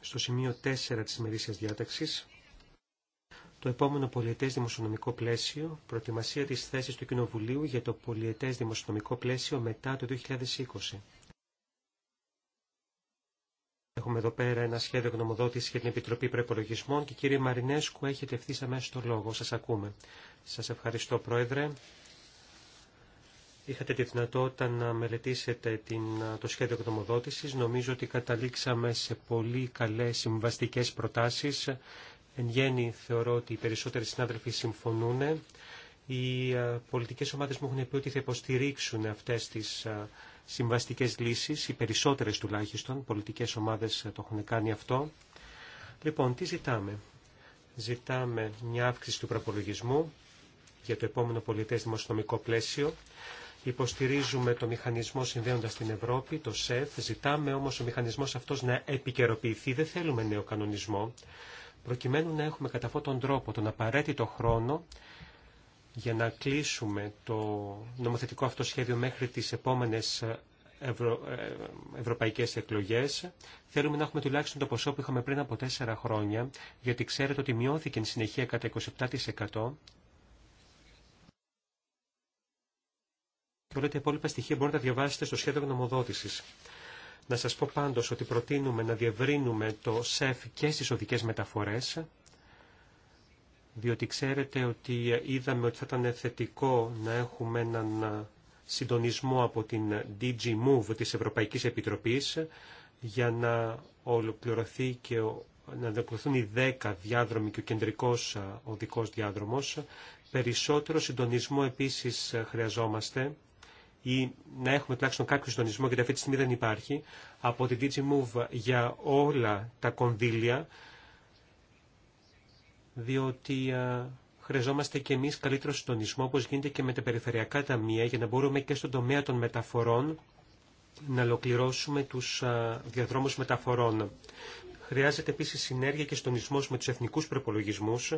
στο σημείο 4 της ημερήσιας διάταξης, το επόμενο πολιετές δημοσιονομικό πλαίσιο, προετοιμασία της θέσης του Κοινοβουλίου για το πολιετές δημοσιονομικό πλαίσιο μετά το 2020. Έχουμε εδώ πέρα ένα σχέδιο γνωμοδότηση για την Επιτροπή Προπολογισμών και κύριε Μαρινέσκου έχετε ευθύ αμέσω το λόγο. Σας ακούμε. Σας ευχαριστώ Πρόεδρε. Είχατε τη δυνατότητα να μελετήσετε την, το σχέδιο εκδομοδότησης. Νομίζω ότι καταλήξαμε σε πολύ καλές συμβαστικές προτάσεις. Εν γέννη θεωρώ ότι οι περισσότεροι συνάδελφοι συμφωνούν. Οι ε, πολιτικές ομάδες μου έχουν πει ότι θα υποστηρίξουν αυτές τις ε, συμβαστικές λύσεις, οι περισσότερες τουλάχιστον, πολιτικές ομάδες ε, το έχουν κάνει αυτό. Λοιπόν, τι ζητάμε. Ζητάμε μια αύξηση του προπολογισμού για το επόμενο πολιτές δημοσιονομικό πλαίσιο. Υποστηρίζουμε το μηχανισμό συνδέοντας την Ευρώπη, το ΣΕΦ. Ζητάμε όμως ο μηχανισμός αυτός να επικαιροποιηθεί. Δεν θέλουμε νέο κανονισμό. Προκειμένου να έχουμε κατά αυτόν τον τρόπο τον απαραίτητο χρόνο για να κλείσουμε το νομοθετικό αυτό σχέδιο μέχρι τις επόμενες ε, ευρω... Ε, ευρωπαϊκές εκλογές. Θέλουμε να έχουμε τουλάχιστον το ποσό που είχαμε πριν από τέσσερα χρόνια, γιατί ξέρετε ότι μειώθηκε εν συνεχεία κατά 27% Όλα τα υπόλοιπα στοιχεία μπορείτε να διαβάσετε στο σχέδιο γνωμοδότηση. Να σα πω πάντω ότι προτείνουμε να διευρύνουμε το ΣΕΦ και στι οδικέ μεταφορέ, διότι ξέρετε ότι είδαμε ότι θα ήταν θετικό να έχουμε έναν συντονισμό από την DG Move της Ευρωπαϊκής Επιτροπής για να ολοκληρωθεί και να ολοκληρωθούν οι 10 διάδρομοι και ο κεντρικός οδικός διάδρομος. Περισσότερο συντονισμό επίσης χρειαζόμαστε ή να έχουμε τουλάχιστον κάποιο συντονισμό, γιατί αυτή τη στιγμή δεν υπάρχει, από την DigiMove για όλα τα κονδύλια, διότι χρειαζόμαστε και εμείς καλύτερο συντονισμό, όπως γίνεται και με τα περιφερειακά ταμεία, για να μπορούμε και στον τομέα των μεταφορών να ολοκληρώσουμε τους διαδρόμους μεταφορών. Χρειάζεται επίσης συνέργεια και συντονισμός με τους εθνικούς προπολογισμούς,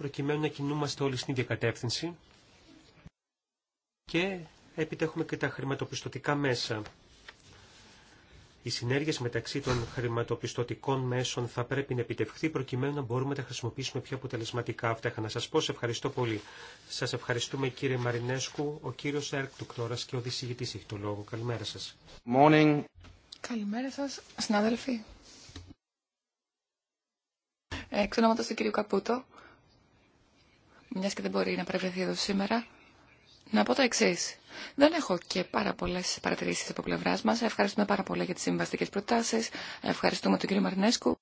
προκειμένου να κινούμαστε όλοι στην ίδια κατεύθυνση και έπειτα έχουμε και τα χρηματοπιστωτικά μέσα. Οι συνέργειες μεταξύ των χρηματοπιστωτικών μέσων θα πρέπει να επιτευχθεί προκειμένου να μπορούμε να τα χρησιμοποιήσουμε πιο αποτελεσματικά. Αυτά είχα να σας πω. Σε ευχαριστώ πολύ. Σας ευχαριστούμε κύριε Μαρινέσκου. Ο κύριος Έρκτουκ τώρα και ο δισηγητής έχει το λόγο. Καλημέρα σας. Morning. Καλημέρα σας, συνάδελφοι. Ε, εξ ονόματος του κύριου Καπούτο, μια και δεν μπορεί να παρευρεθεί εδώ σήμερα, να πω το εξή. Δεν έχω και πάρα πολλέ παρατηρήσει από πλευρά μα. Ευχαριστούμε πάρα πολύ για τι συμβαστικέ προτάσει. Ευχαριστούμε τον κύριο Μαρνέσκου,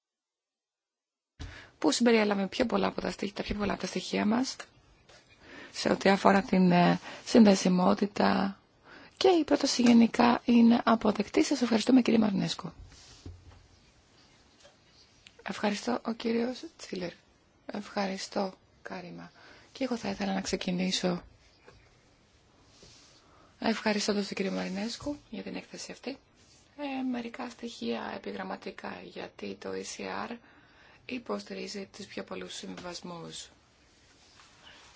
που συμπεριέλαβε πιο πολλά από τα, στοιχεία, πιο πολλά από τα στοιχεία μα σε ό,τι αφορά την ε, συνδεσιμότητα. Και η πρόταση γενικά είναι αποδεκτή. Σα ευχαριστούμε κύριε Μαρινέσκου. Ευχαριστώ ο κύριος Τσίλερ. Ευχαριστώ, Κάριμα. Και εγώ θα ήθελα να ξεκινήσω ευχαριστώντας τον κύριο Μαρινέσκου για την έκθεση αυτή. Ε, μερικά στοιχεία επιγραμματικά, γιατί το ECR υποστηρίζει τους πιο πολλούς συμβασμούς.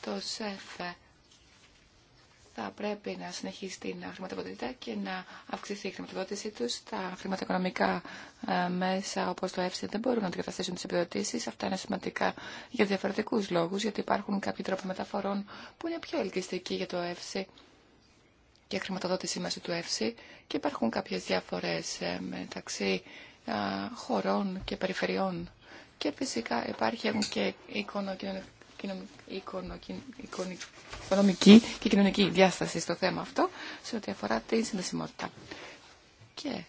Το ΣΕΦΕ θα πρέπει να συνεχίσει την χρηματοδοτητά και να αυξηθεί η χρηματοδότησή του. Τα χρηματοοικονομικά ε, μέσα όπω το ΕΦΣΙ δεν μπορούν να αντικαταστήσουν τι επιδοτήσει. Αυτά είναι σημαντικά για διαφορετικού λόγου, γιατί υπάρχουν κάποιοι τρόποι μεταφορών που είναι πιο ελκυστικοί για το ΕΦΣΙ και χρηματοδότηση μέσω του ΕΦΣΙ και υπάρχουν κάποιε διαφορέ ε, μεταξύ ε, χωρών και περιφερειών. Και φυσικά υπάρχουν και οικονομική και κοινωνική διάσταση στο θέμα αυτό σε ό,τι αφορά την συνδεσιμότητα. Και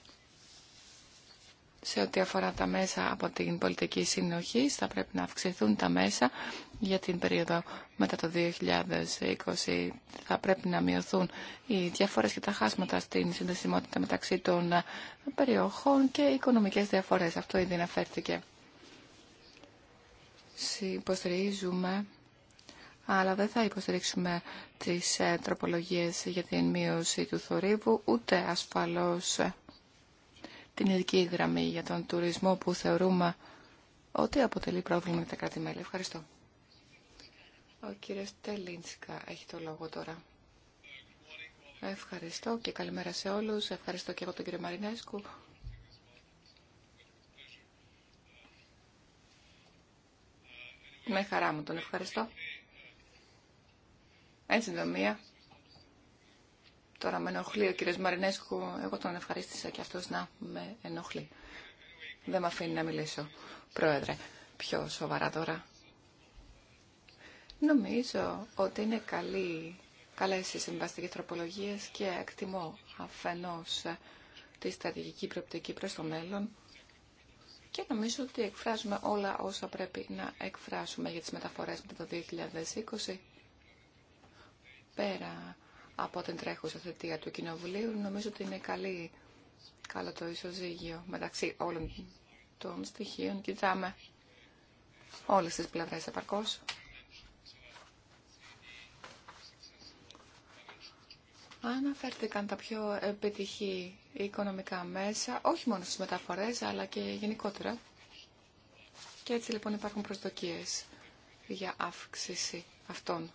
σε ό,τι αφορά τα μέσα από την πολιτική συνοχή, θα πρέπει να αυξηθούν τα μέσα για την περίοδο μετά το 2020. Θα πρέπει να μειωθούν οι διαφορές και τα χάσματα στην συνδεσιμότητα μεταξύ των περιοχών και οι οικονομικές διαφορές. Αυτό ήδη αναφέρθηκε υποστηρίζουμε, αλλά δεν θα υποστηρίξουμε τις ε, τροπολογίες για την μείωση του θορύβου, ούτε ασφαλώς την ειδική γραμμή για τον τουρισμό που θεωρούμε ότι αποτελεί πρόβλημα με τα κράτη-μέλη. Ευχαριστώ. Ο κύριος Τελίντσικα έχει το λόγο τώρα. Ευχαριστώ και καλημέρα σε όλους. Ευχαριστώ και εγώ τον κύριο Μαρινέσκου Με χαρά μου τον ευχαριστώ. Εν συντομία, τώρα με ενοχλεί ο κύριος Μαρινέσκου, εγώ τον ευχαρίστησα και αυτός να με ενοχλεί. Δεν με αφήνει να μιλήσω, πρόεδρε, πιο σοβαρά τώρα. Νομίζω ότι είναι καλή, καλές οι συμβαστικές τροπολογίες και εκτιμώ αφενός τη στρατηγική προοπτική προς το μέλλον και νομίζω ότι εκφράζουμε όλα όσα πρέπει να εκφράσουμε για τις μεταφορές μετά το 2020. Πέρα από την τρέχουσα θετία του Κοινοβουλίου, νομίζω ότι είναι καλή, καλό το ισοζύγιο μεταξύ όλων των στοιχείων. Κοιτάμε όλες τις πλευρές επαρκώς. Αναφέρθηκαν τα πιο επιτυχή οικονομικά μέσα, όχι μόνο στις μεταφορές, αλλά και γενικότερα. Και έτσι λοιπόν υπάρχουν προσδοκίες για αύξηση αυτών.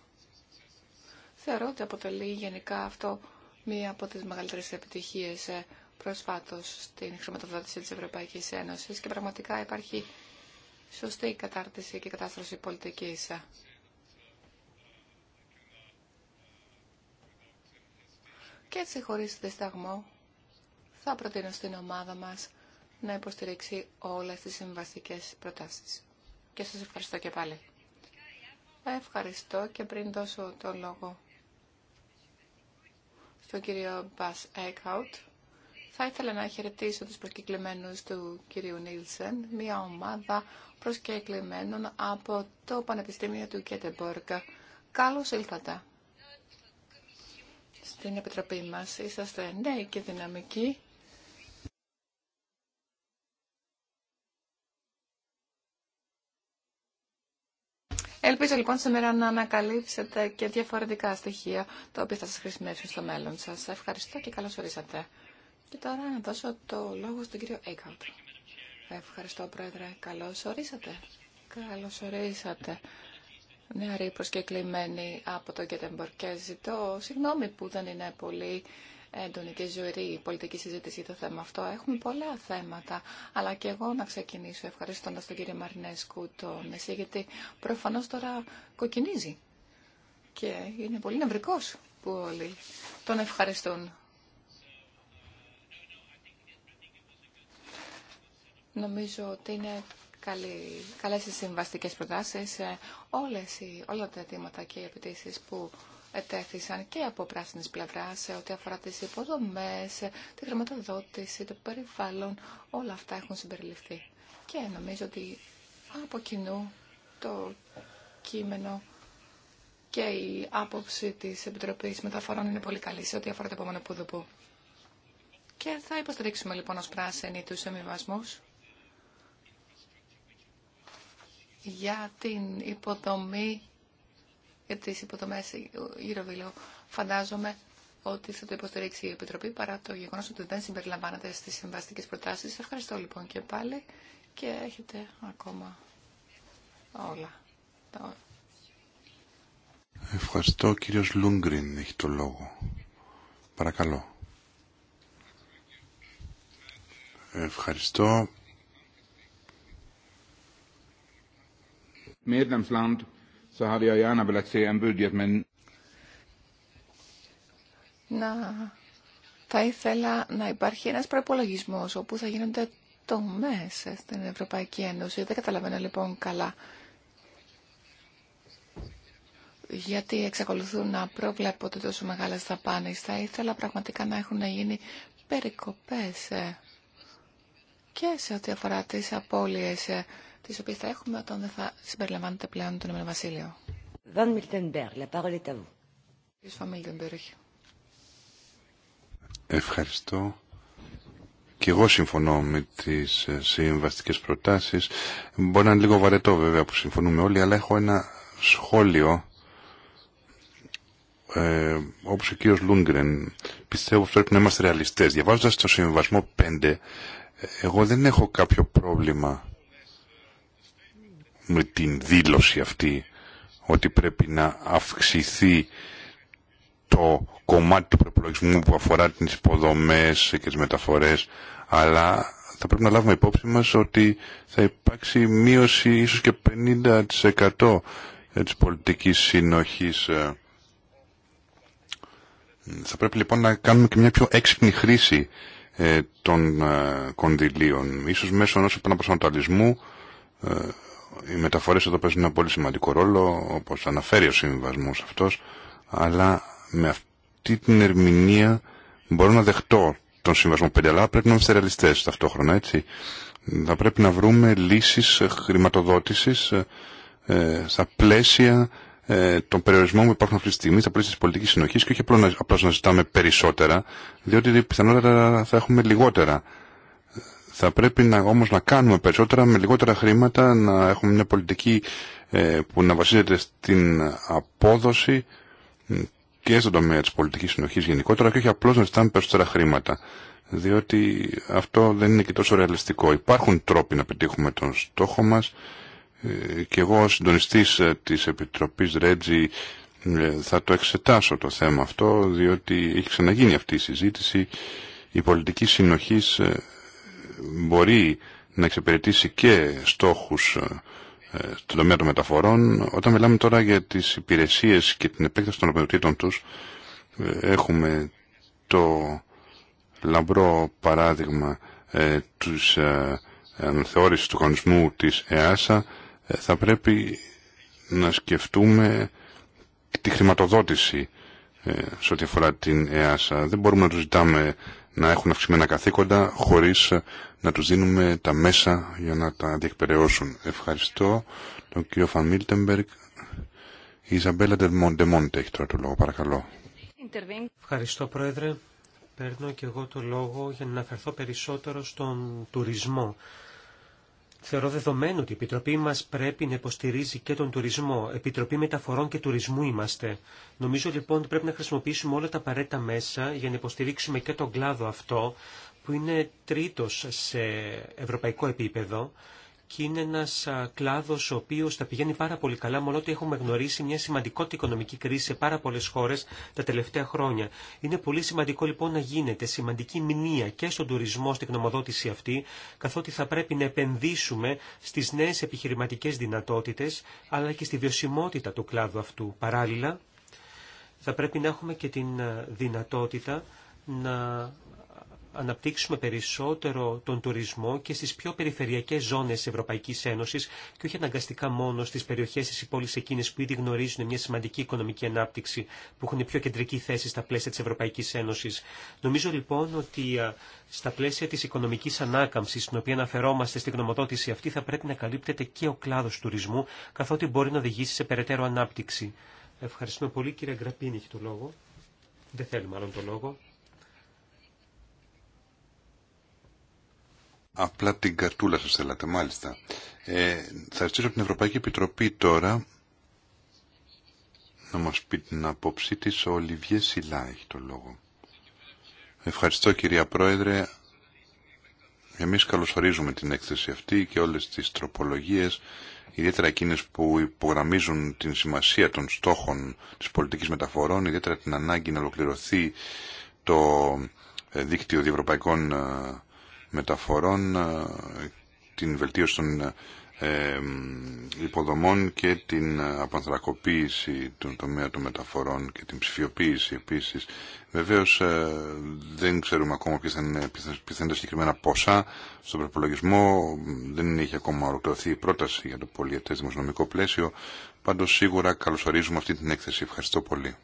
Θεωρώ ότι αποτελεί γενικά αυτό μία από τις μεγαλύτερες επιτυχίες ε, προσφάτως στην χρηματοδότηση της Ευρωπαϊκής Ένωσης και πραγματικά υπάρχει σωστή κατάρτιση και κατάσταση πολιτικής. Ε. Και έτσι χωρίς δισταγμό θα προτείνω στην ομάδα μας να υποστηρίξει όλες τις συμβαστικές προτάσεις. Και σας ευχαριστώ και πάλι. Ευχαριστώ και πριν δώσω το λόγο στον κύριο Μπας Έκχαουτ, θα ήθελα να χαιρετήσω τους προσκεκλημένους του κυρίου Νίλσεν, μια ομάδα προσκεκλημένων από το Πανεπιστήμιο του Κέτεμπορκ. Καλώς ήλθατε στην Επιτροπή μας. Είσαστε νέοι και δυναμικοί. Ελπίζω λοιπόν σήμερα να ανακαλύψετε και διαφορετικά στοιχεία τα οποία θα σας χρησιμεύσουν στο μέλλον σας. Ευχαριστώ και καλώς ορίσατε. Και τώρα να δώσω το λόγο στον κύριο Έικαουτ. Ευχαριστώ πρόεδρε. Καλώς ορίσατε. Καλώς ορίσατε νεαρή προσκεκλημένη από το Κέντεμπορ και ζητώ συγγνώμη που δεν είναι πολύ έντονη και ζωηρή η πολιτική συζήτηση για το θέμα αυτό. Έχουμε πολλά θέματα, αλλά και εγώ να ξεκινήσω ευχαριστώντας τον κύριο Μαρινέσκου τον εσύ, γιατί προφανώς τώρα κοκκινίζει και είναι πολύ νευρικός που όλοι τον ευχαριστούν. Νομίζω ότι είναι καλή, καλές οι συμβαστικές προτάσεις, ε, όλες οι, όλα τα αιτήματα και οι απαιτήσει που ετέθησαν και από πράσινη πλευρά σε ό,τι αφορά τις υποδομές, τη χρηματοδότηση, το περιβάλλον, όλα αυτά έχουν συμπεριληφθεί. Και νομίζω ότι από κοινού το κείμενο και η άποψη της Επιτροπής Μεταφορών είναι πολύ καλή σε ό,τι αφορά το επόμενο που Και θα υποστηρίξουμε λοιπόν ως πράσινοι τους εμειβασμούς για την υποδομή, για τις υποδομές Euroville. Φαντάζομαι ότι θα το υποστηρίξει η Επιτροπή παρά το γεγονός ότι δεν συμπεριλαμβάνεται στις συμβαστικές προτάσεις. Ευχαριστώ λοιπόν και πάλι και έχετε ακόμα όλα. Ευχαριστώ. Ο κύριος Λούγκριν έχει το λόγο. Παρακαλώ. Ευχαριστώ. Να... Θα ήθελα να υπάρχει ένας προϋπολογισμός όπου θα γίνονται τομές στην Ευρωπαϊκή Ένωση. Δεν καταλαβαίνω λοιπόν καλά γιατί εξακολουθούν να προβλέπονται τόσο μεγάλες δαπάνες. Θα ήθελα πραγματικά να έχουν γίνει περικοπές ε, και σε ό,τι αφορά τις απώλειες ε, τις οποίες θα έχουμε όταν δεν θα συμπεριλαμβάνεται πλέον το Ηνωμένο Βασίλειο. Van la parole est à vous. Ευχαριστώ. Και εγώ συμφωνώ με τις ε, συμβαστικές προτάσεις. Μπορεί να είναι λίγο βαρετό βέβαια που συμφωνούμε όλοι, αλλά έχω ένα σχόλιο. Ε, όπως ο κύριος Λούγκρεν, πιστεύω ότι πρέπει να είμαστε ρεαλιστές. Διαβάζοντας το συμβασμό 5, ε, εγώ δεν έχω κάποιο πρόβλημα με την δήλωση αυτή ότι πρέπει να αυξηθεί το κομμάτι του προπολογισμού που αφορά τις υποδομές και τις μεταφορές, αλλά θα πρέπει να λάβουμε υπόψη μας ότι θα υπάρξει μείωση ίσως και 50% της πολιτικής συνοχής. Θα πρέπει λοιπόν να κάνουμε και μια πιο έξυπνη χρήση ε, των ε, κονδυλίων, ίσως μέσω ενός επαναπροσανατολισμού ε, οι μεταφορές εδώ παίζουν ένα πολύ σημαντικό ρόλο, όπως αναφέρει ο συμβιβασμός αυτός, αλλά με αυτή την ερμηνεία μπορώ να δεχτώ τον συμβασμό 5, αλλά πρέπει να είμαστε ρεαλιστές ταυτόχρονα, έτσι. Θα πρέπει να βρούμε λύσεις χρηματοδότησης ε, στα πλαίσια ε, των περιορισμών που υπάρχουν αυτή τη στιγμή, στα πλαίσια της πολιτικής συνοχής και όχι απλώς να, απλώς να ζητάμε περισσότερα, διότι πιθανότατα θα έχουμε λιγότερα θα πρέπει να, όμως να κάνουμε περισσότερα με λιγότερα χρήματα, να έχουμε μια πολιτική ε, που να βασίζεται στην απόδοση και στον τομέα της πολιτικής συνοχής γενικότερα και όχι απλώς να ζητάμε περισσότερα χρήματα. Διότι αυτό δεν είναι και τόσο ρεαλιστικό. Υπάρχουν τρόποι να πετύχουμε τον στόχο μας ε, και εγώ ως συντονιστής ε, της Επιτροπής Ρέτζη θα το εξετάσω το θέμα αυτό διότι έχει ξαναγίνει αυτή η συζήτηση η πολιτική συνοχής μπορεί να εξυπηρετήσει και στόχους ε, στον τομέα των μεταφορών. Όταν μιλάμε τώρα για τις υπηρεσίες και την επέκταση των οπεδοτήτων τους, ε, έχουμε το λαμπρό παράδειγμα ε, της ε, του κανονισμού της ΕΑΣΑ, θα πρέπει να σκεφτούμε τη χρηματοδότηση σε ό,τι αφορά την ΕΑΣΑ. Δεν μπορούμε να τους ζητάμε να έχουν αυξημένα καθήκοντα χωρίς να τους δίνουμε τα μέσα για να τα διεκπαιρεώσουν. Ευχαριστώ τον κύριο Φαν Μίλτεμπεργκ. Η Ιζαμπέλα Ντεμόντε έχει τώρα το λόγο, παρακαλώ. Ευχαριστώ Πρόεδρε. Παίρνω και εγώ το λόγο για να αναφερθώ περισσότερο στον τουρισμό. Θεωρώ δεδομένο ότι η Επιτροπή μα πρέπει να υποστηρίζει και τον τουρισμό. Επιτροπή Μεταφορών και Τουρισμού είμαστε. Νομίζω λοιπόν ότι πρέπει να χρησιμοποιήσουμε όλα τα απαραίτητα μέσα για να υποστηρίξουμε και τον κλάδο αυτό, που είναι τρίτος σε ευρωπαϊκό επίπεδο και είναι ένας κλάδος ο οποίος θα πηγαίνει πάρα πολύ καλά, μόνο ότι έχουμε γνωρίσει μια σημαντικότητα οικονομική κρίση σε πάρα πολλές χώρες τα τελευταία χρόνια. Είναι πολύ σημαντικό λοιπόν να γίνεται σημαντική μηνύα και στον τουρισμό στην γνωμοδότηση αυτή, καθότι θα πρέπει να επενδύσουμε στις νέες επιχειρηματικές δυνατότητες, αλλά και στη βιωσιμότητα του κλάδου αυτού. Παράλληλα, θα πρέπει να έχουμε και την δυνατότητα να αναπτύξουμε περισσότερο τον τουρισμό και στις πιο περιφερειακές ζώνες Ευρωπαϊκής Ένωσης και όχι αναγκαστικά μόνο στις περιοχές της πόλης εκείνες που ήδη γνωρίζουν μια σημαντική οικονομική ανάπτυξη που έχουν πιο κεντρική θέση στα πλαίσια της Ευρωπαϊκής Ένωσης. Νομίζω λοιπόν ότι στα πλαίσια της οικονομικής ανάκαμψης στην οποία αναφερόμαστε στη γνωμοδότηση αυτή θα πρέπει να καλύπτεται και ο κλάδος τουρισμού καθότι μπορεί να οδηγήσει σε περαιτέρω ανάπτυξη. Ευχαριστούμε πολύ κύριε Γκραπίνη έχει το λόγο. Δεν θέλει μάλλον το λόγο. Απλά την καρτούλα σας θέλατε, μάλιστα. Ε, θα ρωτήσω την Ευρωπαϊκή Επιτροπή τώρα να μας πει την απόψή της. Ο Λιβιέ Σιλά έχει το λόγο. Ευχαριστώ κυρία Πρόεδρε. Εμείς καλωσορίζουμε την έκθεση αυτή και όλες τις τροπολογίες, ιδιαίτερα εκείνες που υπογραμμίζουν την σημασία των στόχων της πολιτικής μεταφορών, ιδιαίτερα την ανάγκη να ολοκληρωθεί το ε, δίκτυο διευρωπαϊκών ε, μεταφορών, ε, την βελτίωση των ε, υποδομών και την απανθρακοποίηση των τομέα των μεταφορών και την ψηφιοποίηση επίσης. Βεβαίως ε, δεν ξέρουμε ακόμα ποιες θα είναι τα συγκεκριμένα ποσά στον προπολογισμό. Δεν έχει ακόμα ολοκληρωθεί η πρόταση για το πολιετές δημοσιονομικό πλαίσιο. Πάντως σίγουρα καλωσορίζουμε αυτή την έκθεση. Ευχαριστώ πολύ.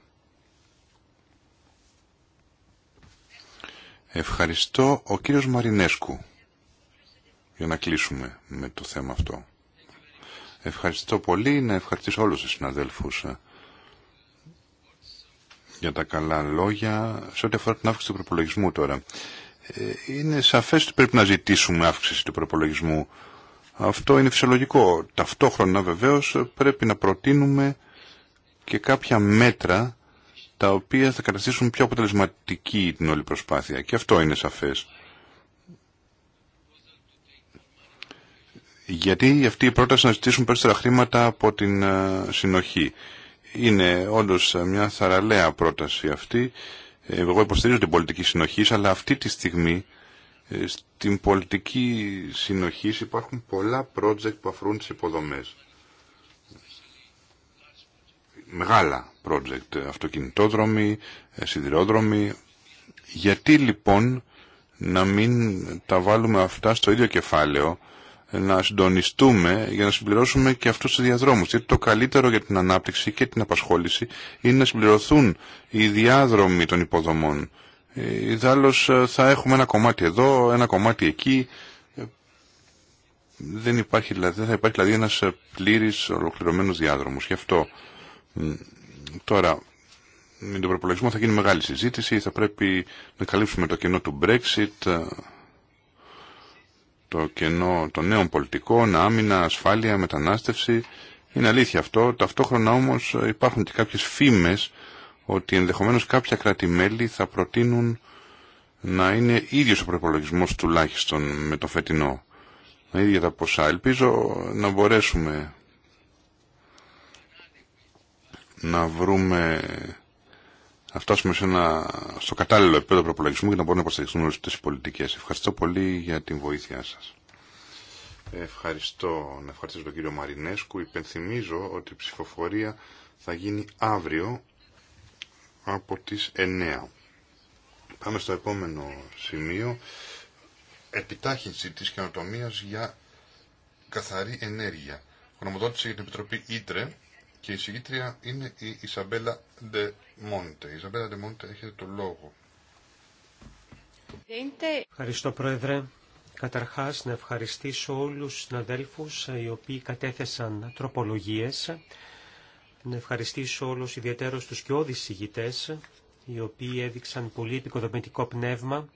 Ευχαριστώ ο κύριος Μαρινέσκου για να κλείσουμε με το θέμα αυτό. Ευχαριστώ πολύ να ευχαριστήσω όλους τους συναδέλφους ε, για τα καλά λόγια σε ό,τι αφορά την αύξηση του προπολογισμού τώρα. Ε, είναι σαφές ότι πρέπει να ζητήσουμε αύξηση του προπολογισμού. Αυτό είναι φυσιολογικό. Ταυτόχρονα βεβαίως πρέπει να προτείνουμε και κάποια μέτρα τα οποία θα καταστήσουν πιο αποτελεσματική την όλη προσπάθεια. Και αυτό είναι σαφές. Γιατί αυτή η πρόταση να ζητήσουν περισσότερα χρήματα από την ε, συνοχή. Είναι όντως μια θαραλέα πρόταση αυτή. Εγώ υποστηρίζω την πολιτική συνοχή, αλλά αυτή τη στιγμή ε, στην πολιτική συνοχή υπάρχουν πολλά project που αφορούν τις υποδομές μεγάλα project, ε, αυτοκινητόδρομοι, ε, σιδηρόδρομοι. Γιατί λοιπόν να μην τα βάλουμε αυτά στο ίδιο κεφάλαιο, ε, να συντονιστούμε για να συμπληρώσουμε και αυτούς τους διαδρόμους. Γιατί το καλύτερο για την ανάπτυξη και την απασχόληση είναι να συμπληρωθούν οι διάδρομοι των υποδομών. Ιδάλλως θα έχουμε ένα κομμάτι εδώ, ένα κομμάτι εκεί. Δεν, υπάρχει, δηλαδή, δεν θα υπάρχει δηλαδή ένας πλήρης ολοκληρωμένος διάδρομος. Γι' αυτό Τώρα, με τον προπολογισμό θα γίνει μεγάλη συζήτηση, θα πρέπει να καλύψουμε το κενό του Brexit, ε, το κενό των νέων πολιτικών, άμυνα, ασφάλεια, μετανάστευση. Είναι αλήθεια αυτό. Ταυτόχρονα όμως υπάρχουν και κάποιες φήμες ότι ενδεχομένως κάποια κράτη-μέλη θα προτείνουν να είναι ίδιος ο προπολογισμός τουλάχιστον με το φετινό. Να ίδια τα ποσά. Ελπίζω να μπορέσουμε να βρούμε να φτάσουμε ένα, στο κατάλληλο επίπεδο προπολογισμού και να μπορούμε να προστατευτούν όλες τις πολιτικές. Ευχαριστώ πολύ για την βοήθειά σας. Ευχαριστώ να ευχαριστήσω τον κύριο Μαρινέσκου. Υπενθυμίζω ότι η ψηφοφορία θα γίνει αύριο από τις 9. Πάμε στο επόμενο σημείο. Επιτάχυνση της καινοτομίας για καθαρή ενέργεια. Γνωμοδότηση για την Επιτροπή Ήτρε και η συγκήτρια είναι η Ισαμπέλα Δε Μόντε. Η Ισαμπέλα Δε Μόντε έχετε το λόγο. Ευχαριστώ Πρόεδρε. Καταρχάς να ευχαριστήσω όλους τους συναδέλφους ε, οι οποίοι κατέθεσαν τροπολογίες. Να ευχαριστήσω όλους ιδιαίτερους τους κοιόδης συγητές οι οποίοι έδειξαν πολύ επικοδομητικό πνεύμα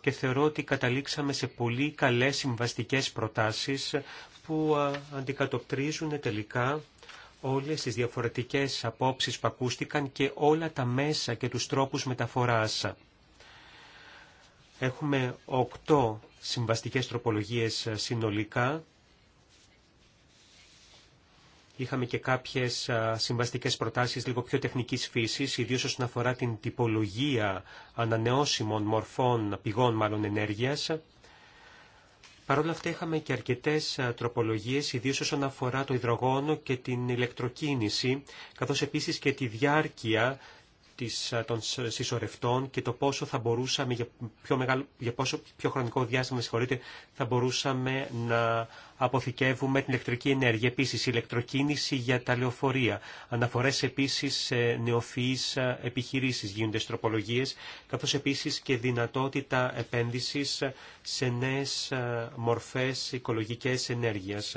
και θεωρώ ότι καταλήξαμε σε πολύ καλές συμβαστικές προτάσεις που ε, αντικατοπτρίζουν τελικά όλες τις διαφορετικές απόψεις που ακούστηκαν και όλα τα μέσα και τους τρόπους μεταφοράς. Έχουμε οκτώ συμβαστικές τροπολογίες συνολικά. Είχαμε και κάποιες συμβαστικές προτάσεις λίγο πιο τεχνικής φύσης, ιδίως όσον αφορά την τυπολογία ανανεώσιμων μορφών πηγών μάλλον ενέργειας. Παρ' όλα αυτά είχαμε και αρκετές τροπολογίες, ιδίως όσον αφορά το υδρογόνο και την ηλεκτροκίνηση, καθώς επίσης και τη διάρκεια της, ε, των συσσωρευτών και το πόσο θα μπορούσαμε, για, πιο μεγάλο, για πόσο πιο χρονικό διάστημα συγχωρείτε, θα μπορούσαμε να αποθηκεύουμε την ηλεκτρική ενέργεια. Επίσης, ηλεκτροκίνηση για τα λεωφορεία. Αναφορές επίσης σε νεοφυείς ε, επιχειρήσεις γίνονται στροπολογίες, καθώς επίσης και δυνατότητα επένδυσης σε νέες ε, μορφές οικολογικές ενέργειας.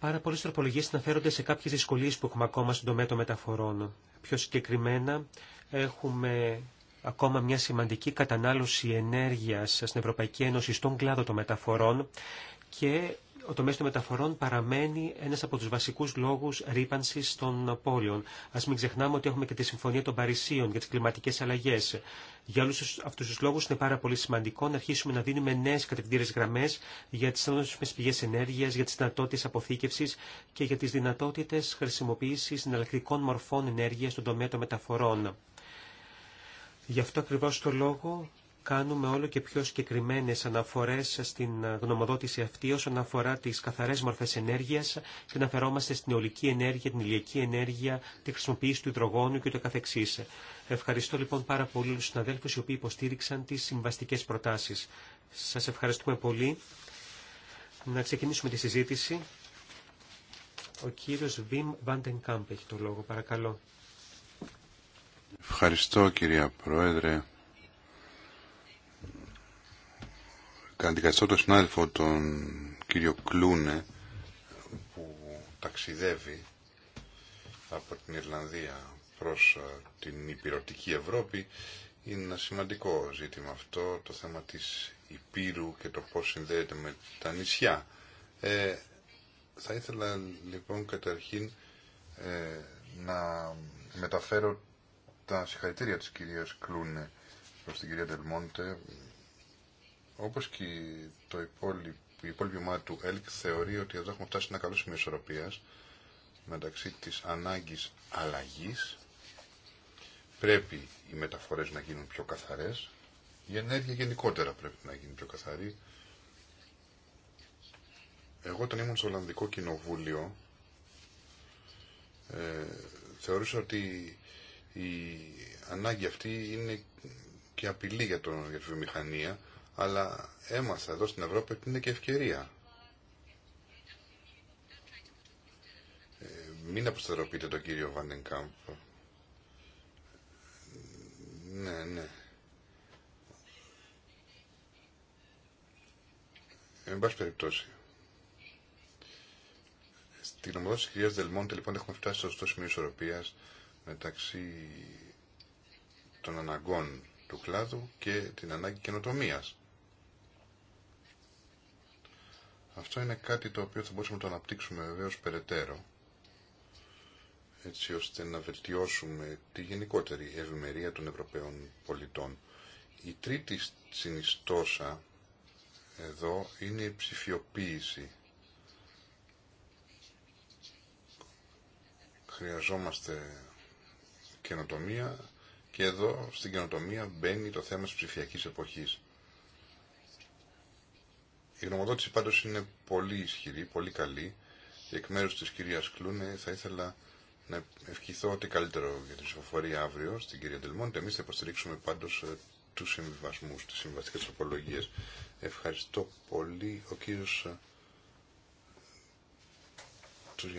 Πάρα πολλέ τροπολογίε αναφέρονται σε κάποιε δυσκολίε που έχουμε ακόμα στον τομέα των μεταφορών. Πιο συγκεκριμένα, έχουμε ακόμα μια σημαντική κατανάλωση ενέργειας στην Ευρωπαϊκή Ένωση στον κλάδο των μεταφορών και ο τομέας των μεταφορών παραμένει ένας από τους βασικούς λόγους ρήπανσης των πόλεων. Ας μην ξεχνάμε ότι έχουμε και τη Συμφωνία των Παρισίων για τις κλιματικές αλλαγές. Για όλους αυτούς τους λόγους είναι πάρα πολύ σημαντικό να αρχίσουμε να δίνουμε νέες κατευθυντήρες γραμμές για τις ανώσιμες πηγές ενέργειας, για τις δυνατότητες αποθήκευσης και για τις δυνατότητες χρησιμοποίησης εναλλακτικών μορφών ενέργειας στον τομέα των μεταφορών. Γι' αυτό ακριβώς το λόγο κάνουμε όλο και πιο συγκεκριμένε αναφορές στην γνωμοδότηση αυτή όσον αφορά τις καθαρές μορφές ενέργειας και αναφερόμαστε στην ολική ενέργεια, την ηλιακή ενέργεια, τη χρησιμοποίηση του υδρογόνου και το καθεξής. Ευχαριστώ λοιπόν πάρα πολύ τους συναδέλφους οι οποίοι υποστήριξαν τις συμβαστικές προτάσεις. Σας ευχαριστούμε πολύ. Να ξεκινήσουμε τη συζήτηση. Ο κύριος Βιμ Βαντενκάμπ έχει το λόγο, παρακαλώ. Ευχαριστώ κυρία Πρόεδρε. αντικαθιστώ τον συνάδελφο τον κύριο Κλούνε που ταξιδεύει από την Ιρλανδία προς την υπηρετική Ευρώπη είναι ένα σημαντικό ζήτημα αυτό το θέμα της υπήρου και το πώς συνδέεται με τα νησιά ε, θα ήθελα λοιπόν καταρχήν ε, να μεταφέρω τα συγχαρητήρια της κυρίας Κλούνε προς την κυρία Τελμόντε όπως και το υπόλοιπο, η υπόλοιπη ομάδα του ΕΛΚ θεωρεί ότι εδώ έχουμε φτάσει σε ένα καλό σημείο ισορροπίας μεταξύ της ανάγκης αλλαγής. Πρέπει οι μεταφορές να γίνουν πιο καθαρές. Η ενέργεια γενικότερα πρέπει να γίνει πιο καθαρή. Εγώ όταν ήμουν στο Ολλανδικό Κοινοβούλιο ε, θεωρούσα ότι η ανάγκη αυτή είναι και απειλή για, τον, για τη βιομηχανία αλλά έμαθα εδώ στην Ευρώπη ότι είναι και ευκαιρία. Ε, μην αποσταθεροποιείτε τον κύριο Βαντενκάμπ. Ναι, ναι. Εν πάση περιπτώσει. Στην ομοδότηση της κυρίας Δελμόντε, λοιπόν, έχουμε φτάσει στο σωστό σημείο ισορροπίας μεταξύ των αναγκών του κλάδου και την ανάγκη καινοτομίας. Αυτό είναι κάτι το οποίο θα μπορούσαμε να το αναπτύξουμε βεβαίω περαιτέρω, έτσι ώστε να βελτιώσουμε τη γενικότερη ευημερία των Ευρωπαίων πολιτών. Η τρίτη συνιστόσα εδώ είναι η ψηφιοποίηση. Χρειαζόμαστε καινοτομία και εδώ στην καινοτομία μπαίνει το θέμα της ψηφιακής εποχής. Η γνωμοδότηση πάντως είναι πολύ ισχυρή, πολύ καλή και εκ μέρους της κυρίας Κλούνε θα ήθελα να ευχηθώ ότι καλύτερο για τη ψηφοφορία αύριο στην κυρία Ντελμόντε. Εμείς θα υποστηρίξουμε πάντως ε, τους συμβιβασμούς, τις συμβαστικές απολογίες. Ευχαριστώ πολύ. Ο κύριος ε, του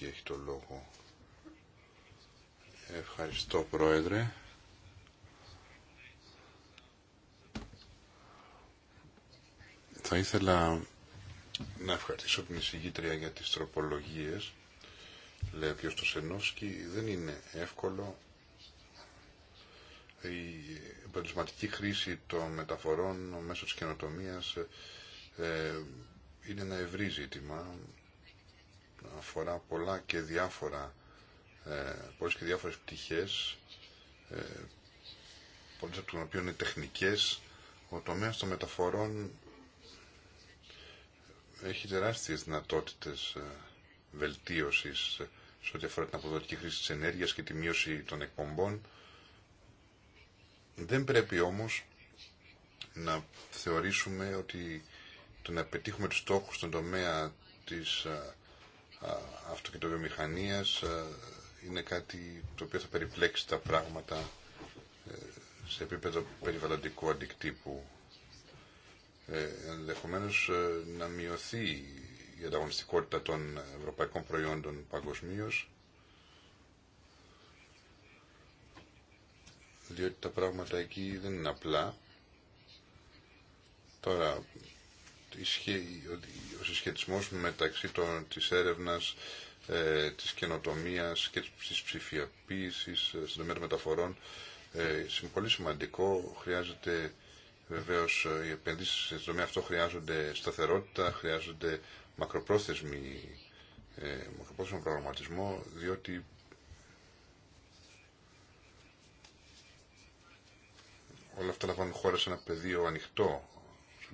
έχει το λόγο. Ευχαριστώ Πρόεδρε. Θα ήθελα να ευχαριστήσω την εισηγήτρια για τις τροπολογίες. Λέει ο το Σενόσκι δεν είναι εύκολο η επαγγελματική χρήση των μεταφορών μέσω της καινοτομίας ε, είναι ένα ευρύ ζήτημα. Αφορά πολλά και διάφορα, ε, πολλές και διάφορες πτυχές, ε, πολλές από τις οποίες είναι τεχνικές. Ο τομέας των μεταφορών έχει τεράστιες δυνατότητες ε, βελτίωσης ε, σε ό,τι αφορά την αποδοτική χρήση της ενέργειας και τη μείωση των εκπομπών. Δεν πρέπει όμως να θεωρήσουμε ότι το να πετύχουμε τους στόχους στον τομέα της ε, αυτοκινητοβιομηχανίας είναι κάτι το οποίο θα περιπλέξει τα πράγματα σε επίπεδο περιβαλλοντικού αντικτύπου. Ε, ενδεχομένω ε, να μειωθεί η ανταγωνιστικότητα των ευρωπαϊκών προϊόντων παγκοσμίω. διότι τα πράγματα εκεί δεν είναι απλά. Τώρα, ο συσχετισμός μεταξύ των, της έρευνας, ε, της καινοτομίας και της ψηφιαποίησης στον τομέα των μεταφορών είναι πολύ σημαντικό. Χρειάζεται Βεβαίω οι επενδύσει σε τομέα αυτό χρειάζονται σταθερότητα, χρειάζονται μακροπρόθεσμη, ε, μακροπρόθεσμο προγραμματισμό, διότι όλα αυτά λαμβάνουν χώρα σε ένα πεδίο ανοιχτό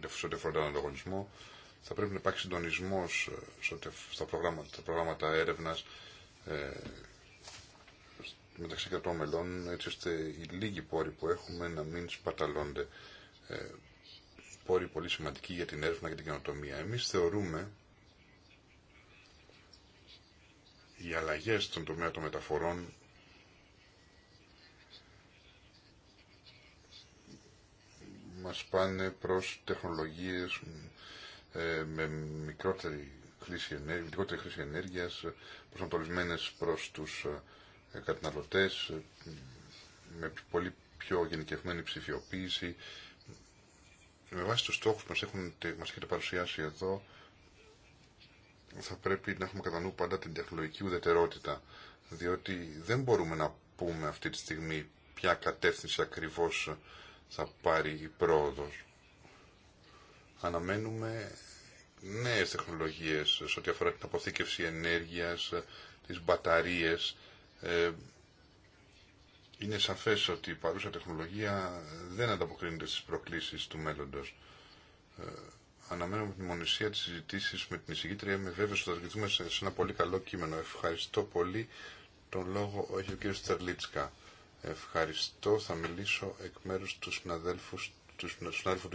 σε ό,τι αφορά τον ανταγωνισμό. Θα πρέπει να υπάρχει συντονισμό ε, στα προγράμματα, προγράμματα έρευνα ε, μεταξύ κρατών μελών, έτσι ώστε οι λίγοι πόροι που έχουμε να μην σπαταλώνται. Ε, πόροι πολύ σημαντικοί για την έρευνα και την καινοτομία. Εμείς θεωρούμε οι αλλαγές στον τομέα των μεταφορών μας πάνε προς τεχνολογίες ε, με μικρότερη χρήση ενέργειας, μικρότερη χρήση ενέργειας προσανατολισμένες προς τους ε, καταναλωτές, με πολύ πιο γενικευμένη ψηφιοποίηση με βάση τους στόχους που μας, έχουν, μας έχετε παρουσιάσει εδώ, θα πρέπει να έχουμε κατά νου πάντα την τεχνολογική ουδετερότητα, διότι δεν μπορούμε να πούμε αυτή τη στιγμή ποια κατεύθυνση ακριβώς θα πάρει η πρόοδος. Αναμένουμε νέες τεχνολογίες σε ό,τι αφορά την αποθήκευση ενέργειας, τις μπαταρίες, ε, είναι σαφές ότι η παρούσα τεχνολογία δεν ανταποκρίνεται στις προκλήσεις του μέλλοντος. Ε, αναμένω με τη μονησία της συζητήσης με την εισηγήτρια. Με βέβαιος ότι θα συζητήσουμε σε, ένα πολύ καλό κείμενο. Ευχαριστώ πολύ. Τον λόγο όχι ο κ. Στερλίτσκα. Ευχαριστώ. Θα μιλήσω εκ μέρους του συναδέλφου του, συναδέλφου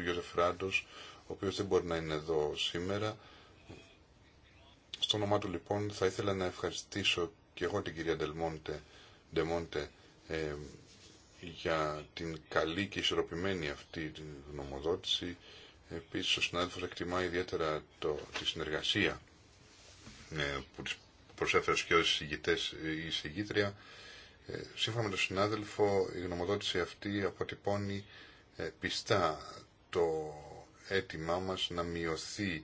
του ο οποίος δεν μπορεί να είναι εδώ σήμερα. Στο όνομά του λοιπόν θα ήθελα να ευχαριστήσω και εγώ την κυρία Ντελμόντε, Ντεμόντε ε, για την καλή και ισορροπημένη αυτή την γνωμοδότηση. Επίσης ο συνάδελφος εκτιμά ιδιαίτερα το, τη συνεργασία ε, που της προσέφερε και ως συγγητές ή ε, συγγήτρια. Ε, σύμφωνα με τον συνάδελφο η γνωμοδότηση αυτή αποτυπώνει ε, πιστά το αίτημά μας να μειωθεί,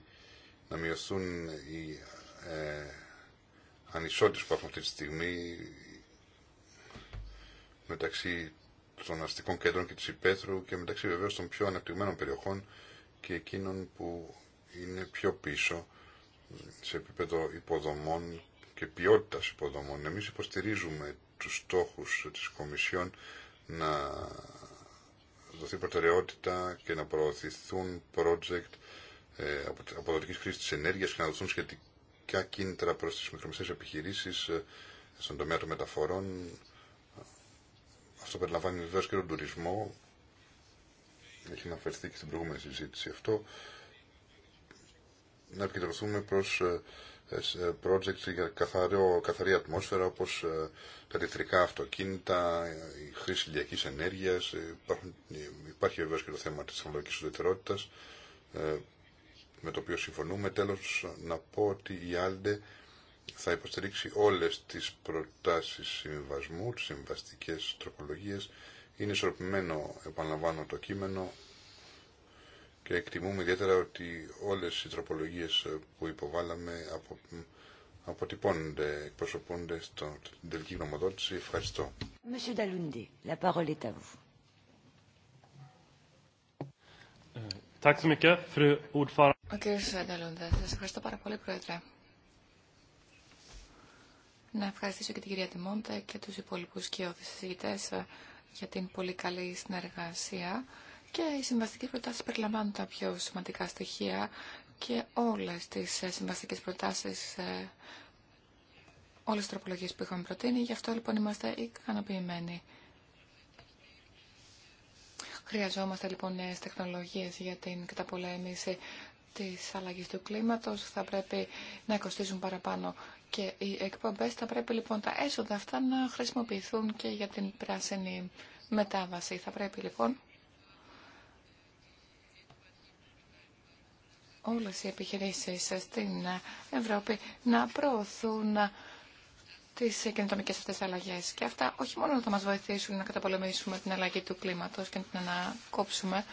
να μειωθούν οι ε, ανισότητες που έχουμε αυτή τη στιγμή, μεταξύ των αστικών κέντρων και της υπαίθρου και μεταξύ βεβαίως των πιο αναπτυγμένων περιοχών και εκείνων που είναι πιο πίσω σε επίπεδο υποδομών και ποιότητας υποδομών. Εμείς υποστηρίζουμε τους στόχους της Κομισιόν να δοθεί προτεραιότητα και να προωθηθούν project ε, αποδοτικής χρήσης της ενέργειας και να δοθούν σχετικά κίνητρα προς τις μικρομεσαίες επιχειρήσεις ε, στον τομέα των μεταφορών αυτό περιλαμβάνει βεβαίω και τον τουρισμό. Έχει αναφερθεί και στην προηγούμενη συζήτηση αυτό. Να επικεντρωθούμε προς ε, ε, projects για καθαρό, καθαρή ατμόσφαιρα όπως ε, τα ηλεκτρικά αυτοκίνητα, η χρήση ηλιακή ενέργεια, υπάρχει βεβαίω και το θέμα τη τεχνολογική ουδετερότητα με το οποίο συμφωνούμε. Τέλος να πω ότι η Άλντε θα υποστηρίξει όλες τις προτάσεις συμβασμού, τις συμβαστικές τροπολογίες. Είναι ισορροπημένο, επαναλαμβάνω, το κείμενο και εκτιμούμε ιδιαίτερα ότι όλες οι τροπολογίες που υποβάλαμε απο, αποτυπώνονται, εκπροσωπούνται στην τελική γνωμοδότηση. Ευχαριστώ. Monsieur la parole est à vous. Ε, Ο κ. Σανταλούντα, σας ευχαριστώ πάρα πολύ, Πρόεδρε. Να ευχαριστήσω και την κυρία Τιμόντα και τους υπόλοιπους και ε, για την πολύ καλή συνεργασία και οι συμβαστικές προτάσεις περιλαμβάνουν τα πιο σημαντικά στοιχεία και όλες τις ε, συμβαστικές προτάσεις, ε, όλες τις τροπολογίες που είχαμε προτείνει, γι' αυτό λοιπόν είμαστε ικανοποιημένοι. Χρειαζόμαστε λοιπόν νέες τεχνολογίες για την καταπολέμηση της αλλαγής του κλίματος. Θα πρέπει να κοστίζουν παραπάνω και οι εκπομπές θα πρέπει λοιπόν τα έσοδα αυτά να χρησιμοποιηθούν και για την πράσινη μετάβαση. Θα πρέπει λοιπόν όλες οι επιχειρήσεις στην Ευρώπη να προωθούν τις καινοτομικές αυτές αλλαγές. Και αυτά όχι μόνο θα μας βοηθήσουν να καταπολεμήσουμε την αλλαγή του κλίματος και να την ανακόψουμε,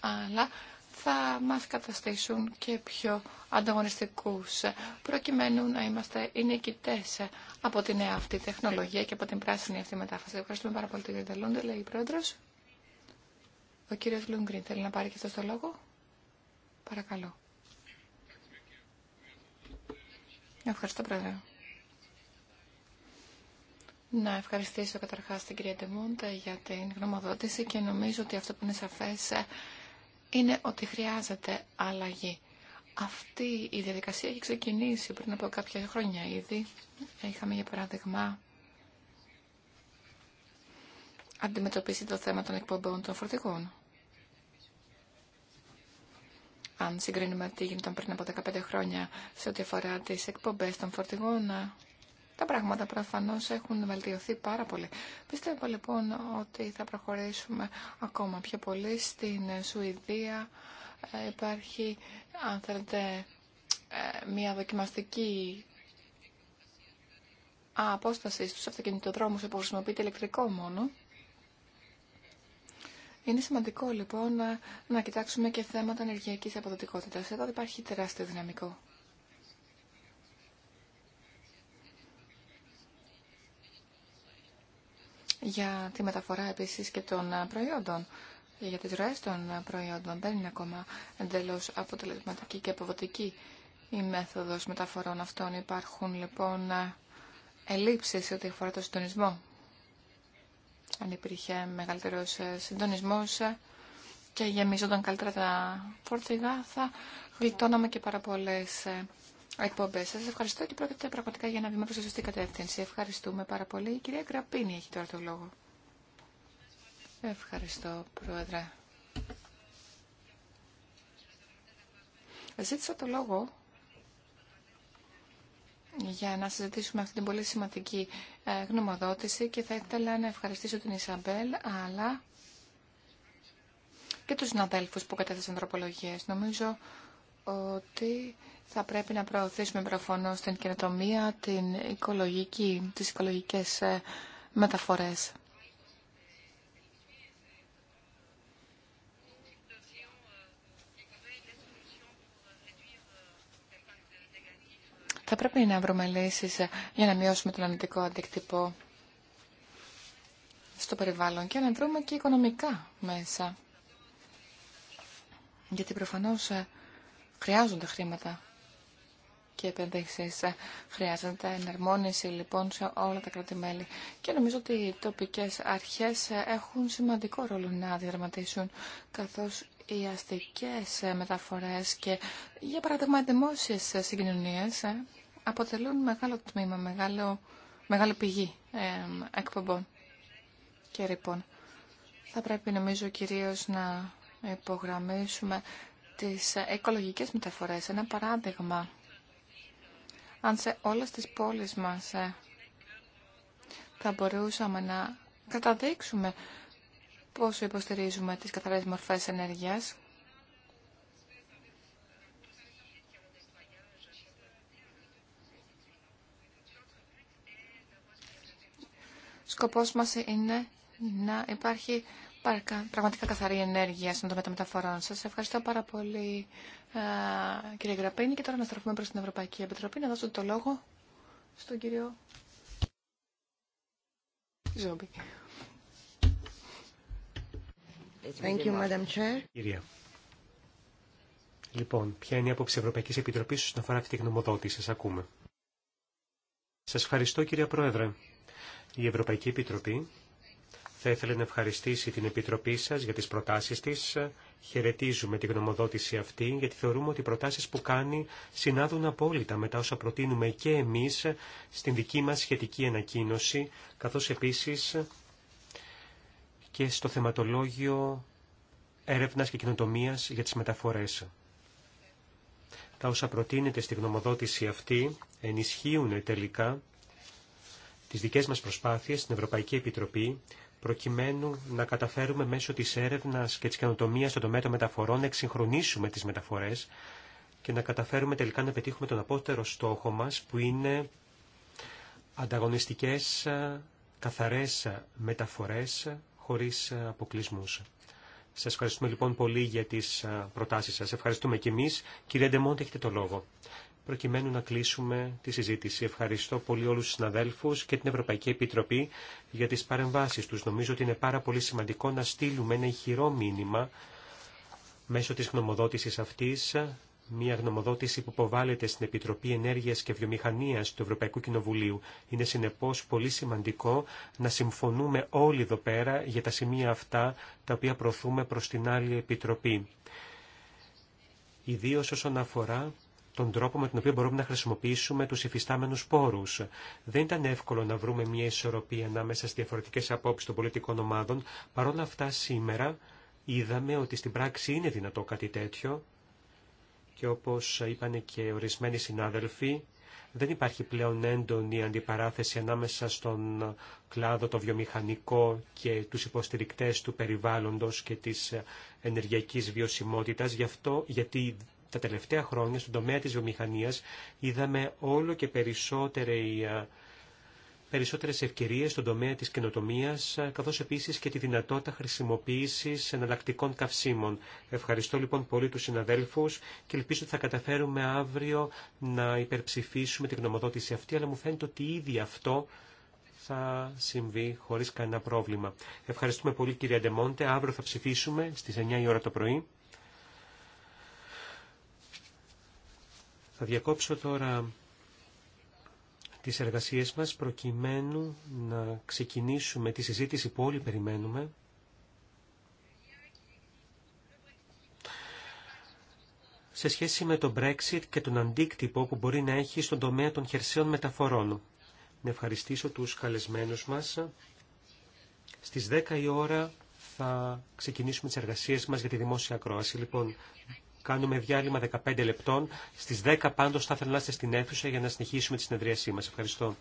αλλά θα μας καταστήσουν και πιο ανταγωνιστικούς, προκειμένου να είμαστε οι νικητές από τη νέα αυτή τεχνολογία και από την πράσινη αυτή μετάφραση. Ευχαριστούμε πάρα πολύ τον κύριο Τελούντε, λέει η Πρόεδρος. Ο κύριος Λούγκριν θέλει να πάρει και αυτό το λόγο. Παρακαλώ. Ευχαριστώ, Πρόεδρε. Να ευχαριστήσω καταρχάς την κυρία Ντεμούντα για την γνωμοδότηση και νομίζω ότι αυτό που είναι σαφές είναι ότι χρειάζεται αλλαγή. Αυτή η διαδικασία έχει ξεκινήσει πριν από κάποια χρόνια ήδη. Είχαμε για παράδειγμα αντιμετωπίσει το θέμα των εκπομπών των φορτηγών. Αν συγκρίνουμε τι γινόταν πριν από 15 χρόνια σε ό,τι αφορά τις εκπομπές των φορτηγών, τα πράγματα προφανώ έχουν βελτιωθεί πάρα πολύ. Πιστεύω λοιπόν ότι θα προχωρήσουμε ακόμα πιο πολύ στην Σουηδία. Ε, υπάρχει, αν θέλετε, ε, μια δοκιμαστική απόσταση στους αυτοκινητοδρόμους που χρησιμοποιείται ηλεκτρικό μόνο. Είναι σημαντικό λοιπόν να, κοιτάξουμε και θέματα ενεργειακής αποδοτικότητας. Εδώ υπάρχει τεράστιο δυναμικό. για τη μεταφορά επίσης και των ε, προϊόντων, για τις ροές των ε, προϊόντων. Δεν είναι ακόμα εντελώς αποτελεσματική και αποδοτική η μέθοδος μεταφορών αυτών. Υπάρχουν λοιπόν ε, ελλείψεις ό,τι αφορά το συντονισμό. Αν υπήρχε μεγαλύτερος συντονισμός και γεμίζονταν καλύτερα τα φορτηγά, θα γλιτώναμε και πάρα πολλές εκπομπέ σα. Ευχαριστώ και πρόκειται πραγματικά για ένα βήμα προ τη σωστή κατεύθυνση. Ευχαριστούμε πάρα πολύ. Η κυρία Κραπίνη έχει τώρα το λόγο. Ευχαριστώ, Πρόεδρε. Ζήτησα το λόγο για να συζητήσουμε αυτή την πολύ σημαντική ε, γνωμοδότηση και θα ήθελα να ευχαριστήσω την Ισαμπέλ, αλλά και τους συναδέλφους που κατέθεσαν τροπολογίες. Νομίζω ότι θα πρέπει να προωθήσουμε προφανώς την καινοτομία, την οικολογική, τις οικολογικές ε, μεταφορές. Θα πρέπει να βρούμε λύσει ε, για να μειώσουμε τον αρνητικό αντίκτυπο στο περιβάλλον και να βρούμε και οικονομικά μέσα. Γιατί προφανώς ε, χρειάζονται χρήματα και επενδύσει. Χρειάζεται ενερμόνιση λοιπόν σε όλα τα κράτη-μέλη. Και νομίζω ότι οι τοπικέ αρχέ έχουν σημαντικό ρόλο να διαδραματίσουν, καθώ οι αστικέ μεταφορέ και για παράδειγμα οι δημόσιε συγκοινωνίε αποτελούν μεγάλο τμήμα, μεγάλο, μεγάλη πηγή εκπομπών και λοιπόν Θα πρέπει νομίζω κυρίως να υπογραμμίσουμε τις οικολογικές μεταφορές. Ένα παράδειγμα αν σε όλες τις πόλεις μας ε, θα μπορούσαμε να καταδείξουμε πόσο υποστηρίζουμε τις καθαρές μορφές ενέργειας. Σκοπός μας είναι να υπάρχει πραγματικά καθαρή ενέργεια στον τομέα των μεταφορών. Σας ευχαριστώ πάρα πολύ κύριε Γραπίνη και τώρα να στραφούμε προς την Ευρωπαϊκή Επιτροπή να δώσω το λόγο στον κύριο Ζόμπι. Thank you, Madam Chair. Κύριε. Λοιπόν, ποια είναι η άποψη Ευρωπαϊκή Επιτροπή όσον αφορά αυτή τη γνωμοδότηση. σα ακούμε. Σα ευχαριστώ κύριε Πρόεδρε. Η Ευρωπαϊκή Επιτροπή θα ήθελα να ευχαριστήσει την Επιτροπή σας για τις προτάσεις της. Χαιρετίζουμε τη γνωμοδότηση αυτή, γιατί θεωρούμε ότι οι προτάσεις που κάνει συνάδουν απόλυτα με τα όσα προτείνουμε και εμείς στην δική μας σχετική ανακοίνωση, καθώς επίσης και στο θεματολόγιο έρευνας και κοινοτομία για τις μεταφορές. Τα όσα προτείνεται στη γνωμοδότηση αυτή ενισχύουν τελικά τις δικές μας προσπάθειες στην Ευρωπαϊκή Επιτροπή προκειμένου να καταφέρουμε μέσω της έρευνας και της καινοτομίας στον τομέα των μεταφορών να εξυγχρονίσουμε τις μεταφορές και να καταφέρουμε τελικά να πετύχουμε τον απότερο στόχο μας που είναι ανταγωνιστικές καθαρές μεταφορές χωρίς αποκλεισμούς. Σας ευχαριστούμε λοιπόν πολύ για τις προτάσεις σας. Ευχαριστούμε και εμείς. Κύριε Ντεμόντ, έχετε το λόγο προκειμένου να κλείσουμε τη συζήτηση. Ευχαριστώ πολύ όλους τους συναδέλφους και την Ευρωπαϊκή Επιτροπή για τις παρεμβάσεις τους. Νομίζω ότι είναι πάρα πολύ σημαντικό να στείλουμε ένα ηχηρό μήνυμα μέσω της γνωμοδότησης αυτής, μια γνωμοδότηση που υποβάλλεται στην Επιτροπή Ενέργειας και Βιομηχανίας του Ευρωπαϊκού Κοινοβουλίου. Είναι συνεπώς πολύ σημαντικό να συμφωνούμε όλοι εδώ πέρα για τα σημεία αυτά τα οποία προωθούμε προς την άλλη Επιτροπή. Ιδίω όσον αφορά τον τρόπο με τον οποίο μπορούμε να χρησιμοποιήσουμε τους υφιστάμενους πόρους. Δεν ήταν εύκολο να βρούμε μια ισορροπία ανάμεσα στις διαφορετικές απόψεις των πολιτικών ομάδων. Παρόλα αυτά σήμερα είδαμε ότι στην πράξη είναι δυνατό κάτι τέτοιο και όπως είπαν και ορισμένοι συνάδελφοι, δεν υπάρχει πλέον έντονη αντιπαράθεση ανάμεσα στον κλάδο το βιομηχανικό και τους υποστηρικτές του περιβάλλοντος και της ενεργειακής βιωσιμότητας, γι αυτό, γιατί τα τελευταία χρόνια στον τομέα της βιομηχανίας είδαμε όλο και περισσότερες ευκαιρίες στον τομέα της καινοτομίας, καθώς επίσης και τη δυνατότητα χρησιμοποίησης εναλλακτικών καυσίμων. Ευχαριστώ λοιπόν πολύ τους συναδέλφους και ελπίζω ότι θα καταφέρουμε αύριο να υπερψηφίσουμε την γνωμοδότηση αυτή, αλλά μου φαίνεται ότι ήδη αυτό θα συμβεί χωρίς κανένα πρόβλημα. Ευχαριστούμε πολύ κύριε Ντεμόντε. Αύριο θα ψηφίσουμε στις 9 η ώρα το πρωί. Θα διακόψω τώρα τις εργασίες μας προκειμένου να ξεκινήσουμε τη συζήτηση που όλοι περιμένουμε. σε σχέση με το Brexit και τον αντίκτυπο που μπορεί να έχει στον τομέα των χερσαίων μεταφορών. Να ευχαριστήσω τους καλεσμένους μας. Στις 10 η ώρα θα ξεκινήσουμε τις εργασίες μας για τη δημόσια ακρόαση. Λοιπόν, Κάνουμε διάλειμμα 15 λεπτών. Στις 10 πάντως θα ήθελα να είστε στην αίθουσα για να συνεχίσουμε τη συνεδρίασή μας. Ευχαριστώ.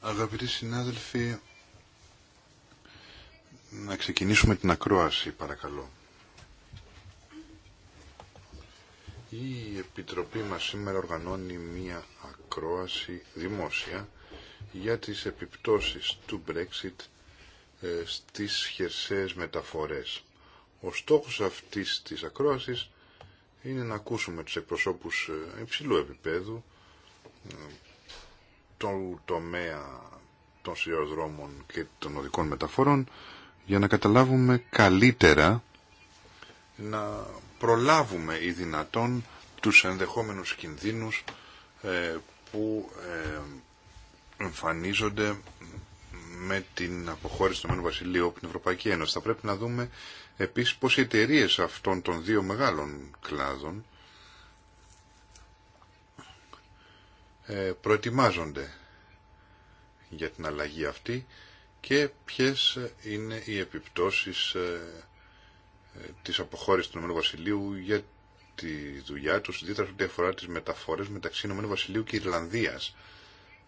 Αγαπητοί συνάδελφοι, να ξεκινήσουμε την ακρόαση, παρακαλώ. Η Επιτροπή μας σήμερα οργανώνει μία ακρόαση δημόσια για τις επιπτώσεις του Brexit ε, στις χερσαίες μεταφορές. Ο στόχος αυτής της ακρόασης είναι να ακούσουμε τους εκπροσώπους ε, υψηλού επίπεδου ε, του τομέα των σιδηροδρόμων και των οδικών μεταφορών για να καταλάβουμε καλύτερα να προλάβουμε οι δυνατόν τους ενδεχόμενους κινδύνους ε, που εμφανίζονται με την αποχώρηση του Μένου Βασιλείου από την Ευρωπαϊκή Ένωση. Θα πρέπει να δούμε Επίσης πως οι εταιρείε αυτών των δύο μεγάλων κλάδων ε, προετοιμάζονται για την αλλαγή αυτή και ποιες είναι οι επιπτώσεις ε, ε, της αποχώρησης του Ηνωμένου Βασιλείου για τη δουλειά τους, δίτρα ό,τι αφορά τις μεταφορές μεταξύ Ηνωμένου Βασιλείου και Ιρλανδίας.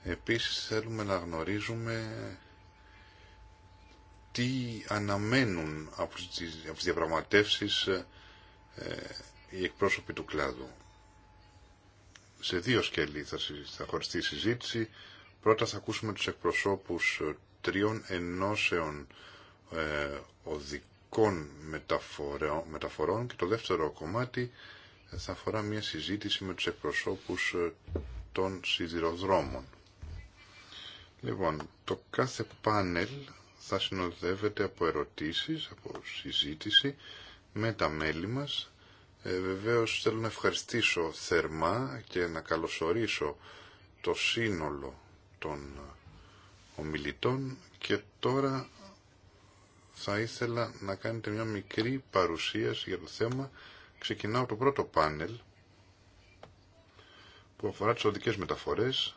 Επίσης θέλουμε να γνωρίζουμε τι αναμένουν από τις, από ε, ε, οι εκπρόσωποι του κλάδου. Σε δύο σκέλη θα, θα χωριστεί η συζήτηση. Πρώτα θα ακούσουμε τους εκπροσώπους ε, τριών ενώσεων ε, οδικών μεταφορών και το δεύτερο κομμάτι θα αφορά μια συζήτηση με τους εκπροσώπους ε, των σιδηροδρόμων. Λοιπόν, το κάθε πάνελ θα συνοδεύεται από ερωτήσεις, από συζήτηση με τα μέλη μας. Ε, βεβαίως θέλω να ευχαριστήσω θερμά και να καλωσορίσω το σύνολο των ομιλητών και τώρα θα ήθελα να κάνετε μια μικρή παρουσίαση για το θέμα. Ξεκινάω το πρώτο πάνελ που αφορά τις οδικές μεταφορές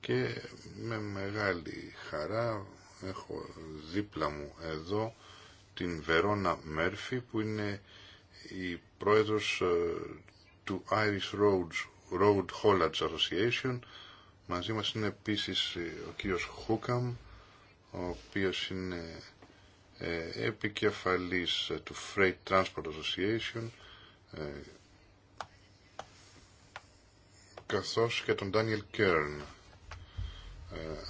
και με μεγάλη χαρά έχω δίπλα μου εδώ την Βερόνα Μέρφη που είναι η πρόεδρος ε, του Irish Roads, Road Haulage Association. Μαζί μας είναι επίσης ε, ο κύριος Χούκαμ, ο οποίος είναι ε, επικεφαλής του Freight Transport Association, καθώς και τον Daniel Kern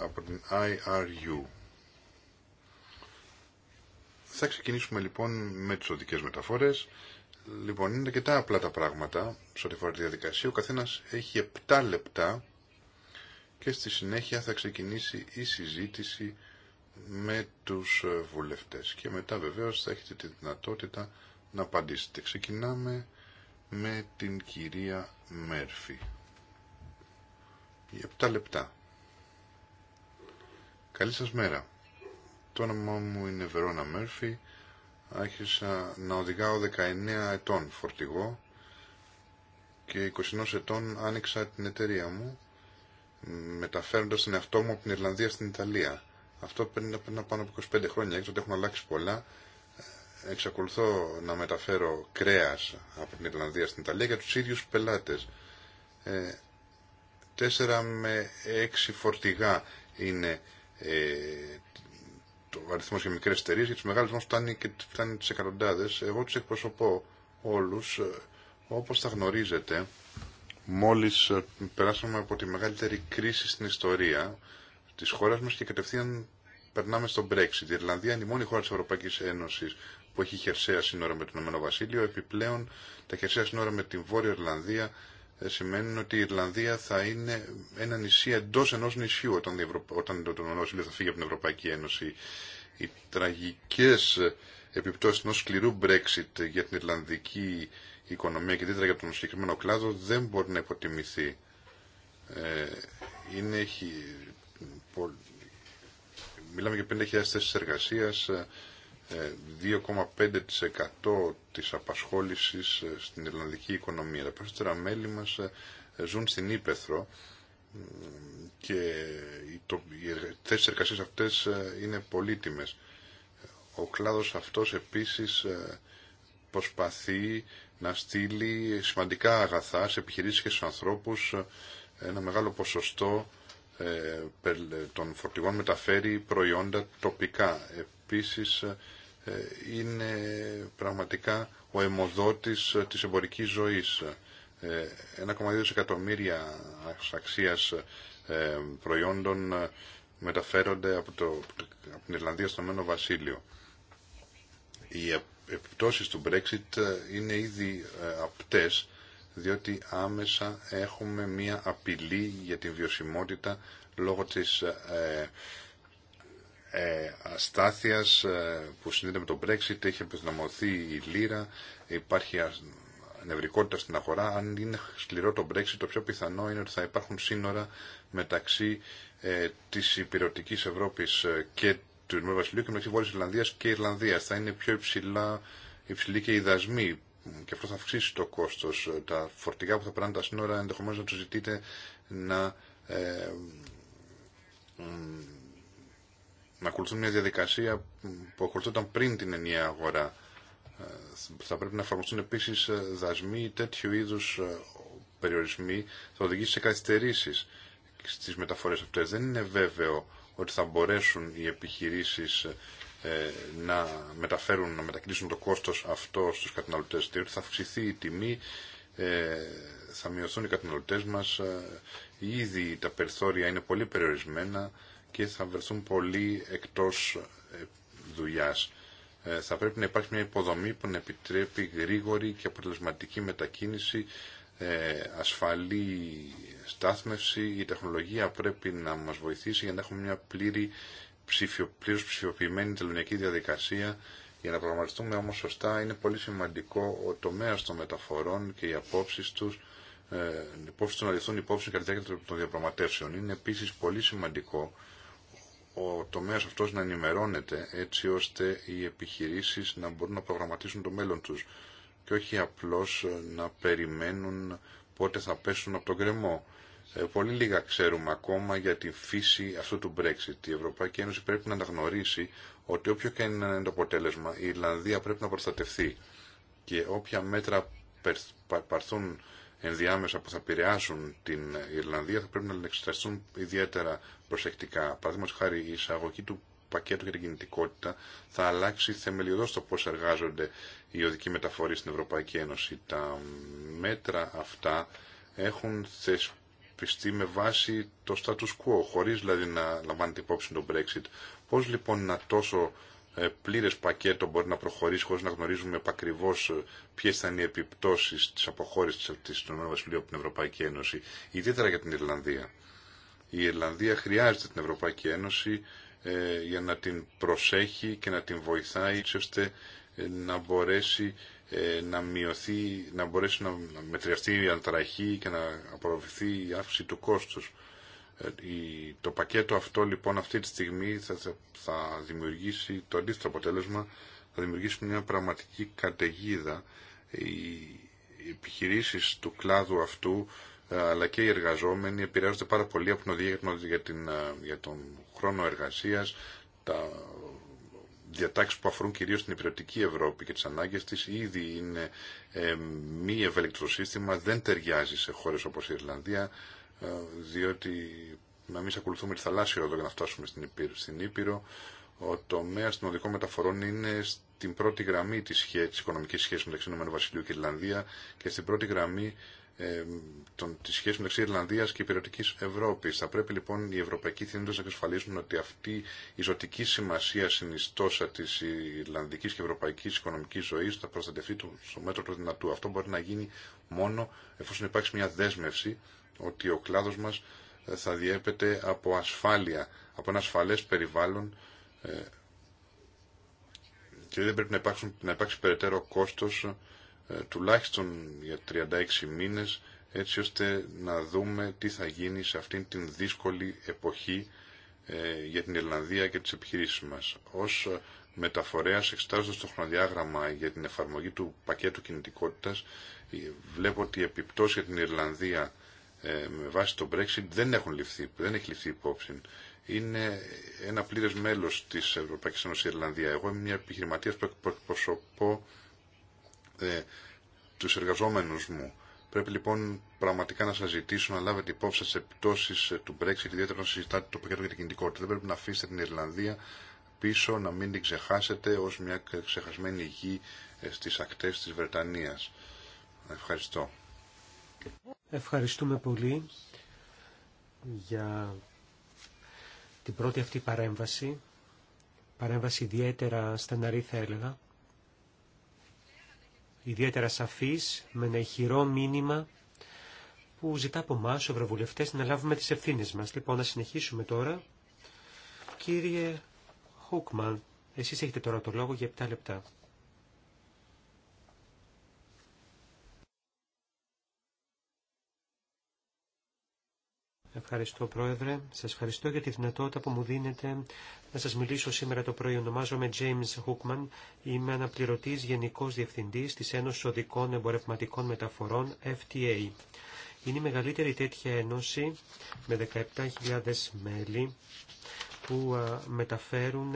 από την IRU. Θα ξεκινήσουμε λοιπόν με τις οδικές μεταφορές. Λοιπόν, είναι αρκετά απλά τα πράγματα σε ό,τι τη διαδικασία. Ο καθένας έχει 7 λεπτά και στη συνέχεια θα ξεκινήσει η συζήτηση με τους ε, βουλευτές. Και μετά βεβαίως θα έχετε τη δυνατότητα να απαντήσετε. Ξεκινάμε με την κυρία Μέρφη. Για 7 λεπτά. Καλή σας μέρα. Το όνομά μου είναι Βερόνα Μέρφυ. Άρχισα να οδηγάω 19 ετών φορτηγό και 20 ετών άνοιξα την εταιρεία μου μεταφέροντας τον εαυτό μου από την Ιρλανδία στην Ιταλία. Αυτό πριν, πριν πάνω από 25 χρόνια, έξω ότι έχουν αλλάξει πολλά. Εξακολουθώ να μεταφέρω κρέας από την Ιρλανδία στην Ιταλία για τους ίδιους πελάτες. Ε, τέσσερα 4 με 6 φορτηγά είναι ε, το αριθμό για μικρέ εταιρείε, για τι μεγάλε όμω φτάνει, και, φτάνει τι εκατοντάδε. Εγώ του εκπροσωπώ όλου. Ε, Όπω τα γνωρίζετε, μόλι ε, περάσαμε από τη μεγαλύτερη κρίση στην ιστορία τη χώρα μα και κατευθείαν περνάμε στο Brexit. Η Ιρλανδία είναι η μόνη χώρα τη Ευρωπαϊκή Ένωση που έχει χερσαία σύνορα με το Ηνωμένο Βασίλειο. Επιπλέον, τα χερσαία σύνορα με την Βόρεια Ιρλανδία ε, Σημαίνει ότι η Ιρλανδία θα είναι ένα νησί εντό ενό νησιού όταν, Ευρω... όταν το νοσίλιο θα φύγει από την Ευρωπαϊκή Ένωση. Οι τραγικέ επιπτώσει ενό σκληρού Brexit για την Ιρλανδική οικονομία και δίδρα για τον συγκεκριμένο κλάδο δεν μπορεί να υποτιμηθεί. Ε, είναι, έχει, Μιλάμε για 5.000 θέσει εργασία, 2,5% ε, της απασχόλησης ε, στην ελληνική οικονομία. Τα περισσότερα μέλη μας ε, ζουν στην Ήπεθρο και οι θέσεις εργασίας αυτές είναι πολύτιμες. Ο κλάδος αυτός επίσης προσπαθεί να στείλει σημαντικά αγαθά σε επιχειρήσεις και στους ανθρώπους ένα μεγάλο ποσοστό των φορτηγών μεταφέρει προϊόντα τοπικά επίσης ε, είναι πραγματικά ο αιμοδότης ε, της εμπορικής ζωής. 1,2 ε, εκατομμύρια αξίας προϊόντων μεταφέρονται από, το, από την Ιρλανδία στο Μένο Βασίλειο. Οι επιπτώσεις του Brexit είναι ήδη απτές, διότι άμεσα έχουμε μία απειλή για την βιωσιμότητα λόγω της ε, αστάθειας ε, που συνδέεται με τον Brexit, έχει αποδυναμωθεί η λίρα, υπάρχει νευρικότητα στην αγορά. Αν είναι σκληρό το Brexit, το πιο πιθανό είναι ότι θα υπάρχουν σύνορα μεταξύ ε, της υπηρετικής Ευρώπης ε, και του Ινωμένου Βασιλείου και μεταξύ Βόρειας Ιρλανδίας και Ιρλανδίας. Θα είναι πιο υψηλά, υψηλή και οι δασμοί και αυτό θα αυξήσει το κόστος. Τα φορτηγά που θα περνάνε τα σύνορα ενδεχομένως να τους ζητείτε να... Ε, να ακολουθούν μια διαδικασία που ακολουθούνταν πριν την ενιαία αγορά. Ε, θα πρέπει να εφαρμοστούν επίση ε, δασμοί η τέτοιου είδου ε, περιορισμοί θα οδηγήσει σε καθυστερήσει στι μεταφορέ αυτέ. Δεν είναι βέβαιο ότι θα μπορέσουν οι επιχειρήσει να μεταφέρουν, να μετακινήσουν το κόστο αυτό στου καταναλωτέ, διότι θα αυξηθεί η τιμή, θα μειωθούν οι καταναλωτέ μα. ήδη τα περιθώρια είναι πολύ περιορισμένα, και θα βρεθούν πολύ εκτός ε, δουλειάς. Ε, θα πρέπει να υπάρχει μια υποδομή που να επιτρέπει γρήγορη και αποτελεσματική μετακίνηση, ε, ασφαλή στάθμευση. Η τεχνολογία πρέπει να μας βοηθήσει για να έχουμε μια πλήρη ψηφιο, πλήρως ψηφιοποιημένη τελωνιακή διαδικασία. Για να προγραμματιστούμε όμως σωστά είναι πολύ σημαντικό ο τομέας των μεταφορών και οι απόψεις τους ε, υπόψη του να ληφθούν υπόψη κατά τη διάρκεια των διαπραγματεύσεων. Είναι επίσης πολύ σημαντικό ο τομέας αυτός να ενημερώνεται έτσι ώστε οι επιχειρήσεις να μπορούν να προγραμματίσουν το μέλλον τους και όχι απλώς ε, να περιμένουν πότε θα πέσουν από τον κρεμό. Ε, πολύ λίγα ξέρουμε ακόμα για τη φύση αυτού του Brexit. Η Ευρωπαϊκή Ένωση πρέπει να αναγνωρίσει ότι όποιο και είναι το αποτέλεσμα, η Ιρλανδία πρέπει να προστατευθεί και όποια μέτρα παρθούν ενδιάμεσα που θα επηρεάσουν την Ιρλανδία θα πρέπει να εξεταστούν ιδιαίτερα προσεκτικά. Παραδείγματο χάρη η εισαγωγή του πακέτου για την κινητικότητα θα αλλάξει θεμελιωδώς το πώς εργάζονται οι οδικοί μεταφορείς στην Ευρωπαϊκή Ένωση. Τα μέτρα αυτά έχουν θεσπιστεί με βάση το status quo, χωρίς δηλαδή να λαμβάνεται υπόψη το Brexit. Πώς λοιπόν να τόσο ε, πλήρες πακέτο μπορεί να προχωρήσει χωρί να γνωρίζουμε επακριβώ ε, ποιε θα είναι οι επιπτώσεις της αποχώρησης τη Ηνωμένου από την Ευρωπαϊκή Ένωση, ιδιαίτερα για την Ιρλανδία. Η Ιρλανδία χρειάζεται την Ευρωπαϊκή Ένωση ε, για να την προσέχει και να την βοηθάει ώστε ε, να μπορέσει να μειωθεί, να μπορέσει να μετριαστεί η ανταραχή και να απορροφηθεί η αύξηση του κόστου. Ε, το πακέτο αυτό λοιπόν αυτή τη στιγμή θα, θα δημιουργήσει το αντίθετο αποτέλεσμα, θα δημιουργήσει μια πραγματική καταιγίδα. Οι επιχειρήσεις του κλάδου αυτού ε, αλλά και οι εργαζόμενοι επηρεάζονται πάρα πολύ από την οδηγία για, την, ε, για τον χρόνο εργασίας, τα διατάξεις που αφορούν κυρίως την υπηρετική Ευρώπη και τις ανάγκες της ήδη είναι μη ευελεκτροσύστημα δεν ταιριάζει σε χώρες όπως η Ιρλανδία, ε, διότι να μην ακολουθούμε τη θαλάσσια οδό για να φτάσουμε στην Ήπειρο. Στην Ήπειρο ο τομέα των οδικών μεταφορών είναι στην πρώτη γραμμή τη της οικονομική σχέση μεταξύ Ηνωμένου Βασιλείου και Ιρλανδία και στην πρώτη γραμμή ε, τη σχέση μεταξύ Ιρλανδία και Υπηρετική Ευρώπη. Θα πρέπει λοιπόν οι ευρωπαϊκοί θύνοντε να εξασφαλίσουν ότι αυτή η ζωτική σημασία συνιστόσα τη Ιρλανδική και Ευρωπαϊκή Οικονομική Ζωή θα προστατευτεί στο μέτρο του δυνατού. Αυτό μπορεί να γίνει μόνο εφόσον υπάρξει μια δέσμευση ότι ο κλάδος μας ε, θα διέπεται από ασφάλεια, από ένα ασφαλές περιβάλλον ε, και δεν πρέπει να, υπάρξουν, να υπάρξει περαιτέρω κόστος ε, τουλάχιστον για 36 μήνες έτσι ώστε να δούμε τι θα γίνει σε αυτήν την δύσκολη εποχή για την Ιρλανδία και τις επιχειρήσεις μας. Ως μεταφορέας εξετάζοντας το χρονοδιάγραμμα για την εφαρμογή του πακέτου κινητικότητας βλέπω ότι η επιπτώση για την Ιρλανδία ε, με βάση το Brexit δεν, έχουν ληφθεί, δεν έχει ληφθεί υπόψη. Είναι ένα πλήρε μέλο τη Ευρωπαϊκή Ένωση Ιρλανδία. Εγώ είμαι μια επιχειρηματία που εκπροσωπώ ε, του εργαζόμενου μου. Πρέπει λοιπόν πραγματικά να σα ζητήσω να λάβετε υπόψη σα τι επιπτώσει ε, του Brexit, ιδιαίτερα να συζητάτε το πακέτο για την κινητικότητα. Δεν πρέπει να αφήσετε την Ιρλανδία πίσω, να μην την ξεχάσετε ω μια ξεχασμένη γη ε, στι ακτέ τη Βρετανία. Ευχαριστώ. Ευχαριστούμε πολύ για την πρώτη αυτή παρέμβαση, παρέμβαση ιδιαίτερα στεναρή θα έλεγα, ιδιαίτερα σαφής, με ένα ηχηρό μήνυμα που ζητά από εμά, ευρωβουλευτές, να λάβουμε τις ευθύνες μας. Λοιπόν, να συνεχίσουμε τώρα. Κύριε Χούκμαν, εσείς έχετε τώρα το λόγο για 7 λεπτά. Ευχαριστώ Πρόεδρε. Σας ευχαριστώ για τη δυνατότητα που μου δίνετε να σας μιλήσω σήμερα το πρωί. Ονομάζομαι James Hookman. Είμαι αναπληρωτής Γενικός Διευθυντής της Ένωσης Οδικών Εμπορευματικών Μεταφορών, FTA. Είναι η μεγαλύτερη τέτοια ένωση με 17.000 μέλη που μεταφέρουν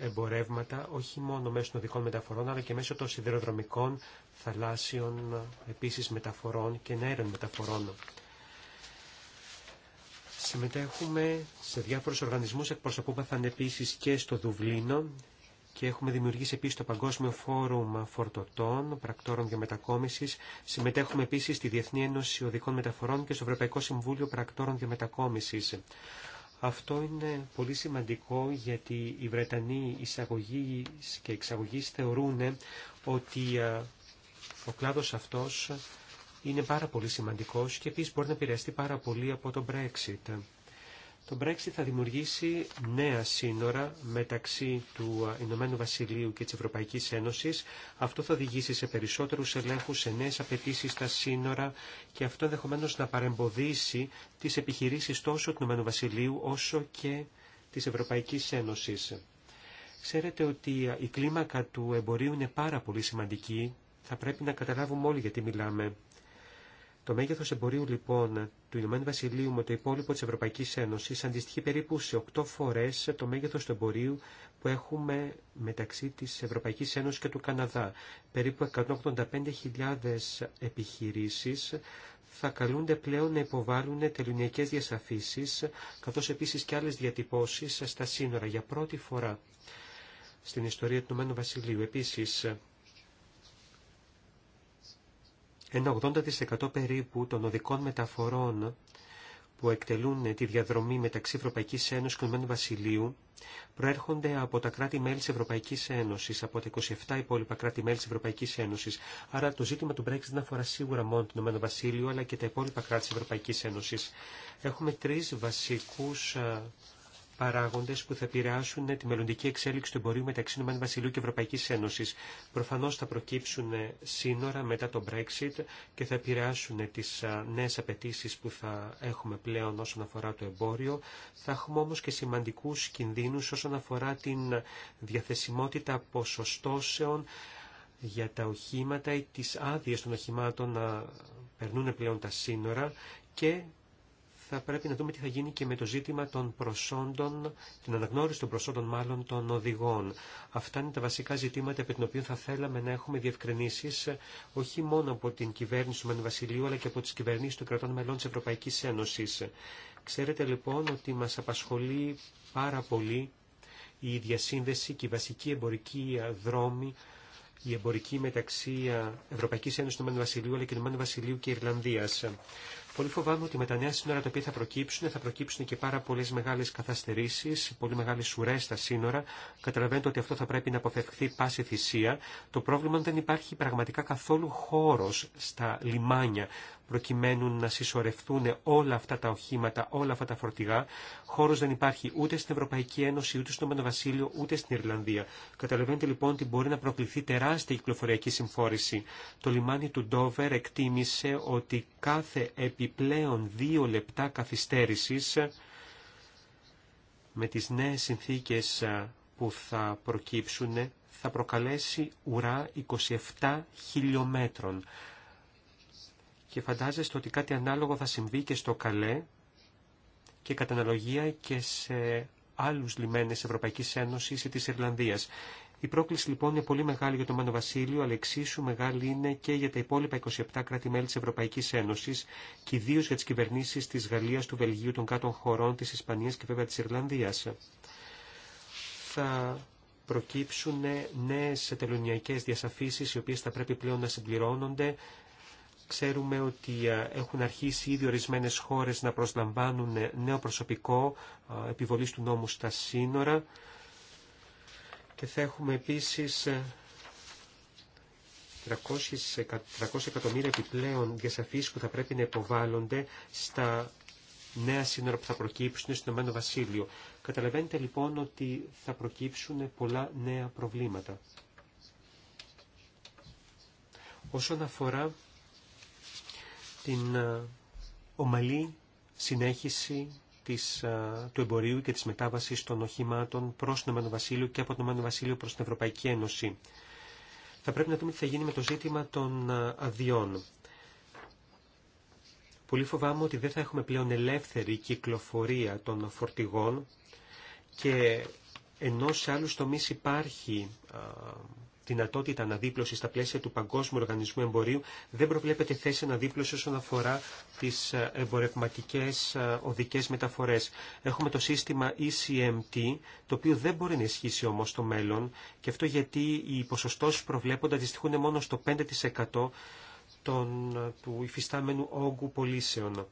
εμπορεύματα όχι μόνο μέσω των οδικών μεταφορών αλλά και μέσω των σιδηροδρομικών, θαλάσσιων, επίσης μεταφορών και νέων μεταφορών. Συμμετέχουμε σε διάφορους οργανισμούς, εκπροσωπούμαθαν επίσης και στο Δουβλίνο και έχουμε δημιουργήσει επίσης το Παγκόσμιο Φόρουμ Φορτωτών, Πρακτόρων και Μετακόμισης. Συμμετέχουμε επίσης στη Διεθνή Ένωση Οδικών Μεταφορών και στο Ευρωπαϊκό Συμβούλιο Πρακτόρων και Μετακόμισης. Αυτό είναι πολύ σημαντικό γιατί οι Βρετανοί εισαγωγοί και εξαγωγείς θεωρούν ότι ε, ο κλάδος αυτός είναι πάρα πολύ σημαντικός και επίσης μπορεί να επηρεαστεί πάρα πολύ από το Brexit. Το Brexit θα δημιουργήσει νέα σύνορα μεταξύ του Ηνωμένου Βασιλείου και της Ευρωπαϊκής Ένωσης. Αυτό θα οδηγήσει σε περισσότερους ελέγχους, σε νέες απαιτήσεις στα σύνορα και αυτό ενδεχομένω να παρεμποδίσει τις επιχειρήσεις τόσο του Ηνωμένου Βασιλείου όσο και της Ευρωπαϊκής Ένωσης. Ξέρετε ότι η κλίμακα του εμπορίου είναι πάρα πολύ σημαντική. Θα πρέπει να καταλάβουμε όλοι γιατί μιλάμε. Το μέγεθος εμπορίου λοιπόν του Ηνωμένου Βασιλείου με το υπόλοιπο της Ευρωπαϊκής Ένωσης αντιστοιχεί περίπου σε 8 φορές το μέγεθος του εμπορίου που έχουμε μεταξύ της Ευρωπαϊκής Ένωσης και του Καναδά. Περίπου 185.000 επιχειρήσεις θα καλούνται πλέον να υποβάλουν τελειωνιακέ διασαφήσει, καθώς επίσης και άλλες διατυπώσεις στα σύνορα για πρώτη φορά στην ιστορία του Ηνωμένου Βασιλείου. Επίσης, ένα 80% περίπου των οδικών μεταφορών που εκτελούν τη διαδρομή μεταξύ Ευρωπαϊκής Ένωσης και Ηνωμένου Βασιλείου προέρχονται από τα κράτη-μέλη της Ευρωπαϊκής Ένωσης, από τα 27 υπόλοιπα κράτη-μέλη της Ευρωπαϊκής Ένωσης. Άρα το ζήτημα του Brexit δεν αφορά σίγουρα μόνο το Ηνωμένο Βασίλειο, αλλά και τα υπόλοιπα κράτη της Ευρωπαϊκής Ένωσης. Έχουμε τρεις βασικούς ε, Παράγοντες που θα επηρεάσουν τη μελλοντική εξέλιξη του εμπορίου μεταξύ Ηνωμένου Βασιλείου και Ευρωπαϊκή Ένωση. Προφανώ θα προκύψουν σύνορα μετά το Brexit και θα επηρεάσουν τι νέε απαιτήσει που θα έχουμε πλέον όσον αφορά το εμπόριο. Θα έχουμε όμω και σημαντικού κινδύνους όσον αφορά την διαθεσιμότητα ποσοστώσεων για τα οχήματα ή τις άδειες των οχημάτων να περνούν πλέον τα σύνορα και θα πρέπει να δούμε τι θα γίνει και με το ζήτημα των προσόντων, την αναγνώριση των προσόντων μάλλον των οδηγών. Αυτά είναι τα βασικά ζητήματα επί την οποία θα θέλαμε να έχουμε διευκρινήσει όχι μόνο από την κυβέρνηση του Μένου αλλά και από τι κυβερνήσει των κρατών μελών τη Ευρωπαϊκή Ένωση. Ξέρετε λοιπόν ότι μα απασχολεί πάρα πολύ η διασύνδεση και η βασική εμπορική δρόμη η εμπορική μεταξύ Ευρωπαϊκής Ένωσης του Μάνου Βασιλείου αλλά και του Μάνου και Ιρλανδίας. Πολύ φοβάμαι ότι με τα νέα σύνορα τα οποία θα προκύψουν, θα προκύψουν και πάρα πολλέ μεγάλε καθαστερήσει, πολύ μεγάλε ουρέ στα σύνορα. Καταλαβαίνετε ότι αυτό θα πρέπει να αποφευχθεί πάση θυσία. Το πρόβλημα ότι δεν υπάρχει πραγματικά καθόλου χώρο στα λιμάνια προκειμένου να συσσωρευτούν όλα αυτά τα οχήματα, όλα αυτά τα φορτηγά. Χώρος δεν υπάρχει ούτε στην Ευρωπαϊκή Ένωση, ούτε στον Βασίλειο, ούτε στην Ιρλανδία. Καταλαβαίνετε λοιπόν ότι μπορεί να προκληθεί τεράστια κυκλοφοριακή συμφόρηση. Το λιμάνι του Ντόβερ εκτίμησε ότι κάθε επιπλέον δύο λεπτά καθυστέρησης με τις νέες συνθήκες που θα προκύψουν θα προκαλέσει ουρά 27 χιλιόμετρων και φαντάζεστε ότι κάτι ανάλογο θα συμβεί και στο Καλέ και κατά αναλογία και σε άλλους λιμένες Ευρωπαϊκής Ένωσης ή της Ιρλανδίας. Η πρόκληση λοιπόν είναι πολύ μεγάλη για το Μάνο Βασίλειο, αλλά εξίσου μεγάλη είναι και για τα υπόλοιπα 27 κράτη-μέλη τη Ευρωπαϊκή Ένωση και ιδίω για τι κυβερνήσει τη Γαλλία, του Βελγίου, των κάτω χωρών, τη Ισπανία και βέβαια τη Ιρλανδία. Θα προκύψουν νέε τελωνιακέ διασαφίσει, οι οποίε θα πρέπει πλέον να συμπληρώνονται Ξέρουμε ότι έχουν αρχίσει ήδη ορισμένε χώρες να προσλαμβάνουν ε, νέο προσωπικό επιβολής του νόμου στα σύνορα και θα έχουμε επίσης 300 ε, εκατομμύρια επιπλέον διασαφείς που θα πρέπει να υποβάλλονται στα νέα σύνορα που θα προκύψουν στο Ηνωμένο Βασίλειο. Καταλαβαίνετε λοιπόν ότι θα προκύψουν πολλά νέα προβλήματα. Όσον αφορά την ε, ομαλή συνέχιση της, ε, του εμπορίου και της μετάβασης των οχημάτων προς το Ηνωμένο Βασίλειο και από το Ηνωμένο Βασίλειο προς την Ευρωπαϊκή Ένωση. Θα πρέπει να δούμε τι θα γίνει με το ζήτημα των ε, αδειών. Πολύ φοβάμαι ότι δεν θα έχουμε πλέον ελεύθερη κυκλοφορία των φορτηγών και ενώ σε άλλους τομείς υπάρχει δυνατότητα αναδίπλωση στα πλαίσια του Παγκόσμιου Οργανισμού Εμπορίου, δεν προβλέπεται θέση αναδίπλωση όσον αφορά τι ε, εμπορευματικέ ε, οδικέ μεταφορέ. Έχουμε το σύστημα ECMT, το οποίο δεν μπορεί να ισχύσει όμω στο μέλλον, και αυτό γιατί οι ποσοστώσει προβλέπονται αντιστοιχούν μόνο στο 5% των, του υφιστάμενου όγκου πολίσεων.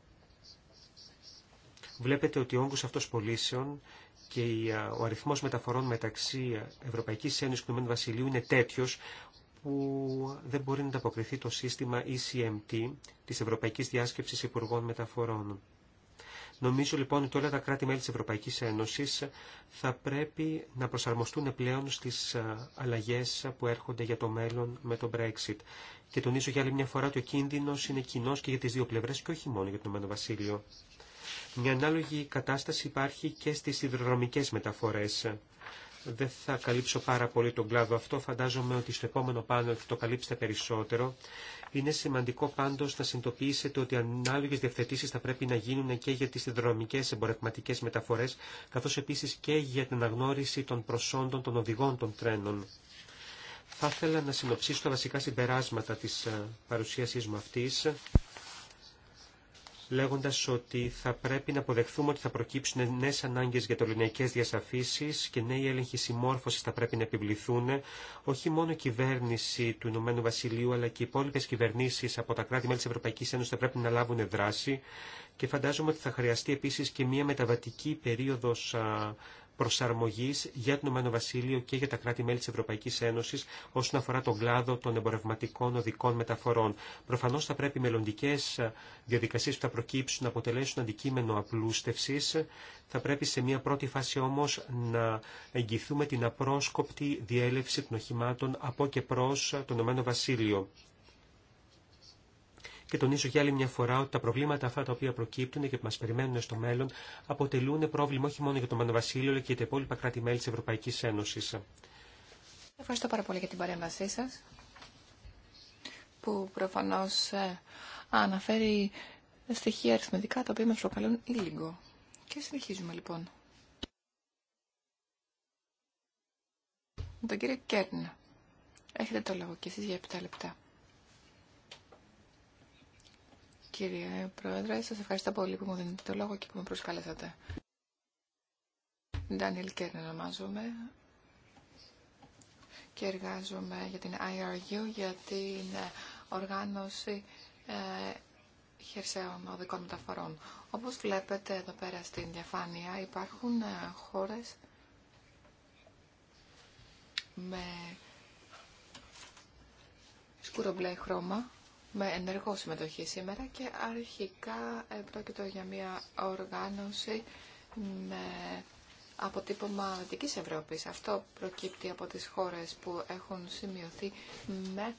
Βλέπετε ότι ο όγκος αυτός πολίσεων και ο αριθμός μεταφορών μεταξύ Ευρωπαϊκής Ένωσης και του Βασιλείου είναι τέτοιος που δεν μπορεί να ανταποκριθεί το σύστημα ECMT της Ευρωπαϊκής Διάσκεψης Υπουργών Μεταφορών. Νομίζω λοιπόν ότι όλα τα κράτη-μέλη της Ευρωπαϊκής Ένωσης θα πρέπει να προσαρμοστούν πλέον στις αλλαγές που έρχονται για το μέλλον με το Brexit. Και τονίζω για άλλη μια φορά ότι ο κίνδυνος είναι κοινός και για τις δύο πλευρές και όχι μόνο για το Ηνωμένο Βασίλειο. Μια ανάλογη κατάσταση υπάρχει και στις υδροδρομικές μεταφορές. Δεν θα καλύψω πάρα πολύ τον κλάδο αυτό, φαντάζομαι ότι στο επόμενο πάνω το καλύψετε περισσότερο. Είναι σημαντικό πάντως να συνειδητοποιήσετε ότι ανάλογες διευθετήσεις θα πρέπει να γίνουν και για τις συνδρομικές εμπορευματικές μεταφορές, καθώς επίσης και για την αναγνώριση των προσόντων των οδηγών των τρένων. Θα ήθελα να συνοψίσω τα βασικά συμπεράσματα της ε, παρουσίασής μου αυτής λέγοντας ότι θα πρέπει να αποδεχθούμε ότι θα προκύψουν νέες ανάγκες για ελληνικέ διασαφήσεις και νέοι έλεγχοι συμμόρφωσης θα πρέπει να επιβληθούν, όχι μόνο η κυβέρνηση του Ηνωμένου Βασιλείου, αλλά και οι υπόλοιπε κυβερνήσεις από τα κράτη-μέλη της Ευρωπαϊκής Ένωσης θα πρέπει να λάβουν δράση και φαντάζομαι ότι θα χρειαστεί επίσης και μια μεταβατική περίοδος προσαρμογής για το Ηνωμένο Βασίλειο και για τα κράτη-μέλη της Ευρωπαϊκής Ένωσης όσον αφορά τον κλάδο των εμπορευματικών οδικών μεταφορών. Προφανώς θα πρέπει οι μελλοντικές διαδικασίες που θα προκύψουν να αποτελέσουν αντικείμενο απλούστευσης. Θα πρέπει σε μια πρώτη φάση όμως να εγγυθούμε την απρόσκοπτη διέλευση των οχημάτων από και προς το Ηνωμένο Βασίλειο και τονίζω για άλλη μια φορά ότι τα προβλήματα αυτά τα οποία προκύπτουν και που μα περιμένουν στο μέλλον αποτελούν πρόβλημα όχι μόνο για τον Μανοβασίλειο αλλά και για τα υπόλοιπα κράτη-μέλη τη Ευρωπαϊκή Ένωση. Ευχαριστώ πάρα πολύ για την παρέμβασή σα που προφανώ ε, αναφέρει στοιχεία αριθμητικά τα οποία μα προκαλούν λίγο. Και συνεχίζουμε λοιπόν. Με τον κύριο Κέρν. Έχετε το λόγο και εσείς για 7 λεπτά. Κύριε Πρόεδρε, σας ευχαριστώ πολύ που μου δίνετε το λόγο και που με προσκαλέσατε. Ντάνιελ Κέρν ονομάζομαι και εργάζομαι για την IRU, για την ε, οργάνωση ε, χερσαίων οδικών μεταφορών. Όπως βλέπετε εδώ πέρα στην διαφάνεια υπάρχουν ε, χώρες με μπλε χρώμα με ενεργό συμμετοχή σήμερα και αρχικά πρόκειται για μια οργάνωση με αποτύπωμα Δυτικής Ευρώπης. Αυτό προκύπτει από τις χώρες που έχουν σημειωθεί με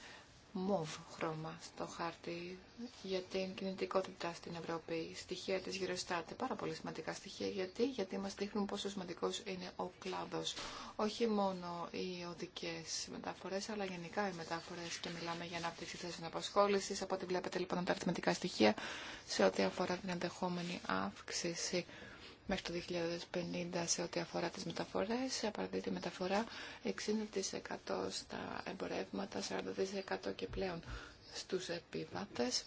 μοβ χρώμα στο χάρτη για την κινητικότητα στην Ευρώπη. Στοιχεία της Eurostat, πάρα πολύ σημαντικά στοιχεία. Γιατί, γιατί μας δείχνουν πόσο σημαντικός είναι ο κλάδος. Όχι μόνο οι οδικές μεταφορές, αλλά γενικά οι μεταφορές και μιλάμε για ανάπτυξη θέσεων απασχόλησης. Από ό,τι βλέπετε λοιπόν τα αριθμητικά στοιχεία σε ό,τι αφορά την ενδεχόμενη αύξηση μέχρι το 2050 σε ό,τι αφορά τις μεταφορές. η μεταφορά 60% στα εμπορεύματα, 40% και πλέον στους επιβάτες.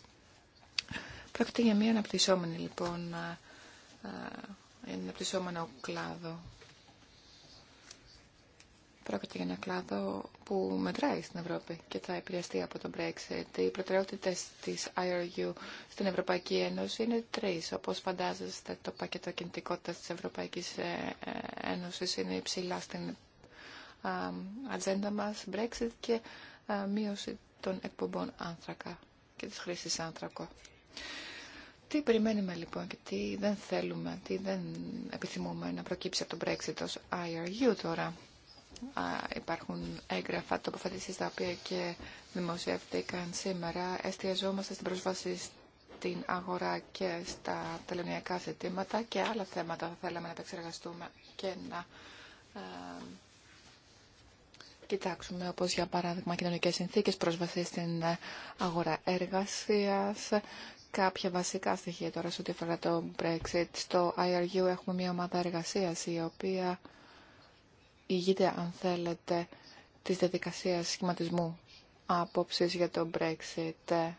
Πρόκειται για μια αναπτυσσόμενη λοιπόν, ένα αναπτυσσόμενο κλάδο Πρόκειται για ένα κλάδο που μετράει στην Ευρώπη και θα επηρεαστεί από τον Brexit. Οι προτεραιότητε τη IRU στην Ευρωπαϊκή Ένωση είναι τρει. Όπω φαντάζεστε, το πακέτο κινητικότητα τη Ευρωπαϊκή ε, ε, Ένωση είναι υψηλά στην ατζέντα μα. Brexit και μείωση των εκπομπών άνθρακα και τη χρήση άνθρακο. Τι περιμένουμε λοιπόν και τι δεν θέλουμε, τι δεν επιθυμούμε να προκύψει από το Brexit ως IRU τώρα υπάρχουν έγγραφα τοποθετήσει τα οποία και δημοσιεύτηκαν σήμερα. Εστιαζόμαστε στην πρόσβαση στην αγορά και στα τελωνιακά ζητήματα και άλλα θέματα θα θέλαμε να επεξεργαστούμε και να ε, κοιτάξουμε, όπως για παράδειγμα κοινωνικές συνθήκες, πρόσβαση στην αγορά εργασίας, κάποια βασικά στοιχεία τώρα σε ό,τι αφορά το Brexit. Στο IRU έχουμε μια ομάδα εργασίας η οποία ηγείται, αν θέλετε, της διαδικασία σχηματισμού απόψή για το Brexit.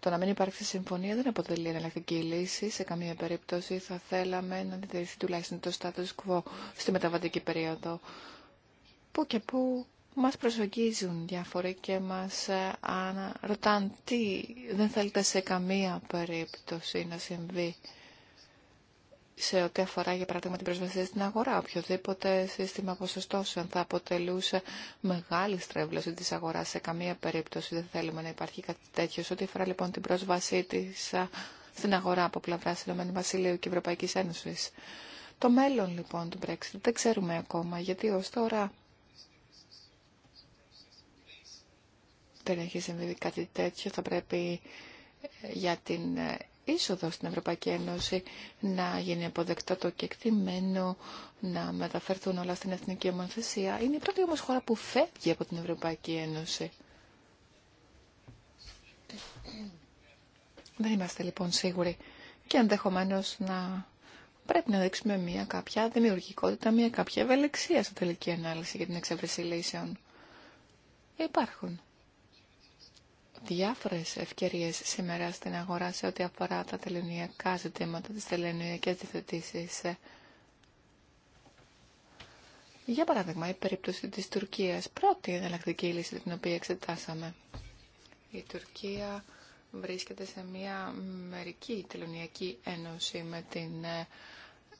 Το να μην υπάρξει συμφωνία δεν αποτελεί εναλλακτική λύση. Σε καμία περίπτωση θα θέλαμε να διατηρηθεί τουλάχιστον το status quo στη μεταβατική περίοδο. Πού και πού μας προσογγίζουν διάφοροι και μας ε, ρωτάνε τι δεν θέλετε σε καμία περίπτωση να συμβεί σε ό,τι αφορά για παράδειγμα την προσβασία στην αγορά. Οποιοδήποτε σύστημα ποσοστώσεων θα αποτελούσε μεγάλη στρέβλωση τη αγορά Σε καμία περίπτωση δεν θέλουμε να υπάρχει κάτι τέτοιο. Σε ό,τι αφορά λοιπόν την πρόσβασή τη στην αγορά από πλευρά ΗΠΑ Βασιλείου και Ευρωπαϊκή Ένωση. Το μέλλον λοιπόν του Brexit δεν ξέρουμε ακόμα γιατί ω τώρα δεν έχει συμβεί κάτι τέτοιο. Θα πρέπει για την είσοδο στην Ευρωπαϊκή Ένωση να γίνει αποδεκτό το κεκτημένο, να μεταφερθούν όλα στην εθνική ομοθεσία. Είναι η πρώτη όμως χώρα που φεύγει από την Ευρωπαϊκή Ένωση. Δεν είμαστε λοιπόν σίγουροι και ενδεχομένω να πρέπει να δείξουμε μια κάποια δημιουργικότητα, μια κάποια ευελεξία στο τελική ανάλυση για την εξέβρεση λύσεων. Υπάρχουν διάφορες ευκαιρίες σήμερα στην αγορά σε ό,τι αφορά τα τελωνιακά ζητήματα, τις τελωνιακές διθετήσεις. Για παράδειγμα, η περίπτωση της Τουρκίας, πρώτη εναλλακτική λύση την οποία εξετάσαμε. Η Τουρκία βρίσκεται σε μια μερική τελωνιακή ένωση με την ε,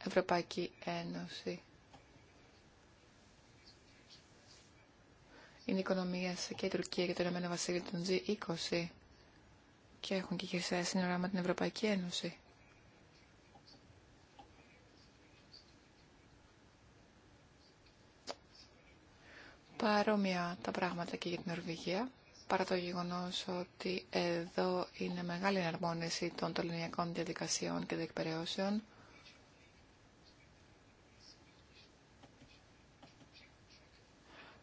Ευρωπαϊκή Ένωση. είναι οικονομία και η Τουρκία και το Ηνωμένο Βασίλειο των G20 και έχουν και χερσαία σύνορα με την Ευρωπαϊκή Ένωση. Παρόμοια τα πράγματα και για την Ορβηγία, παρά το γεγονός ότι εδώ είναι μεγάλη εναρμόνιση των τολυνιακών διαδικασιών και διεκπαιρεώσεων.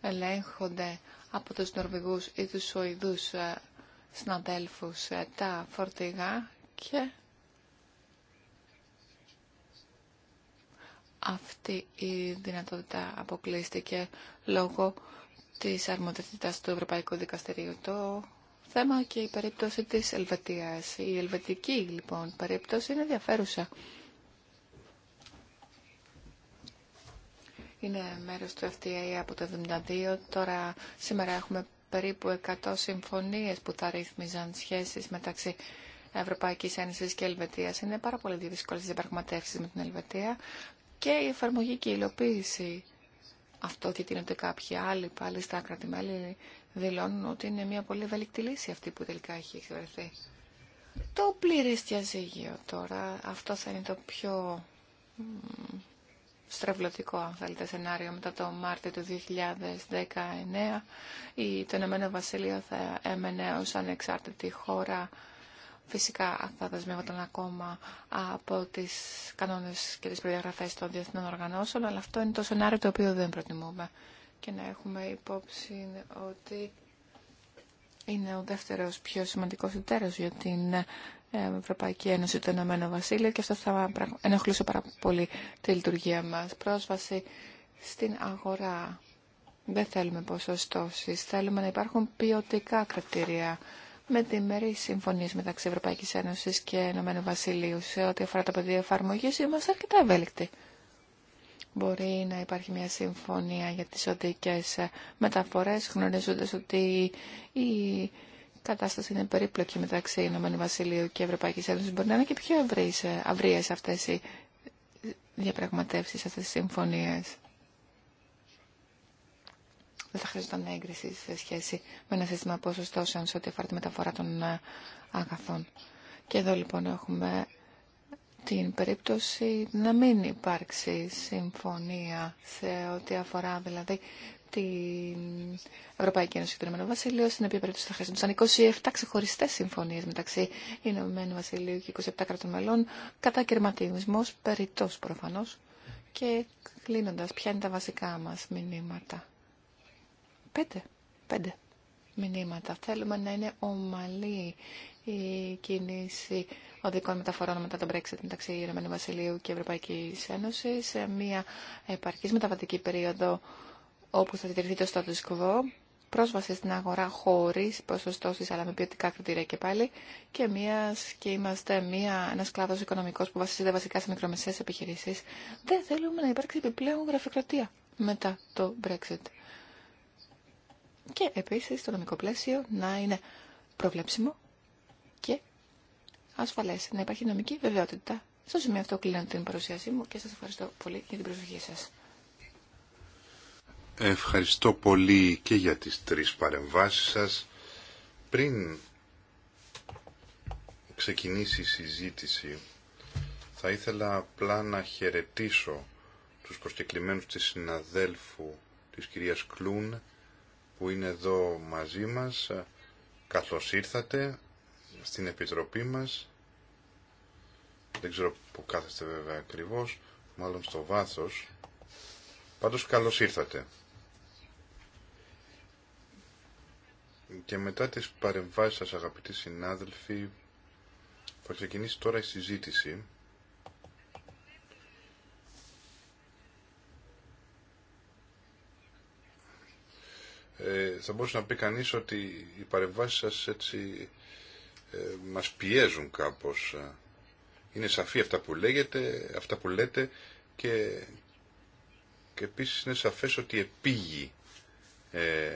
ελέγχονται από τους Νορβηγούς ή τους Σουηδούς ε, συναδέλφους ε, τα φορτηγά και αυτή η δυνατότητα αποκλείστηκε λόγω της αρμοδιότητας του Ευρωπαϊκού Δικαστηρίου. Το θέμα και η περίπτωση της Ελβετίας. Η ελβετική λοιπόν περίπτωση είναι ενδιαφέρουσα. είναι μέρος του FTA από το 1972. Τώρα σήμερα έχουμε περίπου 100 συμφωνίες που θα ρύθμιζαν σχέσεις μεταξύ Ευρωπαϊκής Ένωσης και Ελβετίας. Είναι πάρα πολύ δύσκολε οι διαπραγματεύσεις με την Ελβετία και η εφαρμογή και η υλοποίηση. Αυτό διατείνονται κάποιοι άλλοι πάλι στα κράτη-μέλη δηλώνουν ότι είναι μια πολύ ευέλικτη λύση αυτή που τελικά έχει εξευρεθεί. Το πλήρες διαζύγιο τώρα, αυτό θα είναι το πιο στρεβλωτικό, αν θέλετε, σενάριο μετά το Μάρτιο του 2019. Η, το Ηνωμένο Βασίλειο θα έμενε ως ανεξάρτητη χώρα. Φυσικά θα δεσμεύονταν ακόμα από τις κανόνες και τις προδιαγραφές των διεθνών οργανώσεων, αλλά αυτό είναι το σενάριο το οποίο δεν προτιμούμε. Και να έχουμε υπόψη ότι είναι ο δεύτερος πιο σημαντικός εταίρος για την Ευρωπαϊκή Ένωση, το Ηνωμένο Βασίλειο και αυτό θα ενοχλούσε πάρα πολύ τη λειτουργία μας. Πρόσβαση στην αγορά. Δεν θέλουμε ποσοστώσεις, θέλουμε να υπάρχουν ποιοτικά κριτήρια με τη μερή συμφωνία μεταξύ Ευρωπαϊκής Ένωσης και Ενωμένου Βασιλείου σε ό,τι αφορά το πεδίο εφαρμογή είμαστε αρκετά ευέλικτοι. Μπορεί να υπάρχει μια συμφωνία για τις οδικές μεταφορές γνωρίζοντας ότι η κατάσταση είναι περίπλοκη μεταξύ Ηνωμένου Βασιλείου και Ευρωπαϊκή Ένωση. Μπορεί να είναι και πιο ευρύε αυτέ αυτές οι διαπραγματεύσεις, αυτές οι συμφωνίες. Δεν θα χρειαζόταν έγκριση σε σχέση με ένα σύστημα ποσοστώσεων σε ό,τι αφορά τη μεταφορά των ε, αγαθών. Και εδώ λοιπόν έχουμε την περίπτωση να μην υπάρξει συμφωνία σε ό,τι αφορά δηλαδή την Ευρωπαϊκή Ένωση και το Ηνωμένο Βασίλειο, στην οποία περίπτωση θα χρειαζόντουσαν 27 ξεχωριστέ συμφωνίε μεταξύ Ηνωμένου Βασιλείου και 27 κρατών μελών, κατά κερματισμό περιττό προφανώ. Και κλείνοντα, ποια είναι τα βασικά μα μηνύματα. Πέντε. Πέντε μηνύματα. Θέλουμε να είναι ομαλή η κίνηση οδικών μεταφορών μετά τον Brexit μεταξύ Ηνωμένου Βασιλείου και Ευρωπαϊκή Ένωση. σε μια επαρκή μεταβατική περίοδο όπου θα διατηρηθεί το status quo, πρόσβαση στην αγορά χωρίς ποσοστώσεις αλλά με ποιοτικά κριτήρια και πάλι και, μίας, και είμαστε μία, ένας κλάδος οικονομικός που βασίζεται βασικά σε μικρομεσαίες επιχειρήσεις. Δεν θέλουμε να υπάρξει επιπλέον γραφειοκρατία μετά το Brexit. Και επίσης το νομικό πλαίσιο να είναι προβλέψιμο και ασφαλές. Να υπάρχει νομική βεβαιότητα. Στο σημείο αυτό κλείνω την παρουσίασή μου και σας ευχαριστώ πολύ για την προσοχή σας. Ευχαριστώ πολύ και για τις τρεις παρεμβάσεις σας. Πριν ξεκινήσει η συζήτηση, θα ήθελα απλά να χαιρετήσω τους προσκεκλημένους της συναδέλφου της κυρίας Κλούν, που είναι εδώ μαζί μας. Καθώς ήρθατε στην Επιτροπή μας, δεν ξέρω που κάθεστε βέβαια ακριβώς, μάλλον στο βάθος, πάντως καλώς ήρθατε. και μετά τις παρεμβάσεις σας αγαπητοί συνάδελφοι θα ξεκινήσει τώρα η συζήτηση. Ε, θα μπορούσε να πει κανείς ότι οι παρεμβάσεις σας έτσι ε, μας πιέζουν κάπως. Είναι σαφή αυτά που λέγεται, αυτά που λέτε και, και επίσης είναι σαφές ότι επίγει ε,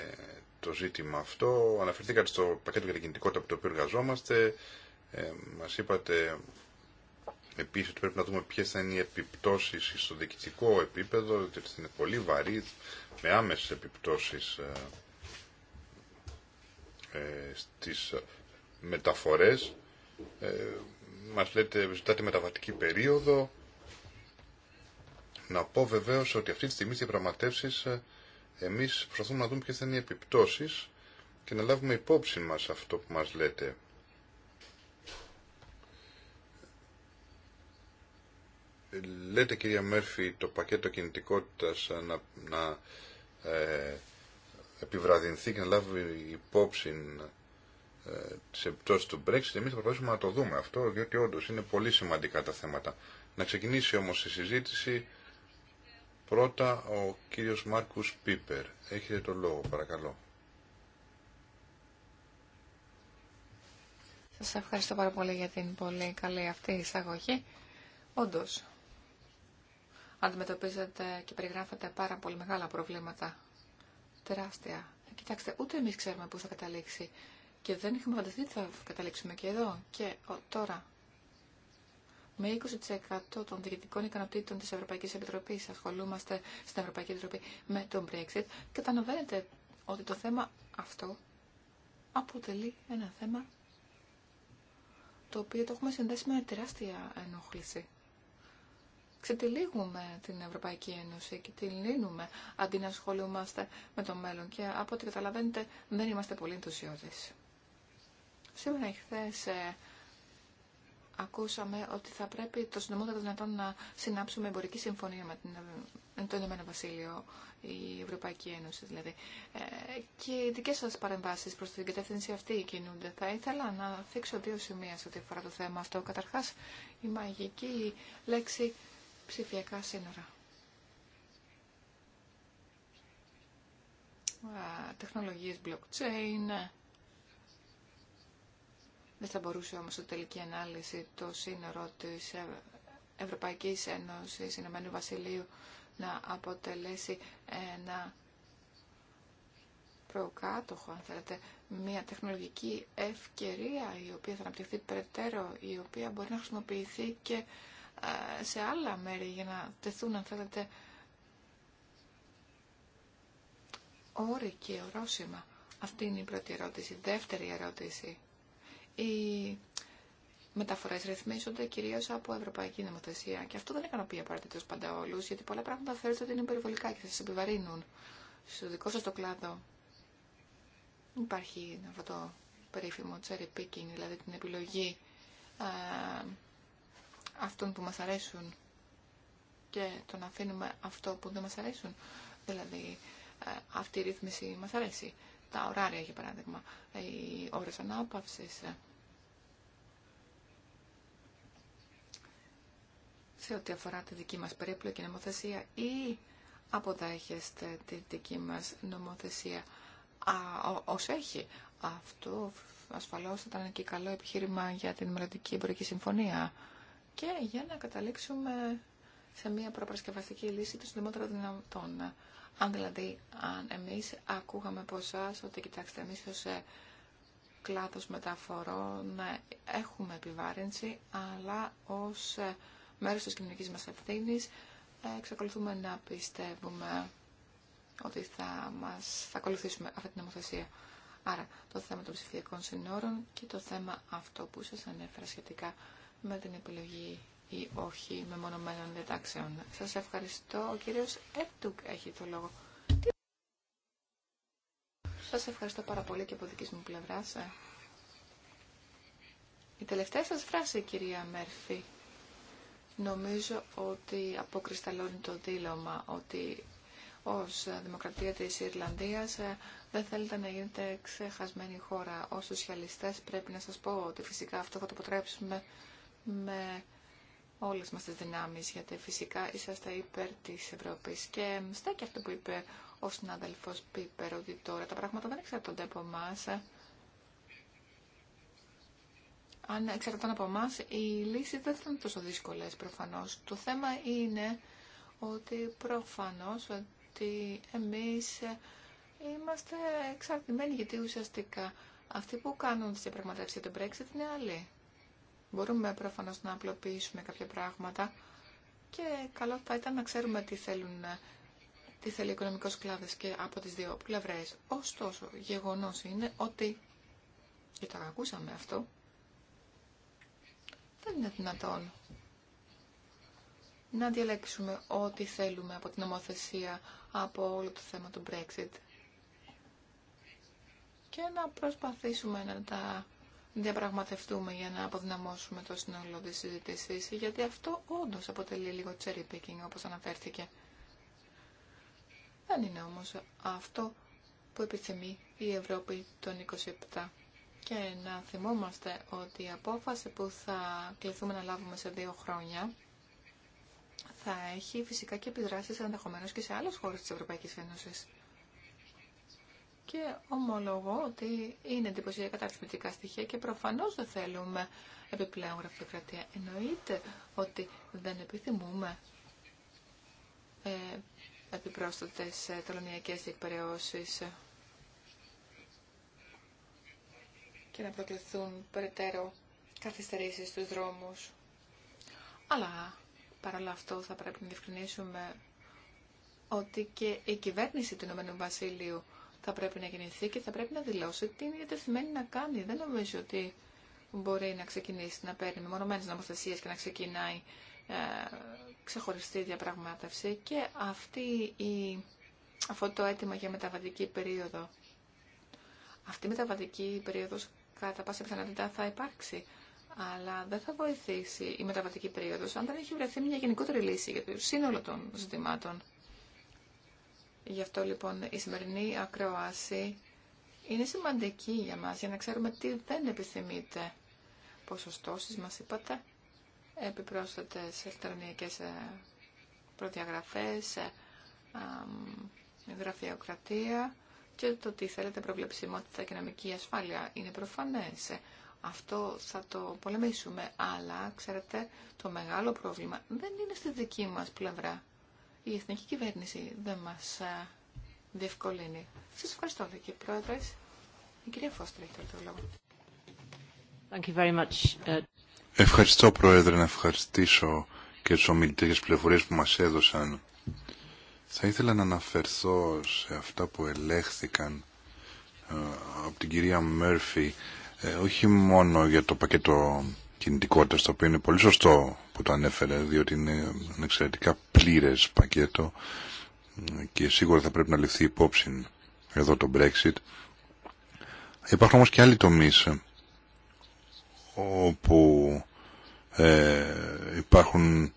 το ζήτημα αυτό. Αναφερθήκατε στο πακέτο για την κινητικότητα από το οποίο εργαζόμαστε. Ε, μας είπατε επίσης ότι πρέπει να δούμε ποιες θα είναι οι επιπτώσεις στο διοικητικό επίπεδο, διότι είναι πολύ βαρύ, με άμεσες επιπτώσεις ε, ε, στις μεταφορές. Ε, μας λέτε, ζητάτε μεταβατική περίοδο. Να πω βεβαίως ότι αυτή τη στιγμή στις διαπραγματεύσεις ε, εμείς προσπαθούμε να δούμε ποιες θα είναι οι επιπτώσεις και να λάβουμε υπόψη μας αυτό που μας λέτε. Λέτε κυρία Μέρφη το πακέτο κινητικότητας να, να ε, επιβραδυνθεί και να λάβει υπόψη ε, τις επιπτώσεις του Brexit. Εμείς θα προσπαθήσουμε να το δούμε αυτό, διότι όντως είναι πολύ σημαντικά τα θέματα. Να ξεκινήσει όμως η συζήτηση Πρώτα ο κύριος Μάρκους Πίπερ. Έχετε το λόγο, παρακαλώ. Σας ευχαριστώ πάρα πολύ για την πολύ καλή αυτή εισαγωγή. Όντως, αντιμετωπίζετε και περιγράφετε πάρα πολύ μεγάλα προβλήματα. Τεράστια. Ε, κοιτάξτε, ούτε εμείς ξέρουμε πού θα καταλήξει. Και δεν είχαμε φανταστεί ότι θα καταλήξουμε και εδώ. Και τώρα με 20% των διοικητικών ικανοτήτων της Ευρωπαϊκής Επιτροπής ασχολούμαστε στην Ευρωπαϊκή Επιτροπή με τον Brexit. Καταλαβαίνετε ότι το θέμα αυτό αποτελεί ένα θέμα το οποίο το έχουμε συνδέσει με τεράστια ενόχληση. Ξετυλίγουμε την Ευρωπαϊκή Ένωση και την λύνουμε αντί να ασχολούμαστε με το μέλλον και από ό,τι καταλαβαίνετε δεν είμαστε πολύ ενθουσιώδεις. Σήμερα χθες ε, ακούσαμε ότι θα πρέπει το συντομότερο δυνατόν να συνάψουμε εμπορική συμφωνία με την, το Ηνωμένο Βασίλειο, η Ευρωπαϊκή Ένωση δηλαδή. Ε, και οι δικέ σα παρεμβάσει προ την κατεύθυνση αυτή κινούνται. Θα ήθελα να θίξω δύο σημεία σε ό,τι αφορά το θέμα αυτό. Καταρχά, η μαγική λέξη ψηφιακά σύνορα. Ε, Τεχνολογίε blockchain, δεν θα μπορούσε όμως η τελική ανάλυση το σύνορο της ε- Ευρωπαϊκής Ένωσης Ηνωμένου Βασιλείου να αποτελέσει ένα προκάτοχο, αν θέλετε, μια τεχνολογική ευκαιρία η οποία θα αναπτυχθεί περαιτέρω, η οποία μπορεί να χρησιμοποιηθεί και ε, σε άλλα μέρη για να τεθούν, αν θέλετε, όροι και ορόσημα. Αυτή είναι η πρώτη ερώτηση. Δεύτερη ερώτηση οι μεταφορέ ρυθμίζονται κυρίω από ευρωπαϊκή νομοθεσία. Και αυτό δεν ικανοποιεί απαραίτητο πάντα όλου, γιατί πολλά πράγματα θεωρείται ότι είναι περιβολικά και θα σα επιβαρύνουν. Στο δικό σα το κλάδο υπάρχει αυτό το περίφημο cherry picking, δηλαδή την επιλογή α, αυτών που μας αρέσουν και το να αφήνουμε αυτό που δεν μας αρέσουν. Δηλαδή αυτή η ρύθμιση μας αρέσει. Τα ωράρια για παράδειγμα, οι ώρες ανάπαυσης, σε ό,τι αφορά τη δική μας περίπλοκη νομοθεσία ή αποδέχεστε τη δική μας νομοθεσία α, ως έχει. Αυτό ασφαλώς ήταν και καλό επιχείρημα για την Μελλοντική Εμπορική Συμφωνία και για να καταλήξουμε σε μια προπαρασκευαστική λύση των συντομότερων δυνατών. Αν δηλαδή, αν εμείς ακούγαμε από εσά ότι κοιτάξτε εμείς ως ε, κλάδος μεταφορών ε, έχουμε επιβάρυνση, αλλά ως ε, μέρος της κοινωνικής μας ευθύνης. Ε, εξακολουθούμε να πιστεύουμε ότι θα, μας, θα ακολουθήσουμε αυτή την νομοθεσία. Άρα το θέμα των ψηφιακών συνόρων και το θέμα αυτό που σας ανέφερα σχετικά με την επιλογή ή όχι μεμονωμένων διατάξεων. Σας ευχαριστώ. Ο κύριος Έτουκ έχει το λόγο. Σας ευχαριστώ πάρα πολύ και από δική μου πλευρά. Η οχι μονομενων διαταξεων σας φράση, κυρία Μέρφη, Νομίζω ότι αποκρισταλώνει το δήλωμα ότι ως Δημοκρατία της Ιρλανδίας ε, δεν θέλετε να γίνετε ξεχασμένη χώρα. Ως σοσιαλιστές πρέπει να σας πω ότι φυσικά αυτό θα το αποτρέψουμε με όλες μας τις δυνάμεις, γιατί φυσικά είσαστε υπέρ της Ευρώπης. Και στέκει αυτό που είπε ο συνάδελφος Πίπερ, ότι τώρα τα πράγματα δεν εξαρτώνται από εμά. Ε, αν εξαρτάται από εμά, οι λύσει δεν θα είναι τόσο δύσκολε προφανώ. Το θέμα είναι ότι προφανώ ότι εμεί είμαστε εξαρτημένοι, γιατί ουσιαστικά αυτοί που κάνουν τι διαπραγματεύσει για τον Brexit είναι άλλοι. Μπορούμε προφανώ να απλοποιήσουμε κάποια πράγματα και καλό θα ήταν να ξέρουμε τι θέλουν τι θέλει ο και από τις δύο πλευρές. Ωστόσο, γεγονός είναι ότι, και το ακούσαμε αυτό, δεν είναι δυνατόν να διαλέξουμε ό,τι θέλουμε από την νομοθεσία, από όλο το θέμα του Brexit και να προσπαθήσουμε να τα διαπραγματευτούμε για να αποδυναμώσουμε το σύνολο της συζήτησης, γιατί αυτό όντως αποτελεί λίγο cherry picking, όπως αναφέρθηκε. Δεν είναι όμως αυτό που επιθυμεί η Ευρώπη των 27. Και να θυμόμαστε ότι η απόφαση που θα κληθούμε να λάβουμε σε δύο χρόνια θα έχει φυσικά και επιδράσεις ενδεχομένω και σε άλλες χώρες της Ευρωπαϊκής Ένωσης. Και ομολογώ ότι είναι εντυπωσιακά τα αριθμητικά στοιχεία και προφανώς δεν θέλουμε επιπλέον γραφειοκρατία. Εννοείται ότι δεν επιθυμούμε ε, επιπρόσθετες ε, τελωνιακές και να προκληθούν περαιτέρω καθυστερήσεις στους δρόμους. Αλλά παρόλα αυτό θα πρέπει να διευκρινίσουμε ότι και η κυβέρνηση του Ηνωμένου Βασίλειου θα πρέπει να γεννηθεί και θα πρέπει να δηλώσει τι είναι διατεθειμένη να κάνει. Δεν νομίζω ότι μπορεί να ξεκινήσει να παίρνει μεμονωμένες νομοθεσίες και να ξεκινάει ε, ξεχωριστή διαπραγμάτευση και αυτή η, αυτό το αίτημα για μεταβατική περίοδο. Αυτή η μεταβατική περίοδο κατά πάσα πιθανότητα θα υπάρξει. Αλλά δεν θα βοηθήσει η μεταβατική περίοδος αν δεν έχει βρεθεί μια γενικότερη λύση για το σύνολο των ζητημάτων. Γι' αυτό λοιπόν η σημερινή ακρόαση είναι σημαντική για μα για να ξέρουμε τι δεν επιθυμείτε. Ποσοστώσει, μα είπατε, επιπρόσθετε ηλεκτρονικές ε, προδιαγραφέ, ε, γραφειοκρατία, και το ότι θέλετε προβλεψιμότητα και νομική ασφάλεια. Είναι προφανές. Αυτό θα το πολεμήσουμε. Αλλά, ξέρετε, το μεγάλο πρόβλημα δεν είναι στη δική μας πλευρά. Η εθνική κυβέρνηση δεν μας ε, διευκολύνει. Σας ευχαριστώ, δική Πρόεδρε. Η κυρία Φώστρα έχει το λόγο. Ε. Ευχαριστώ, Πρόεδρε, να ευχαριστήσω και τους ομιλητές πληροφορίες που μας έδωσαν. Θα ήθελα να αναφερθώ σε αυτά που ελέγχθηκαν ε, από την κυρία Μέρφυ ε, όχι μόνο για το πακέτο κινητικότητας το οποίο είναι πολύ σωστό που το ανέφερε διότι είναι εξαιρετικά πλήρες πακέτο ε, και σίγουρα θα πρέπει να ληφθεί υπόψη εδώ το Brexit υπάρχουν όμως και άλλοι τομείς όπου υπάρχουν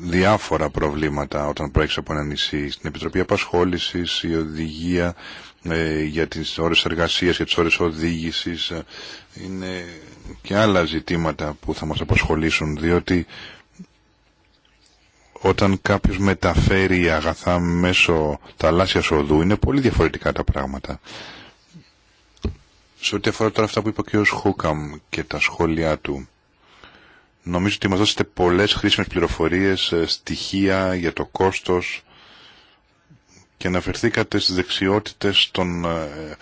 διάφορα προβλήματα όταν προέρχεσαι από ένα νησί. Στην Επιτροπή Απασχόλησης, η οδηγία ε, για τις ώρες εργασίας, και τις ώρες οδήγησης, ε, είναι και άλλα ζητήματα που θα μας απασχολήσουν, διότι όταν κάποιος μεταφέρει αγαθά μέσω θαλάσσια οδού, είναι πολύ διαφορετικά τα πράγματα. Σε ό,τι αφορά τώρα αυτά που είπε ο κ. Χούκαμ και τα σχόλιά του, Νομίζω ότι μας δώσετε πολλές χρήσιμες πληροφορίες, ε, στοιχεία για το κόστος και αναφερθήκατε στις δεξιότητες των ε,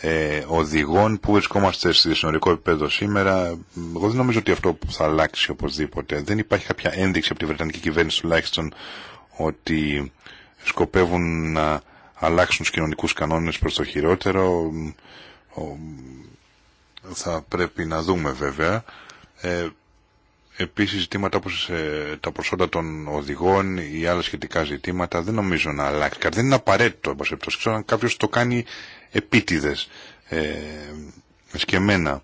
ε οδηγών που βρισκόμαστε στη συνορικό επίπεδο σήμερα. Εγώ δεν νομίζω ότι αυτό θα αλλάξει οπωσδήποτε. Δεν υπάρχει κάποια ένδειξη από τη Βρετανική κυβέρνηση τουλάχιστον ότι σκοπεύουν να αλλάξουν τους κοινωνικούς κανόνες προς το χειρότερο. Θα πρέπει να δούμε βέβαια. Ε, Επίσης ζητήματα όπως ε, τα προσόντα των οδηγών ή άλλα σχετικά ζητήματα δεν νομίζω να αλλάξει. Δεν είναι απαραίτητο, Ξέρω αν κάποιος το κάνει επίτηδες. Ε, και εμένα.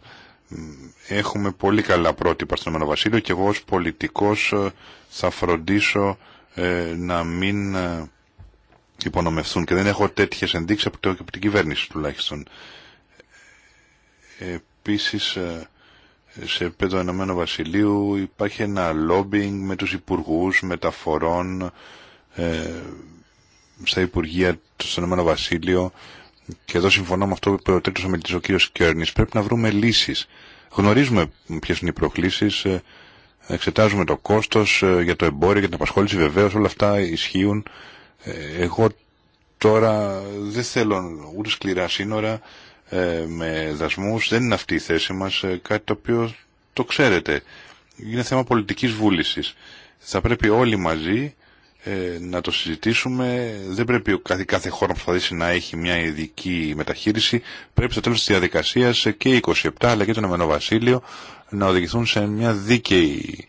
Έχουμε πολύ καλά πρότυπα στον Εμένο Βασίλειο και εγώ ως πολιτικός ε, θα φροντίσω ε, να μην υπονομευθούν και δεν έχω τέτοιες ενδείξεις από, το, από την κυβέρνηση τουλάχιστον. Ε, επίσης σε επίπεδο Ενωμένου Βασιλείου υπάρχει ένα lobbying με τους υπουργούς μεταφορών ε, στα Υπουργεία του Ενωμένου Βασίλειο και εδώ συμφωνώ με αυτό που είπε ο τρίτος ομιλητής ο κ. Κέρνης πρέπει να βρούμε λύσεις γνωρίζουμε ποιες είναι οι προκλήσεις ε, εξετάζουμε το κόστος ε, για το εμπόριο, για την απασχόληση βεβαίως όλα αυτά ισχύουν ε, εγώ τώρα δεν θέλω ούτε σκληρά σύνορα ε, με δασμούς. Δεν είναι αυτή η θέση μας, ε, κάτι το οποίο το ξέρετε. Είναι θέμα πολιτικής βούλησης. Θα πρέπει όλοι μαζί ε, να το συζητήσουμε. Δεν πρέπει κάθε, κάθε χώρα να προσπαθήσει να έχει μια ειδική μεταχείριση. Πρέπει στο τέλος της διαδικασίας και οι 27 αλλά και το Ηνωμένο Βασίλειο να οδηγηθούν σε, μια δίκαιη,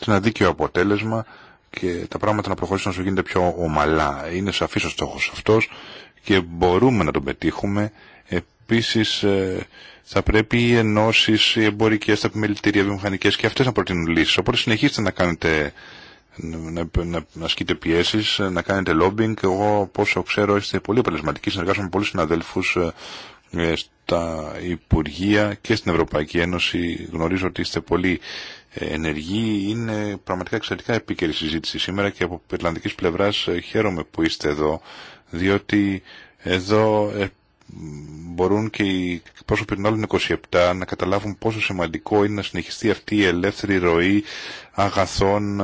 σε ένα δίκαιο αποτέλεσμα και τα πράγματα να προχωρήσουν όσο γίνεται πιο ομαλά. Είναι σαφής ο στόχος αυτός και μπορούμε να τον πετύχουμε Επίσης ε, θα πρέπει οι ενώσεις, οι εμπορικές, τα επιμελητήρια, οι βιομηχανικές και αυτές να προτείνουν λύσεις. Οπότε συνεχίστε να κάνετε να, να, να ασκείτε πιέσει, να κάνετε lobbying. Εγώ, πόσο ξέρω, είστε πολύ αποτελεσματικοί. Συνεργάζομαι με πολλού συναδέλφου ε, ε, στα Υπουργεία και στην Ευρωπαϊκή Ένωση. Γνωρίζω ότι είστε πολύ ενεργοί. Είναι πραγματικά εξαιρετικά επίκαιρη συζήτηση σήμερα και από Ιρλανδική πλευρά χαίρομαι που είστε εδώ, διότι εδώ μπορούν και οι πρόσωποι των άλλων 27 να καταλάβουν πόσο σημαντικό είναι να συνεχιστεί αυτή η ελεύθερη ροή αγαθών,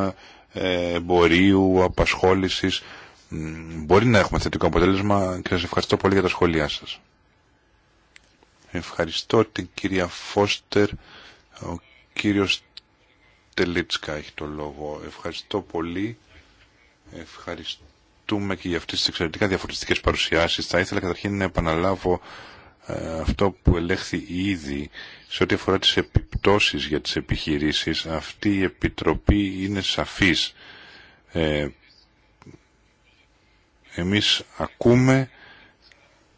ε, εμπορίου, απασχόλησης. Μπορεί να έχουμε θετικό αποτέλεσμα και σας ευχαριστώ πολύ για τα σχόλιά σας. Ευχαριστώ την κυρία Φώστερ. Ο κύριος Τελίτσκα έχει το λόγο. Ευχαριστώ πολύ. Ευχαριστώ ευχαριστούμε και για αυτές τις εξαιρετικά διαφορετικές παρουσιάσεις. Θα ήθελα καταρχήν να επαναλάβω ε, αυτό που ελέγχθη ήδη σε ό,τι αφορά τις επιπτώσεις για τις επιχειρήσεις. Αυτή η Επιτροπή είναι σαφής. Ε, εμείς ακούμε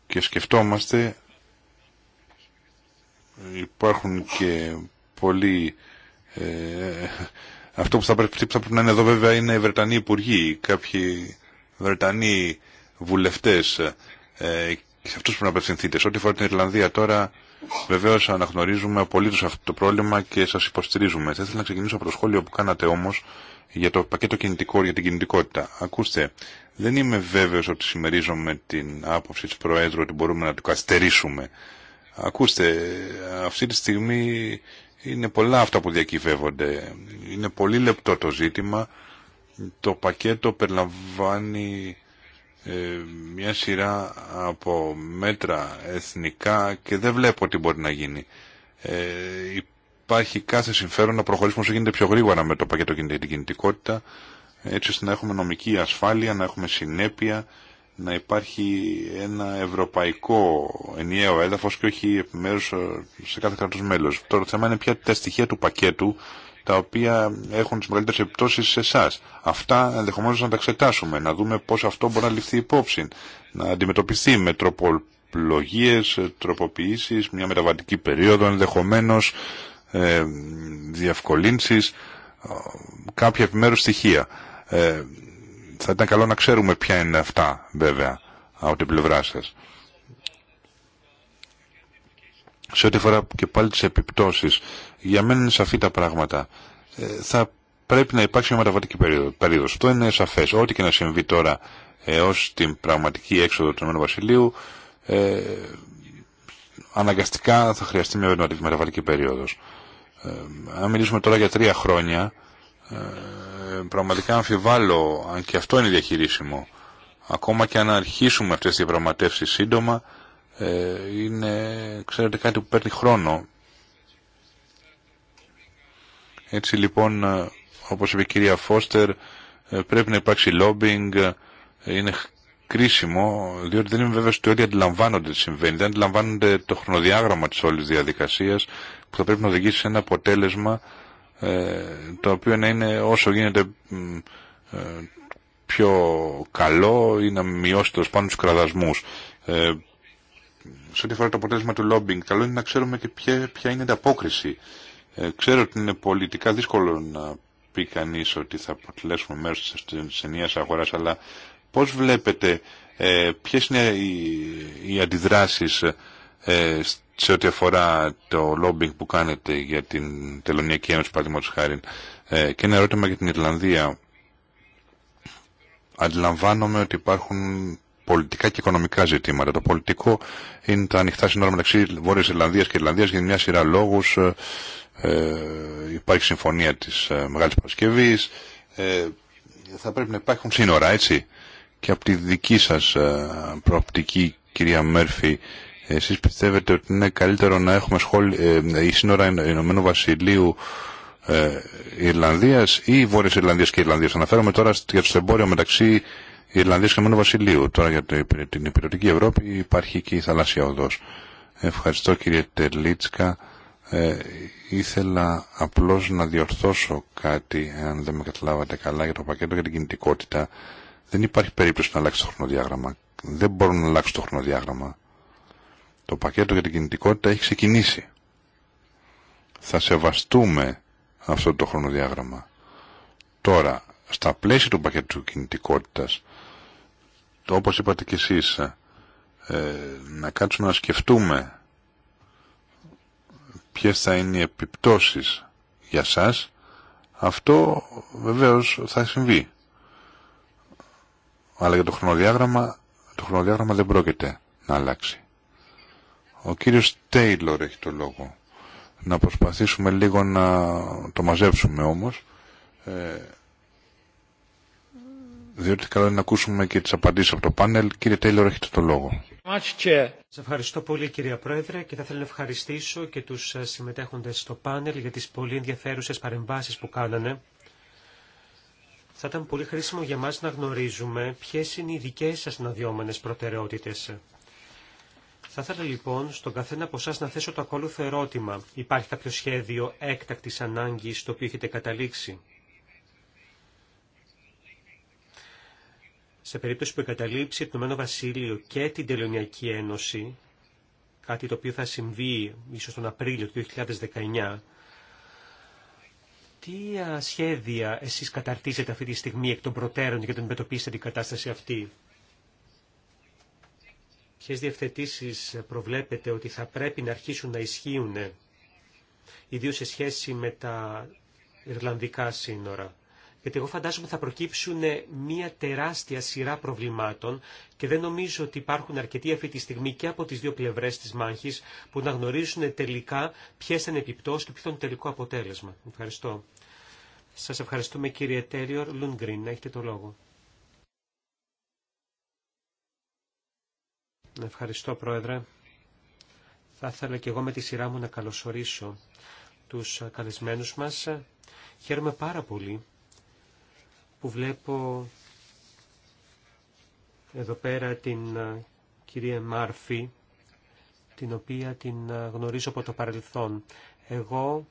και σκεφτόμαστε υπάρχουν και πολλοί ε, αυτό που θα, πρέπει, που να είναι εδώ βέβαια είναι οι Βρετανοί Υπουργοί Βρετανοί βουλευτές ε, και σε αυτούς που να απευθυνθείτε. Σε ό,τι φορά την Ιρλανδία τώρα βεβαίως αναγνωρίζουμε απολύτως αυτό το πρόβλημα και σας υποστηρίζουμε. Θα ήθελα να ξεκινήσω από το σχόλιο που κάνατε όμως για το πακέτο κινητικό, για την κινητικότητα. Ακούστε, δεν είμαι βέβαιος ότι συμμερίζομαι την άποψη της Προέδρου ότι μπορούμε να το καστερίσουμε. Ακούστε, αυτή τη στιγμή είναι πολλά αυτά που διακυβεύονται. Είναι πολύ λεπτό το ζήτημα. Το πακέτο περιλαμβάνει ε, μια σειρά από μέτρα εθνικά και δεν βλέπω τι μπορεί να γίνει. Ε, υπάρχει κάθε συμφέρον να προχωρήσουμε όσο γίνεται πιο γρήγορα με το πακέτο και την κινητικότητα, έτσι ώστε να έχουμε νομική ασφάλεια, να έχουμε συνέπεια, να υπάρχει ένα ευρωπαϊκό ενιαίο έδαφος και όχι επιμέρους ε, σε κάθε κράτος μέλος. το θέμα είναι ποια τα στοιχεία του πακέτου τα οποία έχουν τις μεγαλύτερες επιπτώσεις σε εσά. Αυτά ενδεχομένως να τα εξετάσουμε, να δούμε πώς αυτό μπορεί να ληφθεί υπόψη, να αντιμετωπιστεί με τροπολογίες, τροποποιήσεις, μια μεταβατική περίοδο ενδεχομένως, ε, διευκολύνσεις, ε, κάποια επιμέρους στοιχεία. Ε, θα ήταν καλό να ξέρουμε ποια είναι αυτά βέβαια από την πλευρά σας. Σε ό,τι αφορά και πάλι τις επιπτώσεις για μένα είναι σαφή τα πράγματα. Ε, θα πρέπει να υπάρξει μια μεταβατική περίοδο. Αυτό είναι σαφέ. Ό,τι και να συμβεί τώρα έω την πραγματική έξοδο του Ηνωμένου Βασιλείου, ε, αναγκαστικά θα χρειαστεί μια μεταβατική περίοδο. Ε, αν μιλήσουμε τώρα για τρία χρόνια, ε, πραγματικά αμφιβάλλω αν και αυτό είναι διαχειρίσιμο. Ακόμα και αν αρχίσουμε αυτές τις διαπραγματεύσεις σύντομα, είναι, ξέρετε, κάτι που παίρνει χρόνο. Έτσι λοιπόν, ε, όπως είπε η κυρία Φώστερ, ε, πρέπει να υπάρξει lobbying ε, είναι κρίσιμο, διότι δεν είμαι βέβαιος ότι όλοι αντιλαμβάνονται τι συμβαίνει, δεν αντιλαμβάνονται το χρονοδιάγραμμα της όλης διαδικασίας που θα πρέπει να οδηγήσει σε ένα αποτέλεσμα το οποίο να είναι όσο γίνεται πιο καλό ή να μειώσει τέλο πάντων του κραδασμού. σε ό,τι αφορά το αποτέλεσμα του λόμπινγκ, καλό είναι να ξέρουμε και ποια, ποια είναι η ανταπόκριση. Ε, ξέρω ότι είναι πολιτικά δύσκολο να πει κανείς ότι θα αποτελέσουμε μέρος της ενίας αγοράς, αλλά πώς βλέπετε, ε, ποιες είναι οι, οι αντιδράσεις ε, σε ό,τι αφορά το λόμπινγκ που κάνετε για την Τελωνιακή Ένωση, παραδείγματος χάρη, ε, και ένα ερώτημα για την Ιρλανδία. Αντιλαμβάνομαι ότι υπάρχουν πολιτικά και οικονομικά ζητήματα. Το πολιτικό είναι τα ανοιχτά σύνορα μεταξύ Βόρειας Ιρλανδίας και Ιρλανδίας για μια σειρά λόγους. Ε, υπάρχει συμφωνία της ε, Μεγάλης Παρασκευής, ε, θα πρέπει να υπάρχουν σύνορα, έτσι. Και από τη δική σας ε, προοπτική, κυρία Μέρφη, εσείς πιστεύετε ότι είναι καλύτερο να έχουμε σχόλ, ε, η σύνορα Ηνωμένου Βασιλείου Ιρλανδίας ή Βόρειας Ιρλανδίας και Ιρλανδίας. Αναφέρομαι τώρα για το εμπόριο μεταξύ Ιρλανδίας και Ηνωμένου Βασιλείου. Τώρα για την υπηρετική Ευρώπη υπάρχει και η θαλάσσια οδός. Ευχαριστώ κύριε Τελίτσκα. Ε, ήθελα απλώς να διορθώσω κάτι, αν δεν με καταλάβατε καλά, για το πακέτο για την κινητικότητα. Δεν υπάρχει περίπτωση να αλλάξει το χρονοδιάγραμμα. Δεν μπορούν να αλλάξουν το χρονοδιάγραμμα. Το πακέτο για την κινητικότητα έχει ξεκινήσει. Θα σεβαστούμε αυτό το χρονοδιάγραμμα. Τώρα, στα πλαίσια του πακέτου κινητικότητας, όπως είπατε κι εσείς, ε, να κάτσουμε να σκεφτούμε ποιες θα είναι οι επιπτώσεις για σας, αυτό βεβαίως θα συμβεί. Αλλά για το χρονοδιάγραμμα, το χρονοδιάγραμμα δεν πρόκειται να αλλάξει. Ο κύριος Τέιλορ έχει το λόγο. Να προσπαθήσουμε λίγο να το μαζέψουμε όμως. Ε, διότι καλό είναι να ακούσουμε και τις απαντήσεις από το πάνελ. Κύριε Τέιλορ, έχετε το λόγο. Σας ευχαριστώ πολύ κύριε Πρόεδρε και θα θέλω να ευχαριστήσω και τους ε, συμμετέχοντες στο πάνελ για τις πολύ ενδιαφέρουσες παρεμβάσεις που κάνανε. Θα ήταν πολύ χρήσιμο για μας να γνωρίζουμε ποιες είναι οι δικές σας αναδυόμενες προτεραιότητες. Θα ήθελα λοιπόν στον καθένα από εσά να θέσω το ακόλουθο ερώτημα. Υπάρχει κάποιο σχέδιο έκτακτης ανάγκης στο οποίο έχετε καταλήξει. σε περίπτωση που εγκαταλείψει το Μένο Βασίλειο και την Τελωνιακή Ένωση, κάτι το οποίο θα συμβεί ίσως τον Απρίλιο του 2019, τι σχέδια εσείς καταρτίζετε αυτή τη στιγμή εκ των προτέρων για να αντιμετωπίσετε την κατάσταση αυτή. Ποιες διευθετήσεις προβλέπετε ότι θα πρέπει να αρχίσουν να ισχύουν, ιδίως σε σχέση με τα Ιρλανδικά σύνορα γιατί εγώ φαντάζομαι θα προκύψουν μια τεράστια σειρά προβλημάτων και δεν νομίζω ότι υπάρχουν αρκετοί αυτή τη στιγμή και από τις δύο πλευρές της μάχης που να γνωρίζουν τελικά ποιες είναι επιπτώσεις και ποιο είναι τελικό αποτέλεσμα. Ευχαριστώ. Σας ευχαριστούμε κύριε Τέλιορ Λουνγκριν. Να έχετε το λόγο. Ευχαριστώ Πρόεδρε. Θα ήθελα και εγώ με τη σειρά μου να καλωσορίσω τους καλεσμένους μας. Χαίρομαι πάρα πολύ που βλέπω εδώ πέρα την ε, κυρία Μάρφη, την οποία την ε, γνωρίζω από το παρελθόν. Εγώ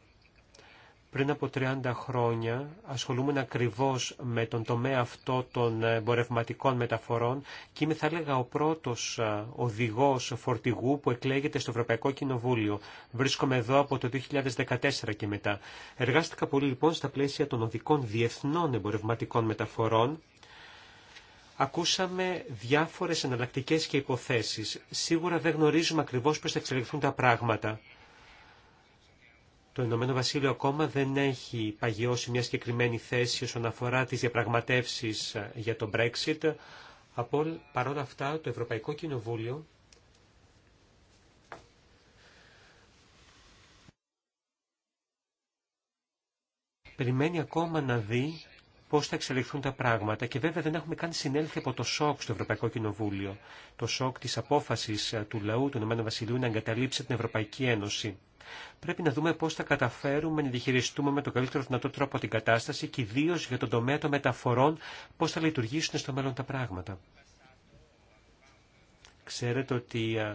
πριν από 30 χρόνια ασχολούμαι ακριβώς με τον τομέα αυτό των εμπορευματικών μεταφορών και είμαι θα έλεγα ο πρώτος οδηγός φορτηγού που εκλέγεται στο Ευρωπαϊκό Κοινοβούλιο. Βρίσκομαι εδώ από το 2014 και μετά. Εργάστηκα πολύ λοιπόν στα πλαίσια των οδικών διεθνών εμπορευματικών μεταφορών Ακούσαμε διάφορες εναλλακτικέ και υποθέσεις. Σίγουρα δεν γνωρίζουμε ακριβώς πώς θα εξελιχθούν τα πράγματα το Ηνωμένο Βασίλειο ακόμα δεν έχει παγιώσει μια συγκεκριμένη θέση όσον αφορά τις διαπραγματεύσεις ε, για το Brexit. Από παρόλα αυτά, το Ευρωπαϊκό Κοινοβούλιο περιμένει ακόμα να δει πώ θα εξελιχθούν τα πράγματα. Και βέβαια δεν έχουμε καν συνέλθει από το σοκ στο Ευρωπαϊκό Κοινοβούλιο. Το σοκ τη απόφαση ε, του λαού του Ηνωμένου Βασιλείου να εγκαταλείψει την Ευρωπαϊκή Ένωση. Πρέπει να δούμε πώ θα καταφέρουμε να διαχειριστούμε με τον καλύτερο δυνατό τρόπο την κατάσταση και ιδίω για τον τομέα των μεταφορών πώ θα λειτουργήσουν στο μέλλον τα πράγματα. Ξέρετε ότι ε,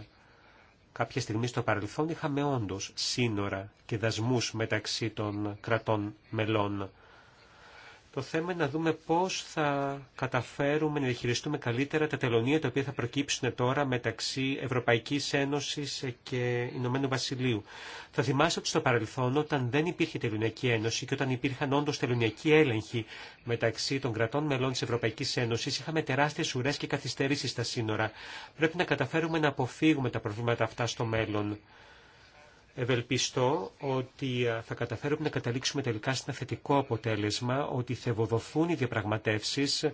κάποια στιγμή στο παρελθόν είχαμε όντω σύνορα και δασμού μεταξύ των κρατών μελών. Το θέμα είναι να δούμε πώς θα καταφέρουμε να διαχειριστούμε καλύτερα τα τελωνία τα οποία θα προκύψουν τώρα μεταξύ Ευρωπαϊκής Ένωσης και Ηνωμένου Βασιλείου. Θα θυμάστε ότι στο παρελθόν όταν δεν υπήρχε τελωνιακή ένωση και όταν υπήρχαν όντω τελωνιακοί έλεγχοι μεταξύ των κρατών μελών της Ευρωπαϊκής Ένωσης είχαμε τεράστιες ουρές και καθυστερήσεις στα σύνορα. Πρέπει να καταφέρουμε να αποφύγουμε τα προβλήματα αυτά στο μέλλον. Ευελπιστώ ότι ε, θα καταφέρουμε να καταλήξουμε τελικά σε ένα θετικό αποτέλεσμα, ότι θα ευοδοθούν οι διαπραγματεύσεις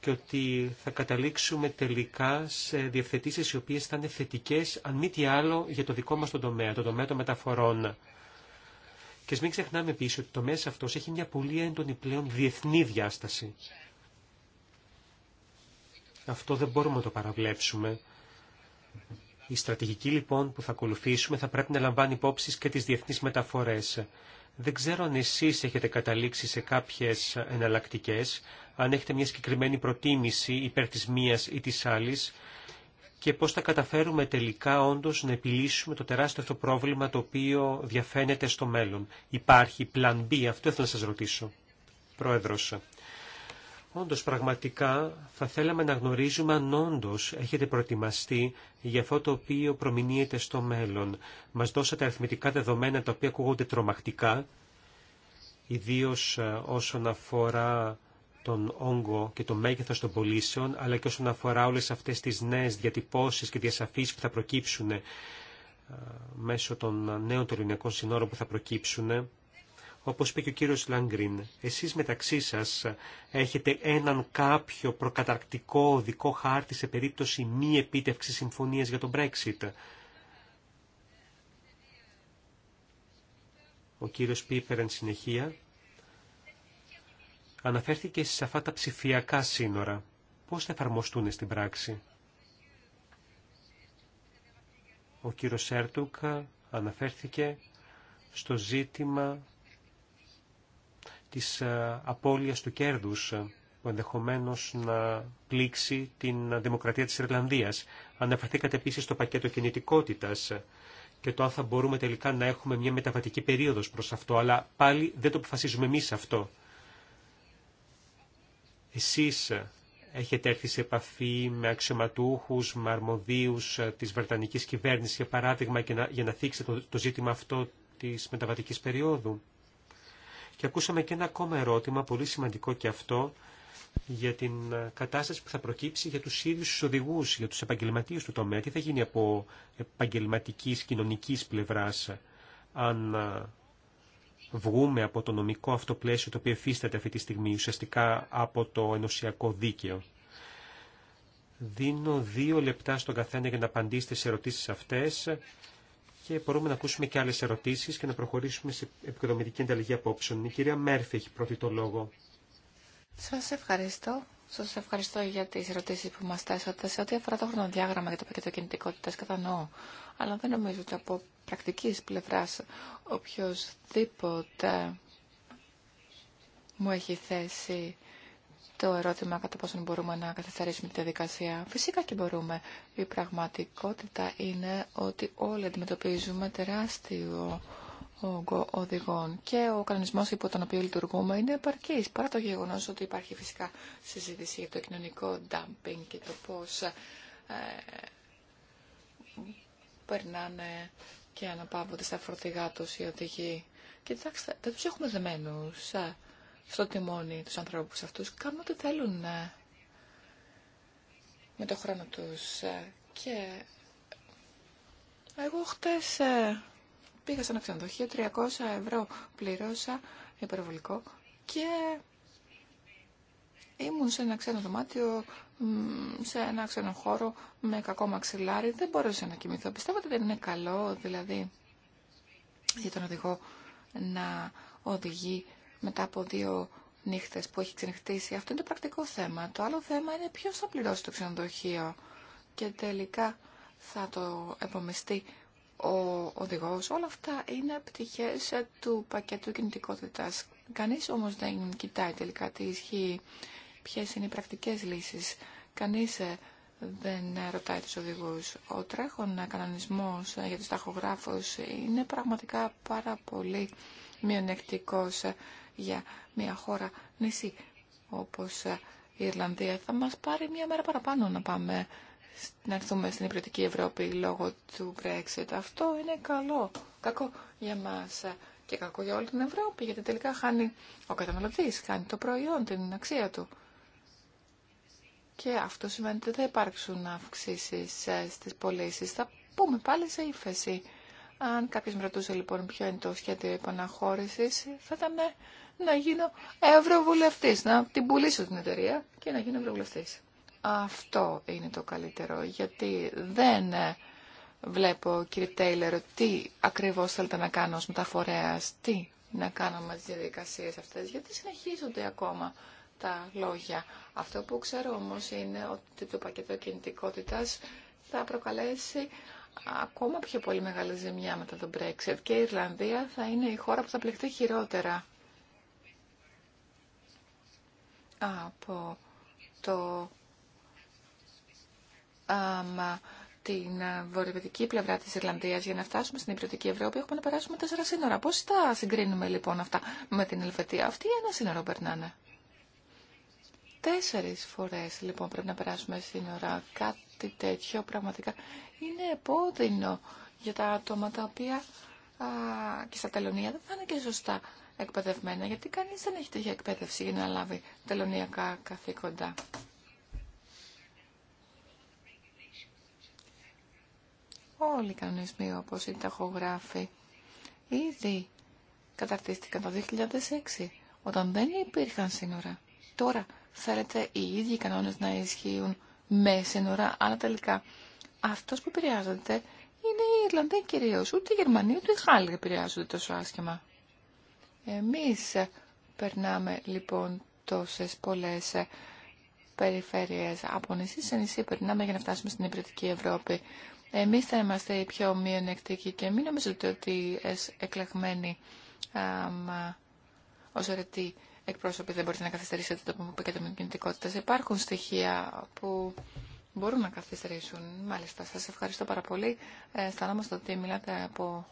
και ότι θα καταλήξουμε τελικά σε διευθετήσεις οι οποίες θα είναι θετικές, αν μη τι άλλο, για το δικό μας τον τομέα, το τομέα των μεταφορών. Και μην ξεχνάμε επίση ότι το μέσα αυτό έχει μια πολύ έντονη πλέον διεθνή διάσταση. Αυτό δεν μπορούμε να το παραβλέψουμε. Η στρατηγική λοιπόν που θα ακολουθήσουμε θα πρέπει να λαμβάνει υπόψη και τις διεθνείς μεταφορές. Δεν ξέρω αν εσείς έχετε καταλήξει σε κάποιες εναλλακτικέ, αν έχετε μια συγκεκριμένη προτίμηση υπέρ της μίας ή της άλλης και πώς θα καταφέρουμε τελικά όντως να επιλύσουμε το τεράστιο αυτό πρόβλημα το οποίο διαφαίνεται στο μέλλον. Υπάρχει plan B, αυτό ήθελα να σας ρωτήσω. Πρόεδρος, Όντως πραγματικά θα θέλαμε να γνωρίζουμε αν όντω έχετε προετοιμαστεί για αυτό το οποίο προμηνύεται στο μέλλον. Μας δώσατε αριθμητικά δεδομένα τα οποία ακούγονται τρομακτικά, ιδίως ε, όσον αφορά τον όγκο και το μέγεθος των πωλήσεων, αλλά και όσον αφορά όλες αυτές τις νέες διατυπώσεις και διασαφείς που θα προκύψουν ε, μέσω των ε, νέων τελειωνιακών συνόρων που θα προκύψουν. Όπως είπε και ο κύριος Λαγκρίν, εσείς μεταξύ σας έχετε έναν κάποιο προκαταρκτικό οδικό χάρτη σε περίπτωση μη επίτευξη συμφωνίας για τον Brexit. Ο κύριος Πίπερ εν συνεχεία αναφέρθηκε σε αυτά τα ψηφιακά σύνορα. Πώς θα εφαρμοστούν στην πράξη. Ο κύριος Σέρτουκα αναφέρθηκε στο ζήτημα της ε, απώλειας του κέρδους ε, που ενδεχομένως να πλήξει την δημοκρατία της Ιρλανδίας. Αναφερθήκατε επίσης στο πακέτο κινητικότητας ε, και το αν θα μπορούμε τελικά να έχουμε μια μεταβατική περίοδος προς αυτό, αλλά πάλι δεν το αποφασίζουμε εμείς αυτό. Εσείς έχετε έρθει σε επαφή με αξιωματούχους, με αρμοδίους της Βρετανικής κυβέρνησης, για παράδειγμα, για να, για θίξετε το, το ζήτημα αυτό της μεταβατικής περίοδου. Και ακούσαμε και ένα ακόμα ερώτημα, πολύ σημαντικό και αυτό, για την ε, κατάσταση που θα προκύψει για τους ίδιους τους οδηγούς, για τους επαγγελματίες του τομέα. Τι θα γίνει από επαγγελματικής, κοινωνικής πλευράς, αν ε, βγούμε από το νομικό αυτό πλαίσιο το οποίο εφίσταται αυτή τη στιγμή, ουσιαστικά από το ενωσιακό δίκαιο. Δίνω δύο λεπτά στον καθένα για να απαντήσετε σε ερωτήσεις αυτές και μπορούμε να ακούσουμε και άλλες ερωτήσεις και να προχωρήσουμε σε επικοδομητική ενταλλαγή απόψεων. Η κυρία Μέρφη έχει πρώτη το λόγο. Σας ευχαριστώ. Σας ευχαριστώ για τις ερωτήσεις που μας θέσατε. Σε ό,τι αφορά το χρονοδιάγραμμα για το πακέτο κινητικότητας, κατανοώ. Αλλά δεν νομίζω ότι από πρακτικής πλευράς οποιοδήποτε μου έχει θέσει το ερώτημα κατά πόσο μπορούμε να καθυστερήσουμε τη διαδικασία. Φυσικά και μπορούμε. Η πραγματικότητα είναι ότι όλοι αντιμετωπίζουμε τεράστιο όγκο οδηγών και ο κανονισμό υπό τον οποίο λειτουργούμε είναι επαρκή. παρά το γεγονός ότι υπάρχει φυσικά συζήτηση για το κοινωνικό dumping και το πώς ε, περνάνε και αναπαύονται στα φορτηγά του οι οδηγοί. Κοιτάξτε, δεν του έχουμε δεμένους. Ε, στο τιμόνι τους ανθρώπους αυτούς. Κάνουν ό,τι θέλουν ε, με το χρόνο τους. Ε, και εγώ χτες ε, πήγα σε ένα ξενοδοχείο, 300 ευρώ πληρώσα, υπερβολικό, και ήμουν σε ένα ξένο δωμάτιο, σε ένα ξένο χώρο, με κακό μαξιλάρι, δεν μπορούσα να κοιμηθώ. Πιστεύω ότι δεν είναι καλό, δηλαδή, για τον οδηγό να οδηγεί μετά από δύο νύχτες που έχει ξενυχτήσει. Αυτό είναι το πρακτικό θέμα. Το άλλο θέμα είναι ποιος θα πληρώσει το ξενοδοχείο και τελικά θα το επομιστεί ο οδηγός. Όλα αυτά είναι πτυχές του πακέτου κινητικότητας. Κανείς όμως δεν κοιτάει τελικά τι ισχύει, ποιες είναι οι πρακτικές λύσεις. Κανείς ε, δεν ρωτάει τους οδηγούς. Ο τρέχον κανονισμός ε, για τους ταχογράφους είναι πραγματικά πάρα πολύ μειονεκτικός για μια χώρα νησί όπως ε, η Ιρλανδία. Θα μας πάρει μια μέρα παραπάνω να πάμε να έρθουμε στην υπηρετική Ευρώπη λόγω του Brexit. Αυτό είναι καλό. Κακό για μας ε, και κακό για όλη την Ευρώπη, γιατί τελικά χάνει ο καταναλωτής, χάνει το προϊόν, την αξία του. Και αυτό σημαίνει ότι δεν υπάρξουν αυξήσει ε, στις πωλήσει. Θα πούμε πάλι σε ύφεση. Αν κάποιος με ρωτούσε λοιπόν ποιο είναι το σχέδιο επαναχώρησης, θα ήταν να γίνω ευρωβουλευτής, να την πουλήσω την εταιρεία και να γίνω ευρωβουλευτής. Αυτό είναι το καλύτερο, γιατί δεν ε, βλέπω, κύριε Τέιλερ, τι ακριβώ θέλετε να κάνω ω μεταφορέα, τι να κάνω με τις διαδικασίε αυτές, γιατί συνεχίζονται ακόμα τα λόγια. Αυτό που ξέρω όμως είναι ότι το πακέτο κινητικότητας θα προκαλέσει ακόμα πιο πολύ μεγάλη ζημιά μετά τον Brexit και η Ιρλανδία θα είναι η χώρα που θα πληχθεί χειρότερα από το, την βορειοδυτική πλευρά της Ιρλανδίας για να φτάσουμε στην Υπηρετική Ευρώπη έχουμε να περάσουμε τέσσερα σύνορα. Πώς τα συγκρίνουμε λοιπόν αυτά με την Ελβετία. Αυτοί ένα σύνορο περνάνε. Τέσσερις φορές λοιπόν πρέπει να περάσουμε σύνορα. Κάτι τέτοιο πραγματικά είναι επώδυνο για τα άτομα τα οποία α, και στα τελωνία δεν θα είναι και σωστά εκπαιδευμένα, γιατί κανείς δεν έχει τέτοια εκπαίδευση για να λάβει τελωνιακά καθήκοντα. Όλοι οι κανονισμοί όπως οι ταχογράφοι ήδη καταρτίστηκαν το 2006, όταν δεν υπήρχαν σύνορα. Τώρα θέλετε οι ίδιοι οι κανόνες να ισχύουν με σύνορα, αλλά τελικά αυτός που επηρεάζεται είναι οι Ιρλανδοί κυρίω. Ούτε οι Γερμανοί ούτε οι Γάλλοι επηρεάζονται τόσο άσχημα. Εμείς περνάμε λοιπόν τόσες πολλές περιφέρειες από νησί σε νησί περνάμε για να φτάσουμε στην υπηρετική Ευρώπη. Εμείς θα είμαστε οι πιο μειονεκτικοί και μην νομίζετε ότι εκλεγμένοι ω ως αιρετοί εκπρόσωποι δεν μπορείτε να καθυστερήσετε το πακέτο με κινητικότητα. Υπάρχουν στοιχεία που μπορούν να καθυστερήσουν. Μάλιστα, σας ευχαριστώ πάρα πολύ. Ε, αισθανόμαστε ότι μιλάτε από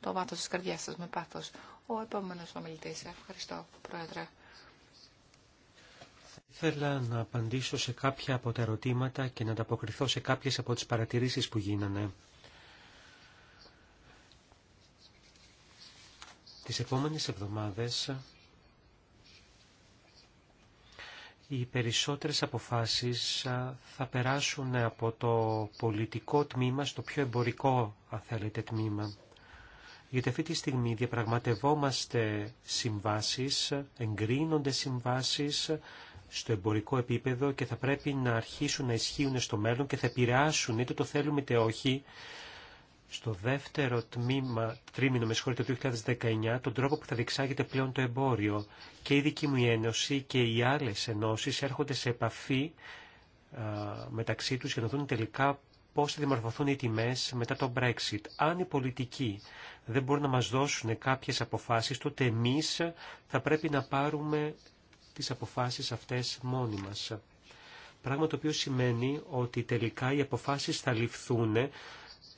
το βάθος της καρδιάς σας με πάθος. Ο επόμενος ομιλητής. Ευχαριστώ, Πρόεδρε. Ήθελα να απαντήσω σε κάποια από τα ερωτήματα και να ανταποκριθώ σε κάποιες από τις παρατηρήσεις που γίνανε. Τις επόμενες εβδομάδες οι περισσότερες αποφάσεις θα περάσουν από το πολιτικό τμήμα στο πιο εμπορικό, αν θέλετε, τμήμα γιατί αυτή τη στιγμή διαπραγματευόμαστε συμβάσεις, εγκρίνονται συμβάσεις στο εμπορικό επίπεδο και θα πρέπει να αρχίσουν να ισχύουν στο μέλλον και θα επηρεάσουν είτε το θέλουμε είτε όχι στο δεύτερο τμήμα, τρίμηνο με συγχωρείτε του 2019, τον τρόπο που θα διεξάγεται πλέον το εμπόριο. Και η δική μου ένωση και οι άλλες ενώσεις έρχονται σε επαφή μεταξύ τους για να δουν τελικά πώς θα δημορφωθούν οι τιμές μετά το Brexit. Αν οι πολιτικοί δεν μπορούν να μας δώσουν κάποιες αποφάσεις, τότε εμείς θα πρέπει να πάρουμε τις αποφάσεις αυτές μόνοι μας. Πράγμα το οποίο σημαίνει ότι τελικά οι αποφάσεις θα ληφθούν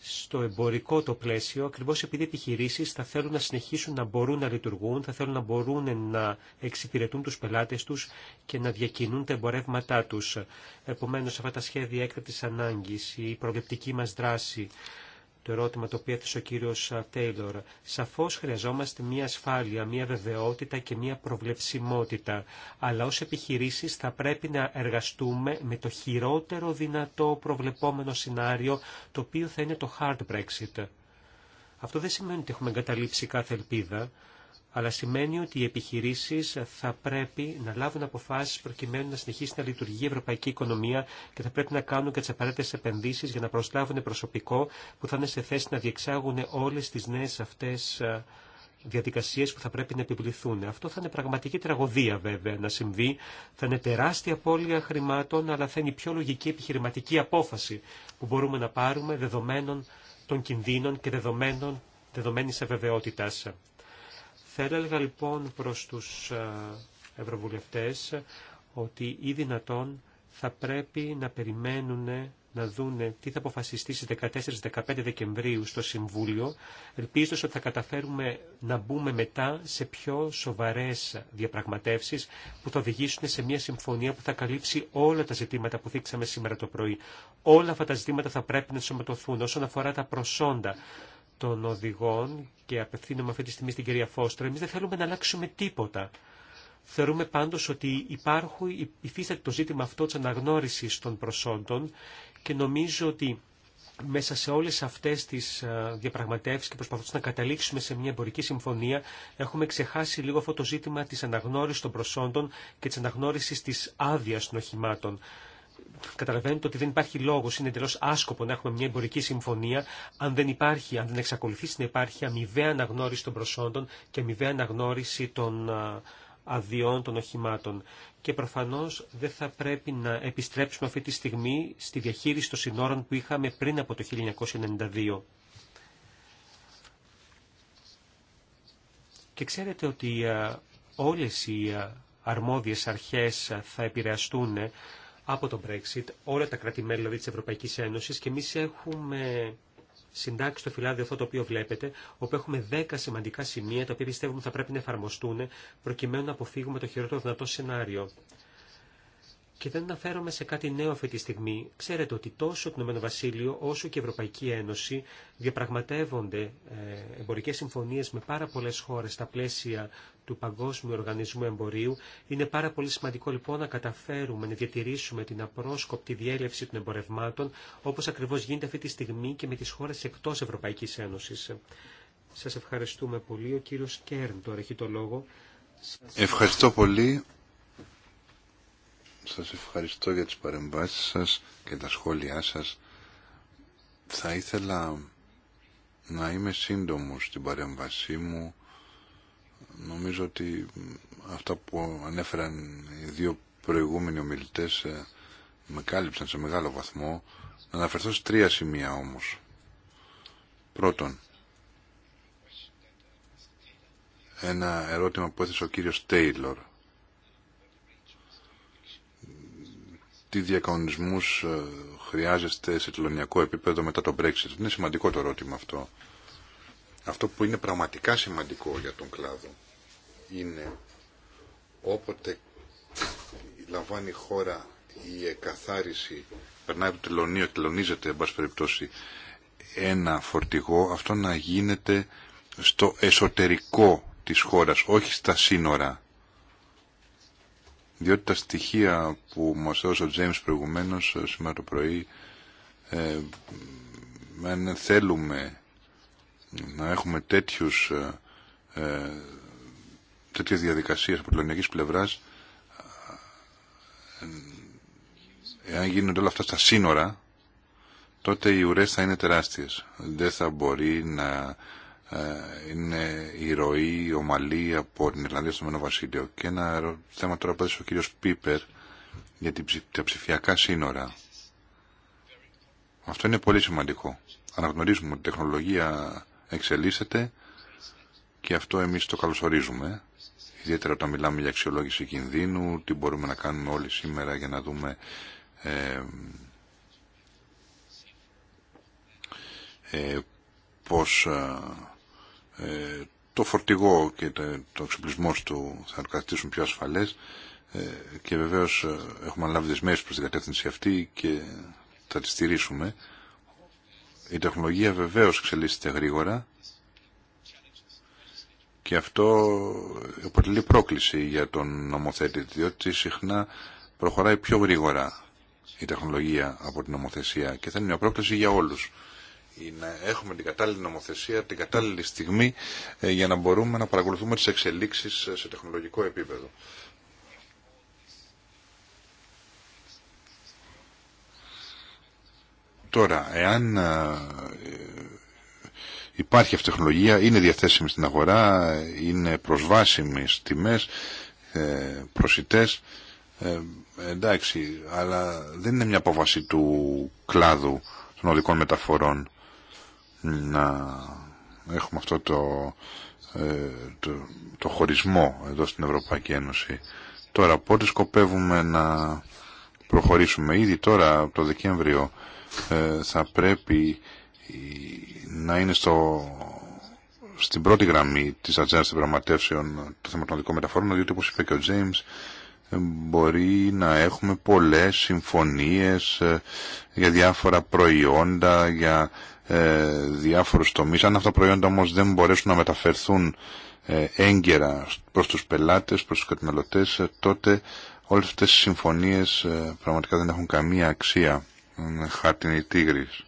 στο εμπορικό το πλαίσιο, ακριβώ επειδή οι επιχειρήσει θα θέλουν να συνεχίσουν να μπορούν να λειτουργούν, θα θέλουν να μπορούν να εξυπηρετούν του πελάτε του και να διακινούν τα εμπορεύματά του. Επομένω, αυτά τα σχέδια έκτακτη ανάγκη, η προληπτική μα δράση, το ερώτημα το οποίο έθεσε ο κύριος Τέιλορ. Σαφώς χρειαζόμαστε μια ασφάλεια, μια βεβαιότητα και μια προβλεψιμότητα. Αλλά ως επιχειρήσεις θα πρέπει να εργαστούμε με το χειρότερο δυνατό προβλεπόμενο σενάριο, το οποίο θα είναι το hard Brexit. Αυτό δεν σημαίνει ότι έχουμε εγκαταλείψει κάθε ελπίδα αλλά σημαίνει ότι οι επιχειρήσεις θα πρέπει να λάβουν αποφάσεις προκειμένου να συνεχίσει να λειτουργεί η ευρωπαϊκή οικονομία και θα πρέπει να κάνουν και τις απαραίτητες επενδύσεις για να προσλάβουν προσωπικό που θα είναι σε θέση να διεξάγουν όλες τις νέες αυτές ε, διαδικασίες που θα πρέπει να επιβληθούν. Αυτό θα είναι πραγματική τραγωδία βέβαια να συμβεί. Θα είναι τεράστια απώλεια χρημάτων, αλλά θα είναι η πιο λογική επιχειρηματική απόφαση που μπορούμε να πάρουμε δεδομένων των κινδύνων και δεδομένων, δεδομένης αβεβαιότητας. Θα έλεγα λοιπόν προς τους ε, ευρωβουλευτές ότι ή δυνατόν θα πρέπει να περιμένουν να δούνε τι θα αποφασιστεί στις 14-15 Δεκεμβρίου στο Συμβούλιο, ελπίζοντας ότι θα καταφέρουμε να μπούμε μετά σε πιο σοβαρές διαπραγματεύσεις που θα οδηγήσουν σε μια συμφωνία που θα καλύψει όλα τα ζητήματα που δείξαμε σήμερα το πρωί. Όλα αυτά τα ζητήματα θα πρέπει να σωματωθούν όσον αφορά τα προσόντα, των οδηγών και απευθύνομαι αυτή τη στιγμή στην κυρία Φώστρα. εμείς δεν θέλουμε να αλλάξουμε τίποτα. Θεωρούμε πάντως ότι υπάρχει υφίσταται το ζήτημα αυτό της αναγνώρισης των προσόντων και νομίζω ότι μέσα σε όλες αυτές τις ε, διαπραγματεύσεις και προσπαθούμε να καταλήξουμε σε μια εμπορική συμφωνία έχουμε ξεχάσει λίγο αυτό το ζήτημα της αναγνώρισης των προσόντων και της αναγνώρισης της άδεια των οχημάτων καταλαβαίνετε ότι δεν υπάρχει λόγος, είναι εντελώς άσκοπο να έχουμε μια εμπορική συμφωνία αν δεν υπάρχει, αν δεν εξακολουθήσει να υπάρχει αμοιβαία αναγνώριση των προσόντων και αμοιβαία αναγνώριση των αδειών των οχημάτων. Και προφανώς δεν θα πρέπει να επιστρέψουμε αυτή τη στιγμή στη διαχείριση των συνόρων που είχαμε πριν από το 1992. Και ξέρετε ότι όλες οι αρμόδιες αρχές θα επηρεαστούν από το Brexit, όλα τα κράτη-μέλη δηλαδή, της Ευρωπαϊκής Ένωσης και εμεί έχουμε συντάξει το φυλάδιο αυτό το οποίο βλέπετε, όπου έχουμε 10 σημαντικά σημεία τα οποία πιστεύουμε θα πρέπει να εφαρμοστούν προκειμένου να αποφύγουμε το χειρότερο δυνατό σενάριο. Και δεν αναφέρομαι σε κάτι νέο αυτή τη στιγμή. Ξέρετε ότι τόσο το Ηνωμένο Βασίλειο όσο και η Ευρωπαϊκή Ένωση διαπραγματεύονται ε, εμπορικές συμφωνίες με πάρα πολλές χώρες στα πλαίσια του Παγκόσμιου Οργανισμού Εμπορίου. Είναι πάρα πολύ σημαντικό λοιπόν να καταφέρουμε να διατηρήσουμε την απρόσκοπτη διέλευση των εμπορευμάτων όπως ακριβώς γίνεται αυτή τη στιγμή και με τις χώρες εκτός Ευρωπαϊκής Ένωσης. Σας ευχαριστούμε πολύ. Ο κύριος Κέρν τώρα έχει το λόγο. Ευχαριστώ πολύ. Σας ευχαριστώ για τις παρεμβάσεις σας και τα σχόλιά σας. Θα ήθελα να είμαι σύντομος στην παρέμβασή μου. Νομίζω ότι αυτά που ανέφεραν οι δύο προηγούμενοι ομιλητές ε, με κάλυψαν σε μεγάλο βαθμό. Να αναφερθώ σε τρία σημεία όμως. Πρώτον, ένα ερώτημα που έθεσε ο κύριος Τέιλορ τι διακανονισμούς ε, χρειάζεστε σε τελωνιακό επίπεδο μετά το Brexit. Είναι σημαντικό το ερώτημα αυτό. Αυτό που είναι πραγματικά σημαντικό για τον κλάδο είναι όποτε λαμβάνει η χώρα η εκαθάριση, περνάει από το τελωνίο, τελωνίζεται, εν ένα φορτηγό, αυτό να γίνεται στο εσωτερικό της χώρας, όχι στα σύνορα διότι τα στοιχεία που μας έδωσε ο Τζέιμς προηγουμένως ε, σήμερα το πρωί ε, αν θέλουμε να έχουμε τέτοιους ε, ε τέτοιες διαδικασίες από ελληνική πλευράς ε, εάν γίνονται όλα αυτά στα σύνορα τότε οι ουρές θα είναι τεράστιες δεν θα μπορεί να ε, είναι η ροή, η ομαλή από την Ιρλανδία στο Μένο Βασίλειο. Και ένα θέμα τώρα που έδωσε ο κύριος Πίπερ για τα ψηφιακά σύνορα. Αυτό είναι πολύ σημαντικό. Αναγνωρίζουμε ότι η τεχνολογία εξελίσσεται και αυτό εμείς το καλωσορίζουμε. Ιδιαίτερα όταν μιλάμε για αξιολόγηση κινδύνου, τι μπορούμε να κάνουμε όλοι σήμερα για να δούμε ε, πώς... Ε, ε, το φορτηγό και το εξοπλισμό του θα καθίσουν πιο ασφαλές ε, και βεβαίως ε, έχουμε αναλάβει δεσμεύσεις προς την κατεύθυνση αυτή και θα τη στηρίσουμε. Η τεχνολογία βεβαίως εξελίσσεται γρήγορα και αυτό αποτελεί πρόκληση για τον νομοθέτη διότι συχνά προχωράει πιο γρήγορα η τεχνολογία από την νομοθεσία και θα είναι μια πρόκληση για όλους να έχουμε την κατάλληλη νομοθεσία, την κατάλληλη στιγμή ε, για να μπορούμε να παρακολουθούμε τις εξελίξεις σε τεχνολογικό επίπεδο. Τώρα, εάν ε, υπάρχει αυτή η τεχνολογία, είναι διαθέσιμη στην αγορά, είναι προσβάσιμη στις τιμές, ε, προσιτές, εντάξει, αλλά δεν είναι μια απόφαση του κλάδου των οδικών μεταφορών να έχουμε αυτό ε, το, το, χωρισμό εδώ στην Ευρωπαϊκή Ένωση. Τώρα πότε σκοπεύουμε να προχωρήσουμε. Ήδη τώρα το Δεκέμβριο ε, θα πρέπει να είναι στο, στην πρώτη γραμμή της ατζένας των πραγματεύσεων το θέμα των δικών μεταφορών, διότι όπως είπε και ο Τζέιμς, ε, μπορεί να έχουμε πολλές συμφωνίες για διάφορα προϊόντα, για ε, διάφορους τομείς. Αν αυτά τα προϊόντα όμως δεν μπορέσουν να μεταφερθούν ε, έγκαιρα προς τους πελάτες, προς τους καταναλωτές, ε, τότε όλες αυτές οι συμφωνίες πραγματικά δεν έχουν καμία αξία. Χάρτινη τίγρης.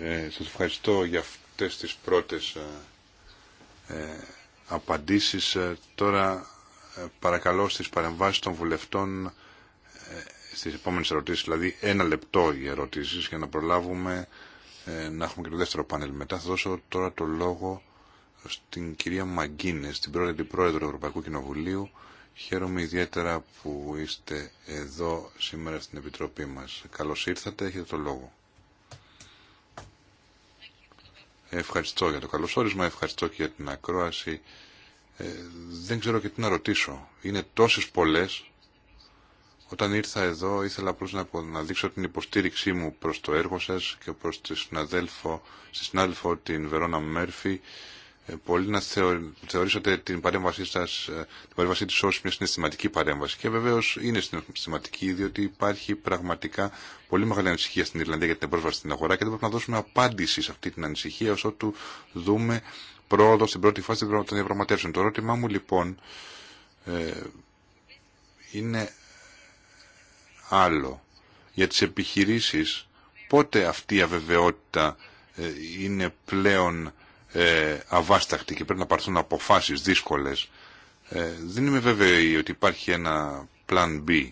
Ε, σας ευχαριστώ για αυτές τις πρώτες ε, απαντήσεις. Τώρα παρακαλώ στις παρεμβάσεις των βουλευτών στις επόμενες ερωτήσεις, δηλαδή ένα λεπτό για ερωτήσεις για να προλάβουμε ε, να έχουμε και το δεύτερο πάνελ. Μετά θα δώσω τώρα το λόγο στην κυρία Μαγκίνες, την πρώτη πρόεδρο του Ευρωπαϊκού Κοινοβουλίου. Χαίρομαι ιδιαίτερα που είστε εδώ σήμερα στην Επιτροπή μας. Καλώς ήρθατε, έχετε το λόγο. Ευχαριστώ για το καλωσόρισμα, ευχαριστώ και για την ακρόαση. Ε, δεν ξέρω και τι να ρωτήσω. Είναι τόσες πολλές όταν ήρθα εδώ ήθελα απλώς να, να δείξω την υποστήριξή μου προς το έργο σας και προς τη συναδέλφο, στη συνάδελφο την Βερόνα Μέρφη. Ε, πολύ να θεωρήσατε την παρέμβασή σας, ε, την παρέμβασή της ως μια συναισθηματική παρέμβαση. Και βεβαίως είναι συναισθηματική διότι υπάρχει πραγματικά πολύ μεγάλη ανησυχία στην Ιρλανδία για την πρόσβαση στην αγορά και δεν πρέπει να δώσουμε απάντηση σε αυτή την ανησυχία ως ότου δούμε πρόοδο στην πρώτη φάση των διαπραγματεύσεων. Το ερώτημά μου λοιπόν ε, είναι άλλο. Για τις επιχειρήσεις πότε αυτή η αβεβαιότητα ε, είναι πλέον ε, αβάσταχτη και πρέπει να πάρθουν αποφάσεις δύσκολες. Ε, δεν είμαι βέβαιη ότι υπάρχει ένα plan B.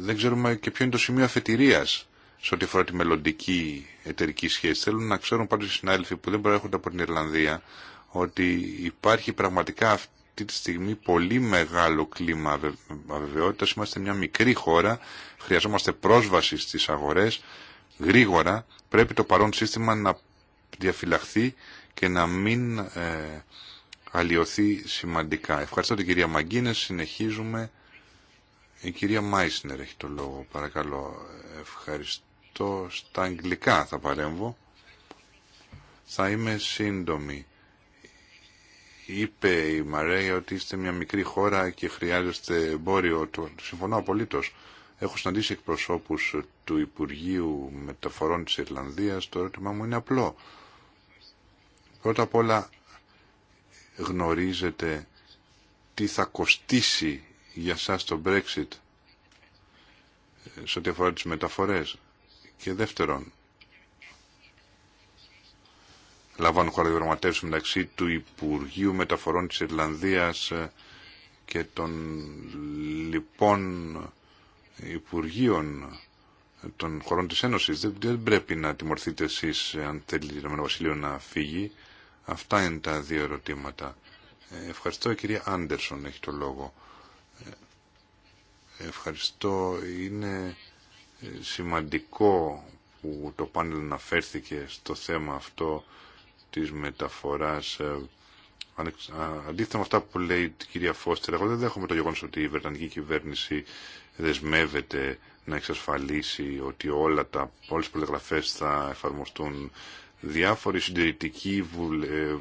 Δεν ξέρουμε και ποιο είναι το σημείο αφετηρίας σε ό,τι αφορά τη μελλοντική εταιρική σχέση. Θέλουν να ξέρουν πάντως οι συνάδελφοι που δεν προέρχονται από την Ιρλανδία ότι υπάρχει πραγματικά αυτή αυτή τη στιγμή πολύ μεγάλο κλίμα αβεβαιότητα. Είμαστε μια μικρή χώρα, χρειαζόμαστε πρόσβαση στις αγορές γρήγορα. Πρέπει το παρόν σύστημα να διαφυλαχθεί και να μην ε, αλλοιωθεί σημαντικά. Ευχαριστώ την κυρία Μαγκίνες. Συνεχίζουμε. Η κυρία Μάισνερ έχει το λόγο. Παρακαλώ. Ευχαριστώ. Στα αγγλικά θα παρέμβω. Θα είμαι σύντομη είπε η Μαρέη ότι είστε μια μικρή χώρα και χρειάζεστε εμπόριο. Συμφωνώ απολύτως. Έχω συναντήσει εκπροσώπους του Υπουργείου Μεταφορών της Ιρλανδίας. Το ερώτημά μου είναι απλό. Πρώτα απ' όλα γνωρίζετε τι θα κοστίσει για σας το Brexit ε, σε ό,τι αφορά τις μεταφορές. Και δεύτερον, λαμβάνουν χώρα διαπραγματεύσει μεταξύ του Υπουργείου Μεταφορών της Ιρλανδίας ε, και των λοιπών Υπουργείων ε, των χωρών της Ένωσης. Δεν, πρέπει να τιμωρθείτε εσείς αν θέλει το Βασίλειο να φύγει. Αυτά είναι τα δύο ερωτήματα. Ε, ευχαριστώ η κυρία Άντερσον έχει το λόγο. Ευχαριστώ. Είναι σημαντικό που το πάνελ αναφέρθηκε στο θέμα αυτό της μεταφοράς ε, αντίθετα με αυτά που λέει η κυρία Φώστερ εγώ δεν δέχομαι το γεγονός ότι η Βρετανική κυβέρνηση δεσμεύεται να εξασφαλίσει ότι όλα τα, όλες τις προδιαγραφές θα εφαρμοστούν διάφοροι συντηρητικοί ε, ε,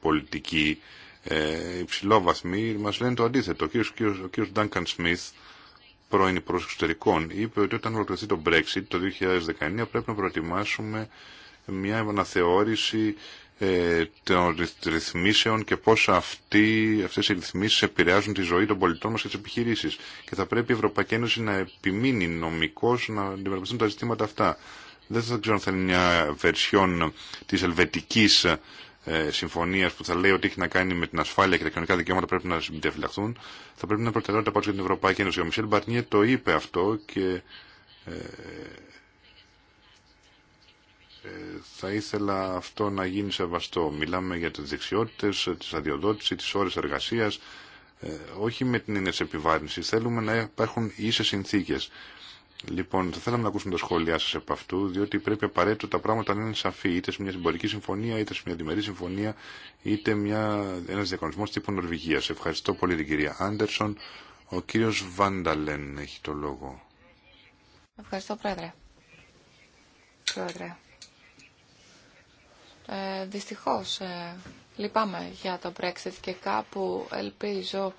πολιτικοί ε, υψηλόβαθμοι μας λένε το αντίθετο. Ο κύριος, ο κύριος Duncan Smith πρώην υπουργός εξωτερικών είπε ότι όταν ολοκληρωθεί το Brexit το 2019 πρέπει να προετοιμάσουμε μια αναθεώρηση ε, των ρυθμίσεων και πώς αυτέ αυτές οι ρυθμίσεις επηρεάζουν τη ζωή των πολιτών μας και τις επιχειρήσεις. Και θα πρέπει η Ευρωπαϊκή Ένωση να επιμείνει νομικώς να αντιμετωπιστούν τα ζητήματα αυτά. Δεν θα ξέρω αν θα είναι μια βερσιόν της ελβετικής ε, συμφωνίας που θα λέει ότι έχει να κάνει με την ασφάλεια και τα κοινωνικά δικαιώματα πρέπει να συμπεριφυλαχθούν. Θα πρέπει να προτεραιότητα πάντως για την Ευρωπαϊκή Ένωση. Ο Μισελ Μπαρνιέ το είπε αυτό και ε, ε, θα ήθελα αυτό να γίνει σεβαστό. Μιλάμε για τις δεξιότητες, τις αδειοδότηση, τις ώρες εργασίας, ε, όχι με την έννοια τη επιβάρυνση. Θέλουμε να υπάρχουν ίσες συνθήκες. Λοιπόν, θα θέλαμε να ακούσουμε τα σχόλιά σας από αυτού, διότι πρέπει απαραίτητο τα πράγματα να είναι σαφή, είτε σε μια συμπορική συμφωνία, είτε σε μια διμερή συμφωνία, είτε μια, ένας διακονισμός τύπου Νορβηγίας. Ευχαριστώ πολύ την κυρία Άντερσον. Ο κύριος Βάνταλεν έχει το λόγο. Ευχαριστώ, Πρόεδρε. Πρόεδρε. Ε, δυστυχώς, ε, λυπάμαι για το Brexit και κάπου ελπίζω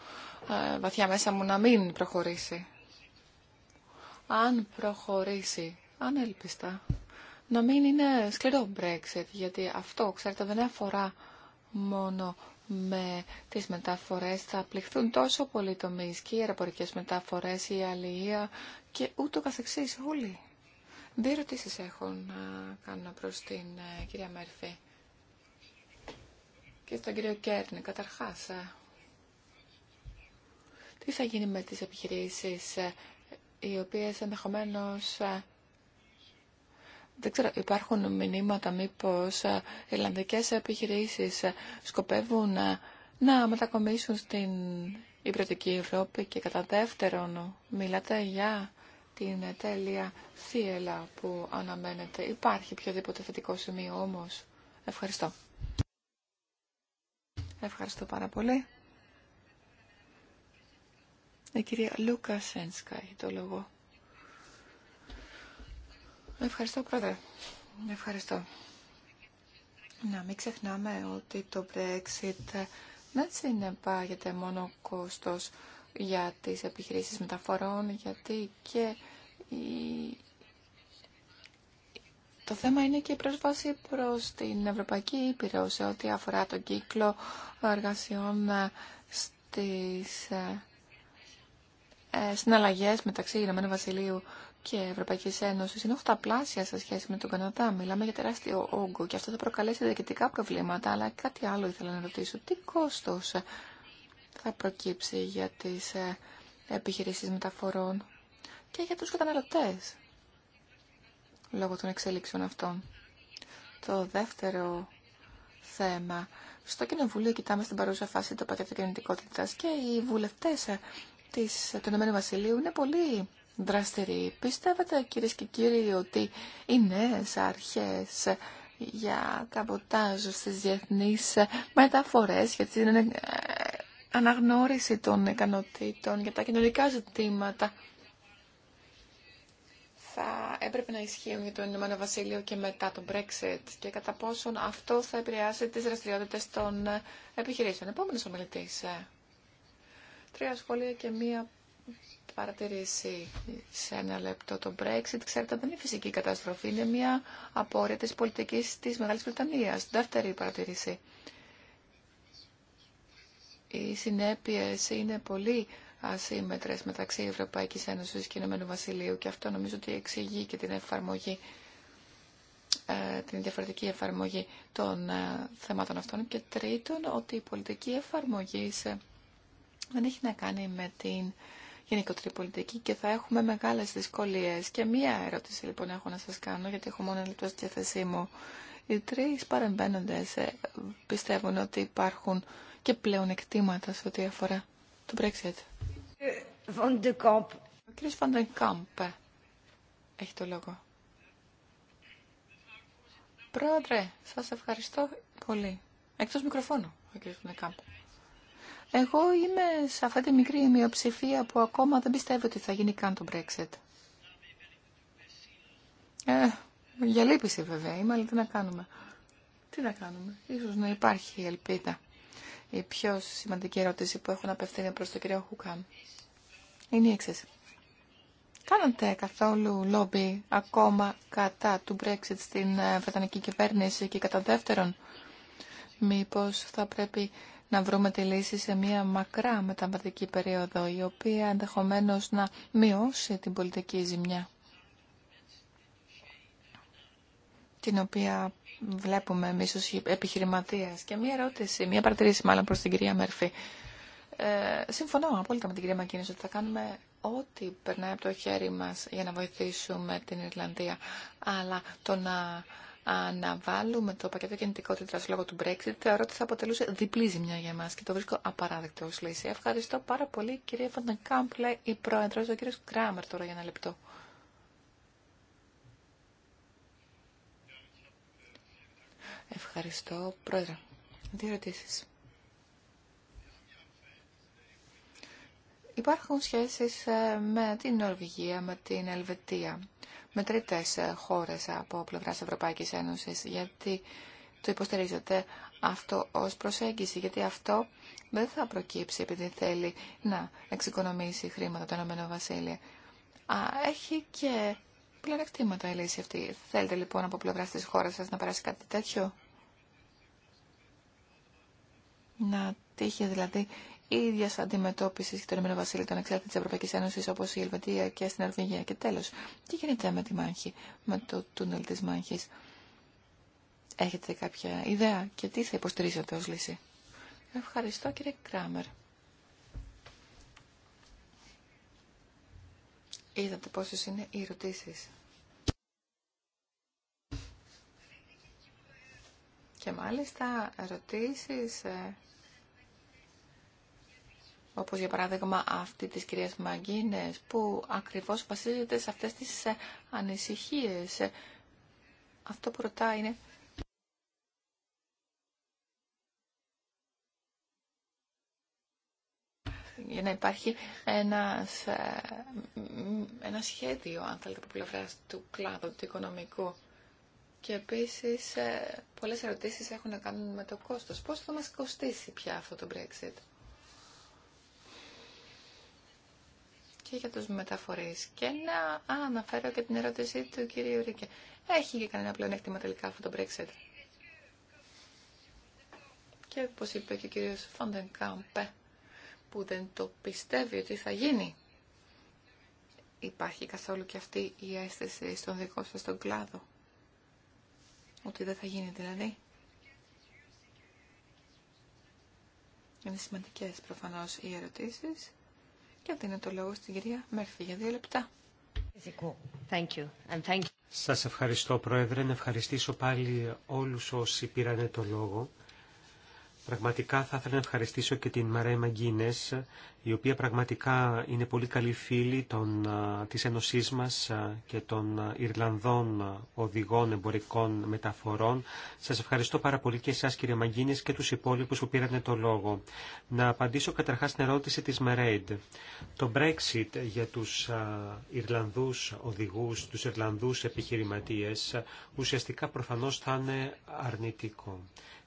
ε, βαθιά μέσα μου να μην προχωρήσει. Αν προχωρήσει, ανέλπιστα, να μην είναι σκληρό Brexit, γιατί αυτό, ξέρετε, δεν αφορά μόνο με τις μεταφορές θα πληχθούν τόσο πολλοί τομείς και οι αεροπορικές μεταφορές, η αλληλεία και ούτω καθεξής όλοι. Δύο ερωτήσει έχω να κάνω προς την ε, κυρία Μέρφη και στον κύριο Κέρνη. Καταρχάς, ε, τι θα γίνει με τις επιχειρήσεις ε, οι οποίες ενδεχομένως δεν ξέρω, υπάρχουν μηνύματα μήπως οι Ιρλανδικές επιχειρήσεις σκοπεύουν να μετακομίσουν στην υπηρετική Ευρώπη και κατά δεύτερον μιλάτε για την τέλεια θύελα που αναμένεται. Υπάρχει οποιοδήποτε θετικό σημείο όμως. Ευχαριστώ. Ευχαριστώ πάρα πολύ. Η κυρία Λούκα Σένσκα έχει το λόγο. Ευχαριστώ πρόεδρε. Ευχαριστώ. Να μην ξεχνάμε ότι το Brexit δεν συνεπάγεται μόνο κόστος για τις επιχειρήσεις μεταφορών, γιατί και το θέμα είναι και η πρόσβαση προς την Ευρωπαϊκή Ήπειρο σε ό,τι αφορά τον κύκλο εργασιών ε, στις ε, ε, συναλλαγές μεταξύ Ηνωμένου Βασιλείου και Ευρωπαϊκής Ένωσης. είναι οχταπλάσια σε σχέση με τον Καναδά. Μιλάμε για τεράστιο όγκο και αυτό θα προκαλέσει διοικητικά προβλήματα. Αλλά κάτι άλλο ήθελα να ρωτήσω. Τι κόστος θα προκύψει για τις επιχειρήσεις μεταφορών και για τους καταναλωτές λόγω των εξέλιξεων αυτών. Το δεύτερο θέμα. Στο Κοινοβούλιο κοιτάμε στην παρούσα φάση το πακέτο κινητικότητα και οι βουλευτέ ε, του ΕΒ Βασιλείου είναι πολύ δραστηροί. Πιστεύετε κυρίε και κύριοι ότι οι νέε αρχέ για καμποτάζ στι διεθνεί ε, μεταφορέ, για την ε, αναγνώριση των ικανοτήτων, για τα κοινωνικά ζητήματα, θα έπρεπε να ισχύουν για το Ηνωμένο Βασίλειο και μετά τον Brexit και κατά πόσον αυτό θα επηρεάσει τις δραστηριότητες των επιχειρήσεων. Επόμενος ομιλητής. Ε. Τρία σχόλια και μία παρατηρήσει σε ένα λεπτό το Brexit. Ξέρετε, δεν είναι φυσική καταστροφή, είναι μία απόρρια της πολιτικής της Μεγάλης Βρετανίας. Δεύτερη παρατηρήση. Οι συνέπειες είναι πολύ ασύμμετρε μεταξύ Ευρωπαϊκή Ένωση και Ηνωμένου Βασιλείου και αυτό νομίζω ότι εξηγεί και την εφαρμογή ε, την διαφορετική εφαρμογή των ε, θεμάτων αυτών και τρίτον ότι η πολιτική εφαρμογή δεν έχει να κάνει με την γενικότερη πολιτική και θα έχουμε μεγάλε δυσκολίε Και μία ερώτηση λοιπόν έχω να σα κάνω γιατί έχω μόνο λεπτό στη διαθεσή μου. Οι τρεις παρεμβαίνοντες ε, πιστεύουν ότι υπάρχουν και πλέον εκτίματα σε ό,τι αφορά το Brexit. Ο den Kamp. Ε, έχει το λόγο. Πρόεδρε, σας ευχαριστώ πολύ. Εκτός μικροφώνου, ο κύριος Εγώ είμαι σε αυτή τη μικρή μειοψηφία που ακόμα δεν πιστεύω ότι θα γίνει καν το Brexit. Ε, για λύπηση βέβαια είμαι, αλλά τι να κάνουμε. Τι να κάνουμε. Ίσως να υπάρχει ελπίδα. Η πιο σημαντική ερώτηση που έχω να απευθύνει προς τον κύριο Χουκάν είναι η εξή. Κάνατε καθόλου λόμπι ακόμα κατά του Brexit στην ε, Βρετανική κυβέρνηση και κατά δεύτερον, μήπως θα πρέπει να βρούμε τη λύση σε μια μακρά μεταβατική περίοδο, η οποία ενδεχομένως να μειώσει την πολιτική ζημιά, την οποία βλέπουμε εμείς ως Και μια ερώτηση, μια παρατηρήση μάλλον προς την κυρία Μέρφη. Ε, συμφωνώ απόλυτα με την κυρία Μακίνης ότι θα κάνουμε ό,τι περνάει από το χέρι μας για να βοηθήσουμε την Ιρλανδία. Αλλά το να αναβάλουμε το πακέτο κινητικότητα λόγω του Brexit θεωρώ ότι θα αποτελούσε διπλή ζημιά για μας και το βρίσκω απαράδεκτο ως λύση. Ευχαριστώ πάρα πολύ κυρία Φαντακάμπλε, η πρόεδρος, ο κύριος Κράμερ τώρα για ένα λεπτό. Ευχαριστώ, πρόεδρε. Δύο ερωτήσεις. Υπάρχουν σχέσεις ε, με την Νορβηγία, με την Ελβετία, με τρίτες ε, χώρες από πλευράς Ευρωπαϊκής Ένωσης, γιατί το υποστηρίζεται αυτό ως προσέγγιση, γιατί αυτό δεν θα προκύψει επειδή θέλει να εξοικονομήσει χρήματα το Ηνωμένο Βασίλειο. Α, έχει και πλανεκτήματα η λύση αυτή. Θέλετε λοιπόν από πλευρά της χώρας σας να περάσει κάτι τέτοιο. Να τύχει δηλαδή ίδια αντιμετώπιση και το Ηνωμένο Βασίλειο των εξάρτητων τη Ευρωπαϊκή Ένωση όπω η Ελβετία και στην Αρβηγία. Και τέλο, τι γίνεται με τη μάχη, με το τούνελ τη μάχη. Έχετε κάποια ιδέα και τι θα υποστηρίζετε ω λύση. Ευχαριστώ κύριε Κράμερ. Είδατε πόσε είναι οι ερωτήσει. Και μάλιστα ερωτήσεις ε, όπως για παράδειγμα αυτή της κυρίας Μαγκίνες, που ακριβώς βασίζεται σε αυτές τις ε, ανησυχίες. Ε, αυτό που ρωτάει είναι... για να υπάρχει ένας, ε, ένα σχέδιο, αν θέλετε, από πλευρά του κλάδου, του οικονομικού. Και επίσης, πολλές ερωτήσεις έχουν να κάνουν με το κόστος. Πώς θα μας κοστίσει πια αυτό το Brexit. και για τους μεταφορείς. Και να αναφέρω και την ερώτηση του κυρίου Ρίκε. Έχει και κανένα πλεονέκτημα τελικά αυτό το Brexit. Και όπως είπε και ο κύριος Φόντεν Κάμπε, που δεν το πιστεύει ότι θα γίνει. Υπάρχει καθόλου και αυτή η αίσθηση στον δικό σας τον κλάδο. Ότι δεν θα γίνει δηλαδή. Είναι σημαντικές προφανώς οι ερωτήσεις. Και δίνω το λόγο στην κυρία Μέρφυ για δύο λεπτά. Thank you. thank Σας ευχαριστώ Πρόεδρε, να ευχαριστήσω πάλι όλους όσοι πήραν το λόγο. Πραγματικά θα ήθελα να ευχαριστήσω και την Μαρέ Μαγκίνες, η οποία πραγματικά είναι πολύ καλή φίλη των, της Ένωσής μας και των Ιρλανδών οδηγών εμπορικών μεταφορών. Σας ευχαριστώ πάρα πολύ και εσάς κύριε Μαγκίνες και τους υπόλοιπους που πήραν το λόγο. Να απαντήσω καταρχάς στην ερώτηση της Μαρέιντ. Το Brexit για τους Ιρλανδούς οδηγούς, τους Ιρλανδούς επιχειρηματίες, ουσιαστικά προφανώς θα είναι αρνητικό.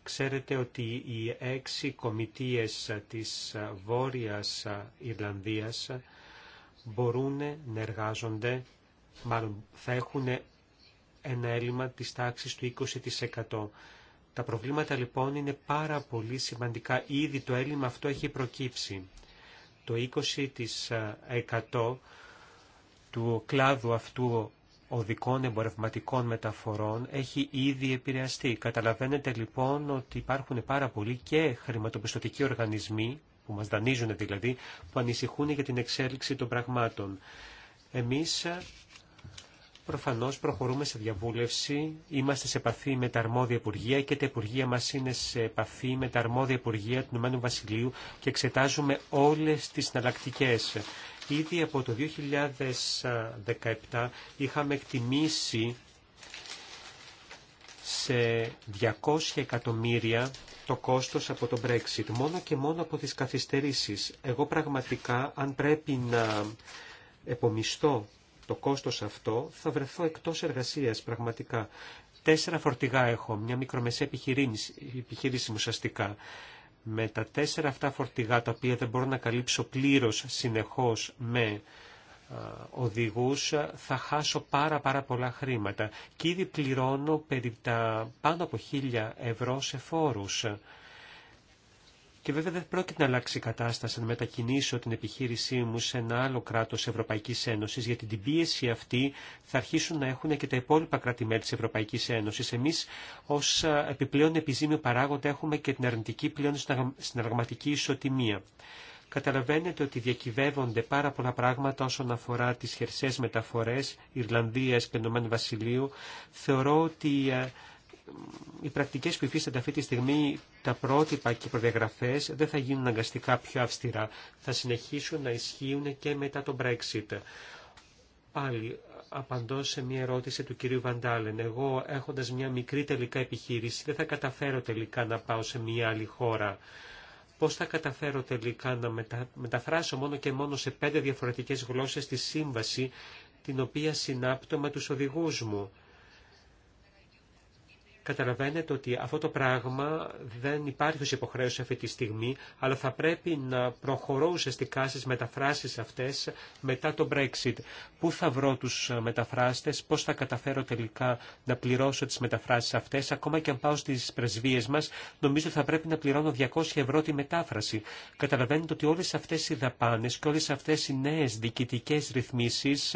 Ξέρετε ότι οι έξι κομιτείες της Βόρειας Ιρλανδίας μπορούν να εργάζονται, μάλλον θα έχουν ένα έλλειμμα της τάξης του 20%. Τα προβλήματα λοιπόν είναι πάρα πολύ σημαντικά. Ήδη το έλλειμμα αυτό έχει προκύψει. Το 20% του κλάδου αυτού οδικών εμπορευματικών μεταφορών έχει ήδη επηρεαστεί. Καταλαβαίνετε λοιπόν ότι υπάρχουν πάρα πολλοί και χρηματοπιστωτικοί οργανισμοί, που μας δανείζουν δηλαδή, που ανησυχούν για την εξέλιξη των πραγμάτων. Εμείς ε, προφανώς προχωρούμε σε διαβούλευση, είμαστε σε επαφή με τα αρμόδια Υπουργεία και τα Υπουργεία μας είναι σε επαφή με τα αρμόδια Υπουργεία του Ηνωμένου Βασιλείου και εξετάζουμε όλες τις συναλλακτικές ήδη από το 2017 είχαμε εκτιμήσει σε 200 εκατομμύρια το κόστος από το Brexit, μόνο και μόνο από τις καθυστερήσεις. Εγώ πραγματικά, αν πρέπει να επομιστώ το κόστος αυτό, θα βρεθώ εκτός εργασίας πραγματικά. Τέσσερα φορτηγά έχω, μια μικρομεσαία επιχείρηση μου σαστικά με τα τέσσερα αυτά φορτηγά τα οποία δεν μπορώ να καλύψω πλήρως συνεχώς με οδηγούς θα χάσω πάρα πάρα πολλά χρήματα και ήδη πληρώνω περί τα πάνω από χίλια ευρώ σε φόρους. Και βέβαια δεν πρόκειται να αλλάξει η κατάσταση να μετακινήσω την επιχείρησή μου σε ένα άλλο κράτο Ευρωπαϊκή Ένωση, γιατί την πίεση αυτή θα αρχίσουν να έχουν και τα υπόλοιπα κράτη-μέλη τη Ευρωπαϊκή Ένωση. Εμεί ω επιπλέον επιζήμιο παράγοντα έχουμε και την αρνητική πλέον συναλλαγματική ισοτιμία. Καταλαβαίνετε ότι διακυβεύονται πάρα πολλά πράγματα όσον αφορά τις χερσαίες μεταφορές Ιρλανδίας και Ηνωμένου Βασιλείου. Θεωρώ ότι οι πρακτικές που υφίστανται αυτή τη στιγμή, τα πρότυπα και οι προδιαγραφές δεν θα γίνουν αναγκαστικά πιο αυστηρά. Θα συνεχίσουν να ισχύουν και μετά το Brexit. Πάλι απαντώ σε μια ερώτηση του κυρίου Βαντάλεν. Εγώ έχοντας μια μικρή τελικά επιχείρηση δεν θα καταφέρω τελικά να πάω σε μια άλλη χώρα. Πώς θα καταφέρω τελικά να μεταφράσω μόνο και μόνο σε πέντε διαφορετικέ γλώσσε τη σύμβαση την οποία συνάπτω με τους οδηγούς μου καταλαβαίνετε ότι αυτό το πράγμα δεν υπάρχει ως υποχρέωση αυτή τη στιγμή, αλλά θα πρέπει να προχωρώ ουσιαστικά στις μεταφράσεις αυτές μετά το Brexit. Πού θα βρω τους μεταφράστες, πώς θα καταφέρω τελικά να πληρώσω τις μεταφράσεις αυτές, ακόμα και αν πάω στις πρεσβείες μας, νομίζω ότι θα πρέπει να πληρώνω 200 ευρώ τη μετάφραση. Καταλαβαίνετε ότι όλες αυτές οι δαπάνες και όλες αυτές οι νέες διοικητικές ρυθμίσεις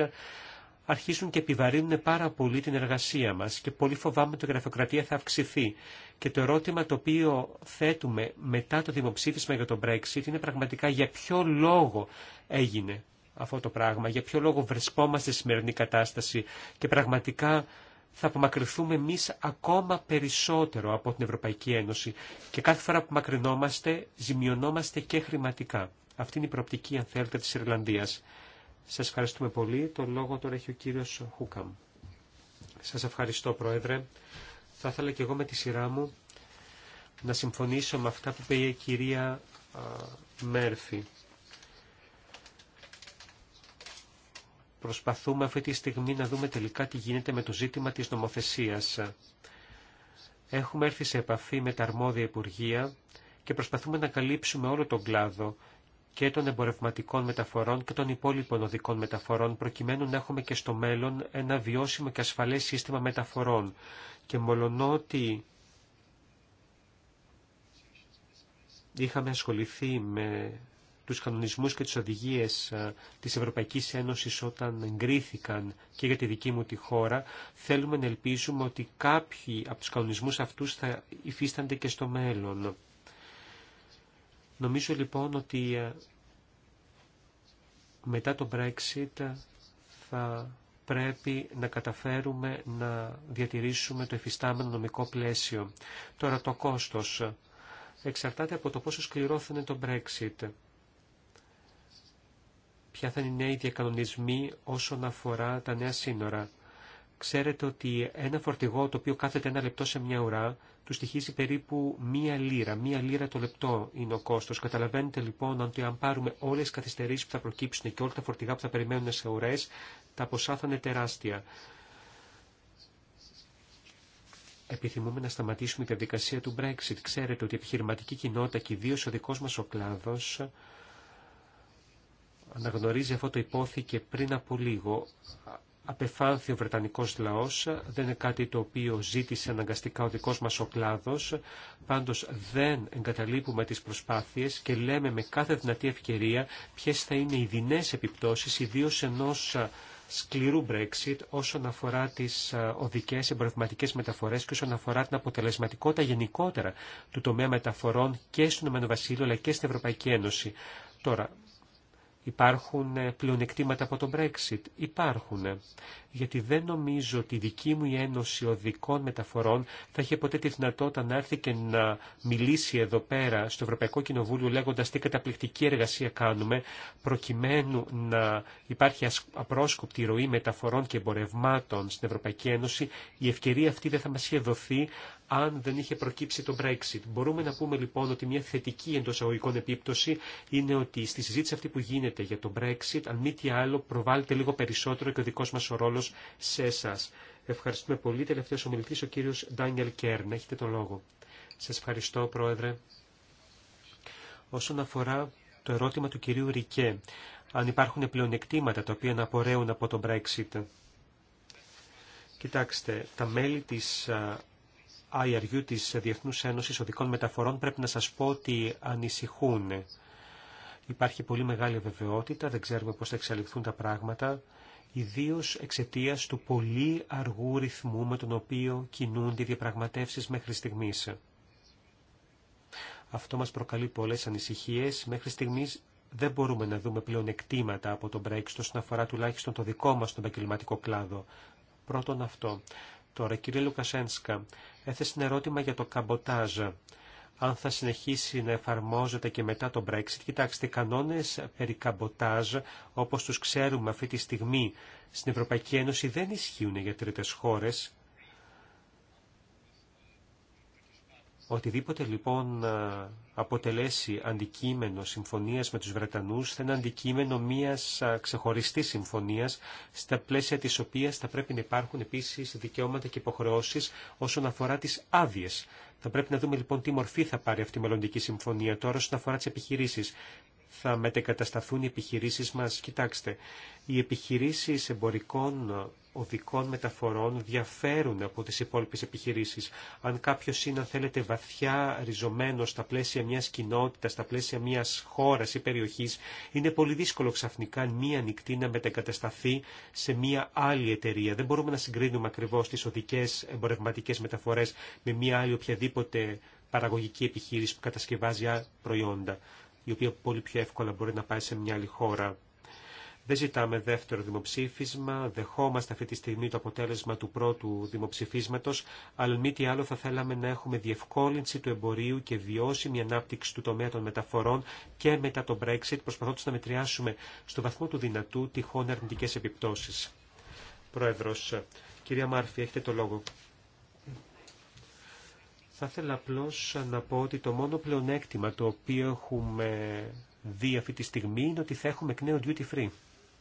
αρχίζουν και επιβαρύνουν πάρα πολύ την εργασία μας και πολύ φοβάμαι ότι η γραφειοκρατία θα αυξηθεί. Και το ερώτημα το οποίο θέτουμε μετά το δημοψήφισμα για το Brexit είναι πραγματικά για ποιο λόγο έγινε αυτό το πράγμα, για ποιο λόγο βρισκόμαστε στη σημερινή κατάσταση και πραγματικά θα απομακρυνθούμε εμεί ακόμα περισσότερο από την Ευρωπαϊκή Ένωση και κάθε φορά που μακρινόμαστε, ζημιωνόμαστε και χρηματικά. Αυτή είναι η προοπτική, αν θέλετε, της Ιρλανδίας. Σα ευχαριστούμε πολύ. Το λόγο τώρα έχει ο κύριο Χούκαμ. Σας ευχαριστώ Πρόεδρε. Θα ήθελα και εγώ με τη σειρά μου να συμφωνήσω με αυτά που είπε η κυρία Μέρφη. Προσπαθούμε αυτή τη στιγμή να δούμε τελικά τι γίνεται με το ζήτημα της νομοθεσίας. Έχουμε έρθει σε επαφή με τα αρμόδια Υπουργεία και προσπαθούμε να καλύψουμε όλο τον κλάδο και των εμπορευματικών μεταφορών και των υπόλοιπων οδικών μεταφορών, προκειμένου να έχουμε και στο μέλλον ένα βιώσιμο και ασφαλές σύστημα μεταφορών. Και μολονότι είχαμε ασχοληθεί με τους κανονισμούς και τις οδηγίες ε, της Ευρωπαϊκής Ένωσης όταν εγκρίθηκαν και για τη δική μου τη χώρα, θέλουμε να ελπίζουμε ότι κάποιοι από τους κανονισμούς αυτούς θα υφίστανται και στο μέλλον. Νομίζω λοιπόν ότι ε, μετά το Brexit ε, θα πρέπει να καταφέρουμε να διατηρήσουμε το εφιστάμενο νομικό πλαίσιο. Τώρα το κόστος εξαρτάται από το πόσο σκληρό θα είναι το Brexit. Ποια θα είναι οι νέοι διακανονισμοί όσον αφορά τα νέα σύνορα. Ξέρετε ότι ένα φορτηγό το οποίο κάθεται ένα λεπτό σε μια ουρά του στοιχίζει περίπου μία λίρα. Μία λίρα το λεπτό είναι ο κόστο. Καταλαβαίνετε λοιπόν ότι αν πάρουμε όλε τι καθυστερήσει που θα προκύψουν και όλα τα φορτηγά που θα περιμένουν σε ουρέ, τα ποσά θα είναι τεράστια. Επιθυμούμε να σταματήσουμε τη διαδικασία του Brexit. Ξέρετε ότι η επιχειρηματική κοινότητα και ιδίω ο δικό μα ο κλάδο αναγνωρίζει αυτό το υπόθηκε πριν από λίγο απεφάνθη ο Βρετανικός λαός, δεν είναι κάτι το οποίο ζήτησε αναγκαστικά ο δικός μας ο κλάδος, πάντως δεν εγκαταλείπουμε τις προσπάθειες και λέμε με κάθε δυνατή ευκαιρία ποιες θα είναι οι δεινές επιπτώσεις, ιδίως ενός σκληρού Brexit όσον αφορά τις ε, οδικές εμπορευματικές μεταφορές και όσον αφορά την αποτελεσματικότητα γενικότερα του τομέα μεταφορών και στον Ηνωμένο αλλά και στην Ευρωπαϊκή Ένωση. Τώρα, Υπάρχουν ε, πλεονεκτήματα από τον Brexit. Υπάρχουν. Γιατί δεν νομίζω ότι η δική μου η Ένωση Οδικών Μεταφορών θα είχε ποτέ τη δυνατότητα να έρθει και να μιλήσει εδώ πέρα στο Ευρωπαϊκό Κοινοβούλιο λέγοντας τι καταπληκτική εργασία κάνουμε προκειμένου να υπάρχει απρόσκοπτη ροή μεταφορών και εμπορευμάτων στην Ευρωπαϊκή Ένωση. Η ευκαιρία αυτή δεν θα μας είχε δοθεί αν δεν είχε προκύψει το Brexit. Μπορούμε να πούμε λοιπόν ότι μια θετική εντό αγωγικών επίπτωση είναι ότι στη συζήτηση αυτή που γίνεται για το Brexit, αν μη τι άλλο, προβάλλεται λίγο περισσότερο και ο δικό μα ο ρόλο σε εσά. Ευχαριστούμε πολύ. Τελευταίο ομιλητή ο κύριο Ντάνιελ Κέρν. Έχετε το λόγο. Σα ευχαριστώ, Πρόεδρε. Όσον αφορά το ερώτημα του κυρίου Ρικέ, αν υπάρχουν πλεονεκτήματα τα οποία να απορρέουν από το Brexit. Κοιτάξτε, τα μέλη της IRU τη Διεθνού Ένωση Οδικών Μεταφορών πρέπει να σας πω ότι ανησυχούν. Υπάρχει πολύ μεγάλη βεβαιότητα, δεν ξέρουμε πώς θα εξελιχθούν τα πράγματα, ιδίω εξαιτία του πολύ αργού ρυθμού με τον οποίο κινούνται οι διαπραγματεύσει μέχρι στιγμή. Αυτό μα προκαλεί πολλέ ανησυχίε. Μέχρι στιγμή δεν μπορούμε να δούμε πλέον εκτίματα από τον Brexit όσον αφορά τουλάχιστον το δικό μα τον επαγγελματικό κλάδο. Πρώτον αυτό. Τώρα, κύριε Λουκασένσκα, έθεσε ένα ερώτημα για το καμποτάζ. Αν θα συνεχίσει να εφαρμόζεται και μετά το Brexit, κοιτάξτε, οι κανόνες περί καμποτάζ, όπως τους ξέρουμε αυτή τη στιγμή στην Ευρωπαϊκή Ένωση, δεν ισχύουν για τρίτες χώρες. Οτιδήποτε λοιπόν ε, αποτελέσει αντικείμενο συμφωνίας με τους Βρετανούς θα είναι αντικείμενο μιας ε, ξεχωριστής συμφωνίας στα πλαίσια της οποίας θα πρέπει να υπάρχουν επίσης δικαιώματα και υποχρεώσεις όσον αφορά τις άδειε. Θα πρέπει να δούμε λοιπόν τι μορφή θα πάρει αυτή η μελλοντική συμφωνία τώρα όσον αφορά τις επιχειρήσεις θα μετεκατασταθούν οι επιχειρήσεις μας. Κοιτάξτε, οι επιχειρήσεις εμπορικών οδικών μεταφορών διαφέρουν από τις υπόλοιπες επιχειρήσεις. Αν κάποιος είναι, αν θέλετε, βαθιά ριζωμένο στα πλαίσια μιας κοινότητας, στα πλαίσια μιας χώρας ή περιοχής, είναι πολύ δύσκολο ξαφνικά μία νυχτή να μετακατασταθεί σε μία άλλη εταιρεία. Δεν μπορούμε να συγκρίνουμε ακριβώς τις οδικές εμπορευματικές μεταφορές με μία άλλη οποιαδήποτε παραγωγική επιχείρηση που κατασκευάζει προϊόντα η οποία πολύ πιο εύκολα μπορεί να πάει σε μια άλλη χώρα. Δεν ζητάμε δεύτερο δημοψήφισμα, δεχόμαστε αυτή τη στιγμή το αποτέλεσμα του πρώτου δημοψηφίσματος, αλλά μη τι άλλο θα θέλαμε να έχουμε διευκόλυνση του εμπορίου και βιώσιμη ανάπτυξη του τομέα των μεταφορών και μετά το Brexit, προσπαθώντας να μετριάσουμε στο βαθμό του δυνατού τυχόν αρνητικές επιπτώσεις. Πρόεδρος, κυρία Μάρφη, έχετε το λόγο. Θα ήθελα απλώ να πω ότι το μόνο πλεονέκτημα το οποίο έχουμε δει αυτή τη στιγμή είναι ότι θα έχουμε εκ νέου duty free.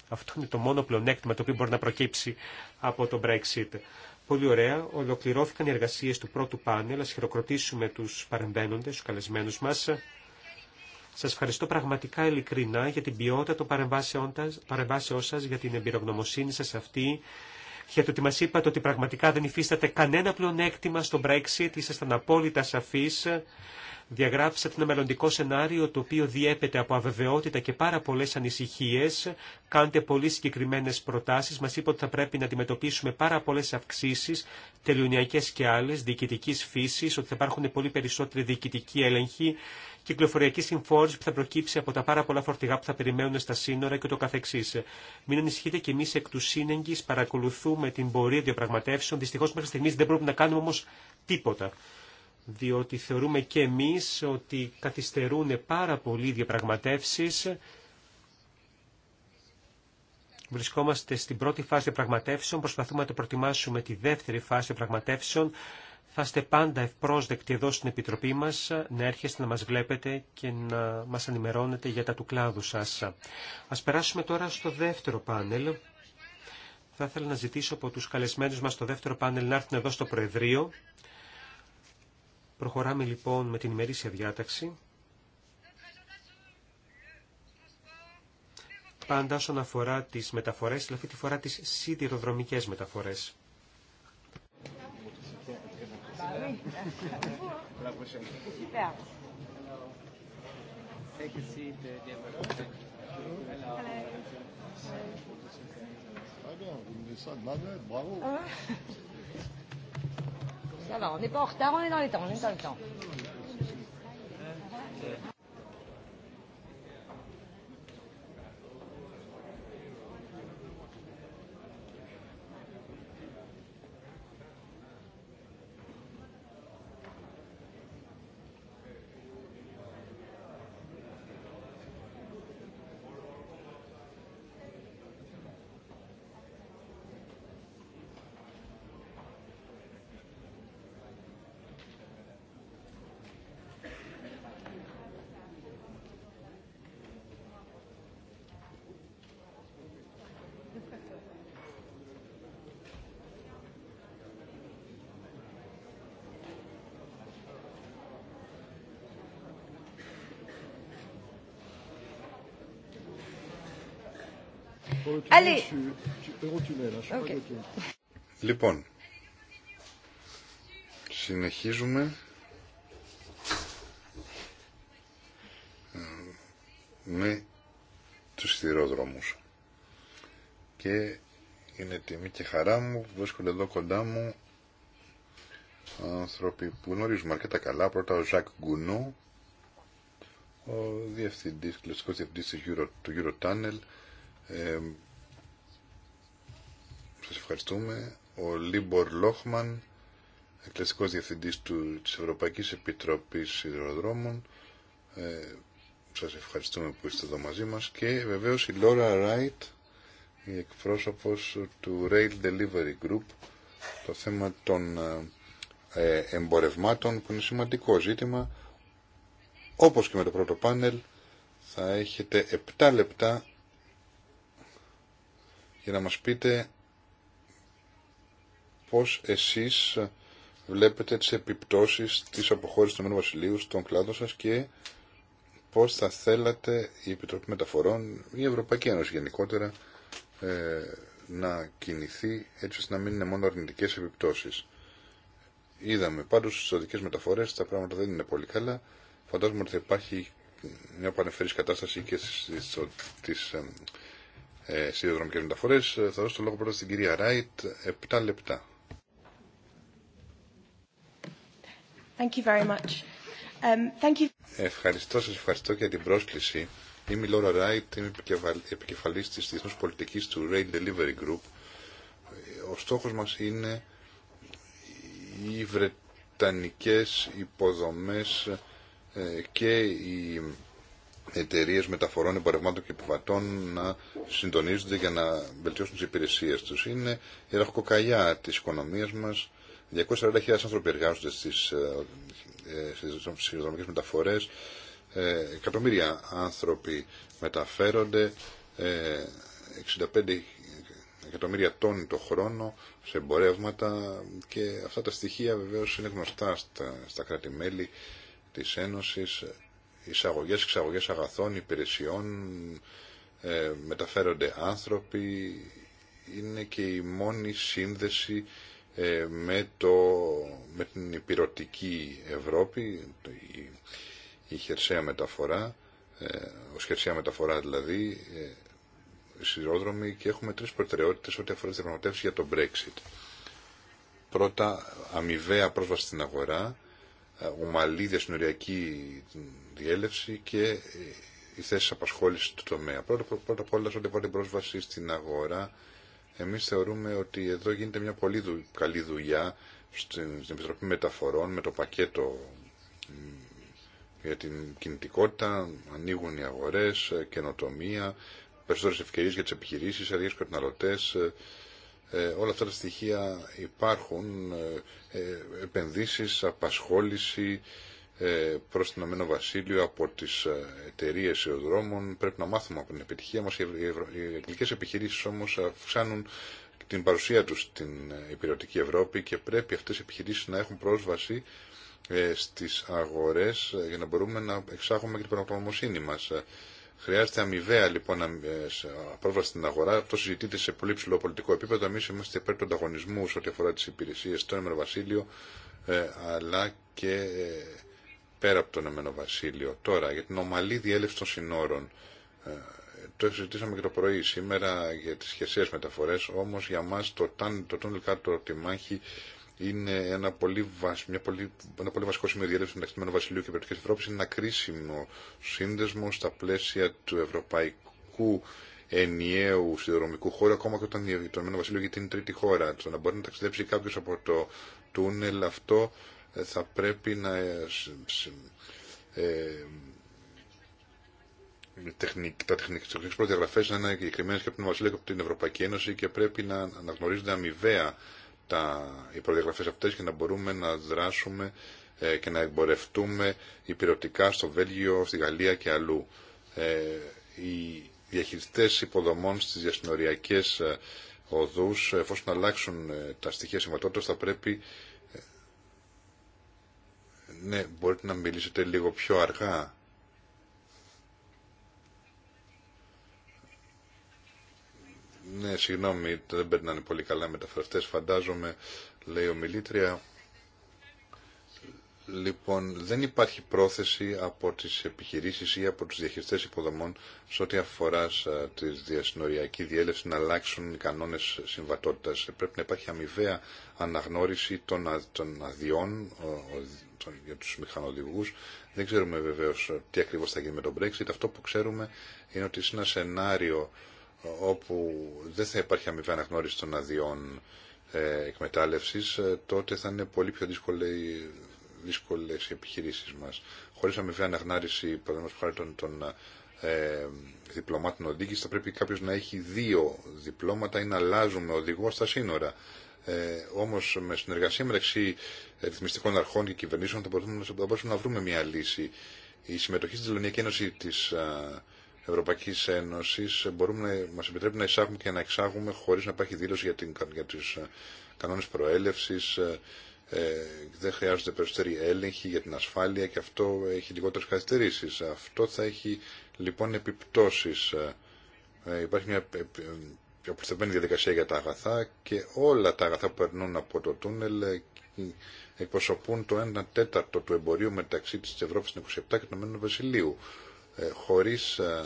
Αυτό είναι το μόνο πλεονέκτημα το οποίο μπορεί να προκύψει από το Brexit. Πολύ ωραία. Ολοκληρώθηκαν οι εργασίε του πρώτου πάνελ. Α χειροκροτήσουμε του παρεμβαίνοντε, του καλεσμένου μα. Σα ευχαριστώ πραγματικά ειλικρινά για την ποιότητα των παρεμβάσεών σα, για την εμπειρογνωμοσύνη σα αυτή γιατί ότι μας είπατε ότι πραγματικά δεν υφίσταται κανένα πλεονέκτημα στο Brexit, ήσασταν απόλυτα σαφείς διαγράψατε ένα μελλοντικό σενάριο το οποίο διέπεται από αβεβαιότητα και πάρα πολλές ανησυχίες. Κάντε πολύ συγκεκριμένες προτάσεις. Μας είπε ότι θα πρέπει να αντιμετωπίσουμε πάρα πολλές αυξήσεις, τελειωνιακές και άλλες, διοικητικής φύσης, ότι θα υπάρχουν πολύ περισσότεροι διοικητικοί έλεγχοι, κυκλοφοριακή συμφόρηση που θα προκύψει από τα πάρα πολλά φορτηγά που θα περιμένουν στα σύνορα και το καθεξής. Μην ανησυχείτε και εμείς εκ του σύνεγγης παρακολουθούμε την πορεία διαπραγματεύσεων. Δυστυχώς μέχρι στιγμής δεν πρέπει να κάνουμε όμως τίποτα διότι θεωρούμε και εμείς ότι καθυστερούν πάρα πολλοί διαπραγματεύσεις. Βρισκόμαστε στην πρώτη φάση διαπραγματεύσεων, προσπαθούμε να το προετοιμάσουμε τη δεύτερη φάση διαπραγματεύσεων. Θα είστε πάντα ευπρόσδεκτοι εδώ στην Επιτροπή μας να έρχεστε να μας βλέπετε και να μας ενημερώνετε για τα του κλάδου σας. Ας περάσουμε τώρα στο δεύτερο πάνελ. Θα ήθελα να ζητήσω από τους καλεσμένους μας στο δεύτερο πάνελ να έρθουν εδώ στο Προεδρείο. Προχωράμε λοιπόν με την ημερήσια διάταξη. Πάντα όσον αφορά τις μεταφορές, αλλά αυτή τη φορά τις σιδηροδρομικές μεταφορές. Ça va, on n'est pas en retard, on est dans les temps, on est dans le temps. Λοιπόν, συνεχίζουμε. Ε, με τους θηροδρόμους. Και είναι τιμή και χαρά μου που βρίσκονται εδώ κοντά μου άνθρωποι που γνωρίζουμε αρκετά καλά. Πρώτα ο Ζακ Γκουνό, ο διευθυντής, κλασικός διευθυντής του, Euro, του ε, σας ευχαριστούμε. Ο Λίμπορ Λόχμαν, εκκλησικός διευθυντής του, της Ευρωπαϊκής Επιτροπής Ιδροδρόμων. Ε, σας ευχαριστούμε που είστε εδώ μαζί μας. Και βεβαίως η Λόρα Ράιτ, η εκπρόσωπος του Rail Delivery Group, το θέμα των ε, ε, εμπορευμάτων που είναι σημαντικό ζήτημα. Όπως και με το πρώτο πάνελ θα έχετε 7 λεπτά για να μας πείτε πώς εσείς βλέπετε τις επιπτώσεις της αποχώρησης του Μένου Βασιλείου στον κλάδο σας και πώς θα θέλατε η Επιτροπή Μεταφορών, η Ευρωπαϊκή Ένωση γενικότερα, ε, να κινηθεί έτσι ώστε να μην είναι μόνο αρνητικές επιπτώσεις. Είδαμε πάντως στις οδικές μεταφορές τα πράγματα δεν είναι πολύ καλά. Φαντάζομαι ότι θα υπάρχει μια πανευθερής κατάσταση και στις, στις, ε, ε, σιδηροδρομικές μεταφορές. Ε, θα δώσω το λόγο πρώτα στην κυρία Ράιτ, 7 λεπτά. Um, ευχαριστώ, σας ευχαριστώ για την πρόσκληση. Είμαι η Λόρα Ράιτ, είμαι επικεφαλής της διεθνούς πολιτικής του Rail Delivery Group. Ο στόχος μας είναι οι βρετανικές υποδομές ε, και οι εταιρείε μεταφορών εμπορευμάτων και επιβατών να συντονίζονται για να βελτιώσουν τι υπηρεσίε του. Είναι η ραχοκοκαλιά τη οικονομία μα. 240.000 άνθρωποι εργάζονται στι ε, ε, συνδρομικέ μεταφορέ. Ε, εκατομμύρια άνθρωποι μεταφέρονται. 65 εκατομμύρια τόνοι το χρόνο σε εμπορεύματα και αυτά τα στοιχεία βεβαίως είναι γνωστά στα, στα κράτη-μέλη της Ένωσης εισαγωγές, εξαγωγές αγαθών, υπηρεσιών, ε, μεταφέρονται άνθρωποι, είναι και η μόνη σύνδεση ε, με, το, με την υπηρετική Ευρώπη, η, η χερσαία μεταφορά, ε, ως χερσαία μεταφορά δηλαδή, ε, και έχουμε τρεις προτεραιότητες ό,τι αφορά τις για το Brexit. Πρώτα, αμοιβαία πρόσβαση στην αγορά, ε, ομαλή διασυνοριακή διέλευση και ε, οι θέσει απασχόληση του τομέα. Πρώτα, πρώτα απ' όλα, σε ό,τι αφορά την πρόσβαση στην αγορά, εμεί θεωρούμε ότι εδώ γίνεται μια πολύ καλή δουλειά στην, στην Επιτροπή Μεταφορών με το πακέτο για την κινητικότητα, ανοίγουν οι αγορές, ε, καινοτομία, περισσότερες ευκαιρίες για τις επιχειρήσεις, αργές καταναλωτές, ε, όλα αυτά τα στοιχεία υπάρχουν, ε, ε, επενδύσεις, απασχόληση προς την Αμένο Βασίλειο από τις εταιρείε αεροδρόμων. Πρέπει να μάθουμε από την επιτυχία μας. Οι ελληνικές επιχειρήσεις όμως αυξάνουν την παρουσία τους στην υπηρετική Ευρώπη και πρέπει αυτές οι επιχειρήσεις να έχουν πρόσβαση στις αγορές για να μπορούμε να εξάγουμε και την πραγματομοσύνη μας. Χρειάζεται αμοιβαία λοιπόν ε, απρόβαση στην αγορά. Αυτό συζητείται σε πολύ ψηλό πολιτικό επίπεδο. Εμεί είμαστε υπέρ του ανταγωνισμού ό,τι αφορά τι υπηρεσίε στο Ηνωμένο Βασίλειο, ε, αλλά και ε, πέρα από το Ηνωμένο Βασίλειο. Τώρα, για την ομαλή διέλευση των συνόρων. το συζητήσαμε και το πρωί σήμερα για τι χερσαίε μεταφορέ. Όμω για μα το, το τον κάτω από τη μάχη είναι ένα πολύ, βασ, μια πολύ, ένα πολύ βασικό σημείο διέλευση μεταξύ του Βασιλείου και Περιοχή Ευρώπη. Είναι ένα κρίσιμο σύνδεσμο στα πλαίσια του ευρωπαϊκού ενιαίου σιδηροδρομικού χώρου, ακόμα και όταν το Ηνωμένο Βασίλειο γιατί είναι τρίτη χώρα. Το να μπορεί να ταξιδέψει κάποιο από το τούνελ αυτό ε, θα πρέπει να. Ε, ε, τα τεχνικέ προδιαγραφέ να είναι εγκεκριμένε και από την Βασιλεία και από την Ευρωπαϊκή Ένωση και πρέπει να αναγνωρίζονται αμοιβαία τα, οι προδιαγραφές αυτές και να μπορούμε να δράσουμε ε, και να εμπορευτούμε υπηρετικά στο Βέλγιο, στη Γαλλία και αλλού. Ε, οι διαχειριστές υποδομών στις διασυνοριακές ε, οδούς, εφόσον αλλάξουν ε, τα στοιχεία συμβατότητας, θα πρέπει... Ναι, μπορείτε να μιλήσετε λίγο πιο αργά. Ναι, συγγνώμη, δεν περνάνε πολύ καλά μεταφραστέ. φαντάζομαι, λέει ο Μιλήτρια. Λοιπόν, δεν υπάρχει πρόθεση από τις επιχειρήσεις ή από του διαχειριστές υποδομών σε ό,τι αφορά τη διασυνοριακή διέλευση να αλλάξουν οι κανόνες συμβατότητα. Ε, πρέπει να υπάρχει αμοιβαία αναγνώριση των αδειών για του μηχανοδηγού. Δεν ξέρουμε βεβαίω ε, τι ακριβώ θα γίνει με τον Brexit. Αυτό που ξέρουμε είναι ότι σε ένα σενάριο όπου δεν θα υπάρχει αμοιβή αναγνώριση των αδειών ε, εκμετάλλευσης, ε, τότε θα είναι πολύ πιο δύσκολε δύσκολες οι επιχειρήσεις μας. Χωρίς αμοιβή αναγνώριση, παραδείγματος χάρη των, ε, διπλωμάτων οδήγηση, θα πρέπει κάποιος να έχει δύο διπλώματα ή να αλλάζουμε οδηγό στα σύνορα. Ε, Όμω με συνεργασία μεταξύ ρυθμιστικών αρχών και κυβερνήσεων θα μπορούσαμε, να βρούμε μια λύση. Η συμμετοχή στην Τελωνιακή Ένωση της, ε, Ευρωπαϊκή Ένωση μπορούμε να, μας επιτρέπει να εισάγουμε και να εξάγουμε χωρί να υπάρχει δήλωση για, για τους ε, κανόνες προέλευσης, ε, ε δεν χρειάζονται περισσότερη έλεγχη για την ασφάλεια και αυτό έχει λιγότερε καθυστερήσει. Αυτό θα έχει λοιπόν επιπτώσει. Ε, ε, υπάρχει μια απλουστευμένη διαδικασία για τα αγαθά και όλα τα αγαθά που περνούν από το τούνελ εκπροσωπούν το 1 τέταρτο του εμπορίου μεταξύ της Ευρώπης 27 και του Ηνωμένου Βασιλείου. Ε, χωρίς ε,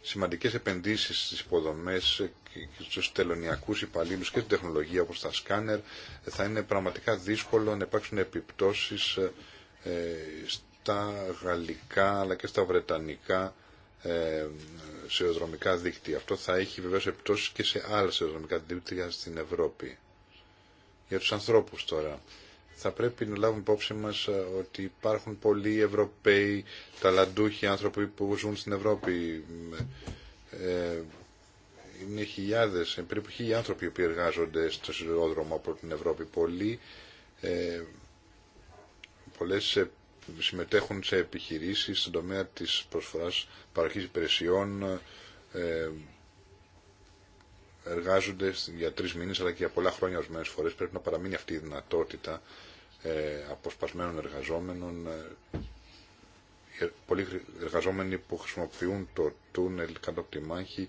σημαντικές επενδύσεις στις υποδομές και στους τελωνιακούς υπαλλήλου και την τεχνολογία όπως τα σκάνερ ε, θα είναι πραγματικά δύσκολο να υπάρξουν επιπτώσεις στα γαλλικά αλλά και στα βρετανικά σεοδρομικά δίκτυα. Αυτό θα έχει βεβαίως επιπτώσεις και σε άλλα σεοδρομικά δίκτυα στην Ευρώπη. Για τους ανθρώπους τώρα θα πρέπει να λάβουμε υπόψη μας ε, ότι υπάρχουν πολλοί Ευρωπαίοι ταλαντούχοι άνθρωποι που ζουν στην Ευρώπη. Ε, είναι χιλιάδες, ε, περίπου χίλιοι άνθρωποι που εργάζονται στο σιδηρόδρομο από την Ευρώπη. Πολλοί, ε, πολλές ε, συμμετέχουν σε επιχειρήσεις στον τομέα της προσφοράς παροχής υπηρεσιών, ε, εργάζονται για τρει μήνες αλλά και για πολλά χρόνια ορισμένε φορέ. Πρέπει να παραμείνει αυτή η δυνατότητα ε, αποσπασμένων εργαζόμενων, ε, ε, πολλοί εργαζόμενοι που χρησιμοποιούν το τούνελ κάτω από τη μάχη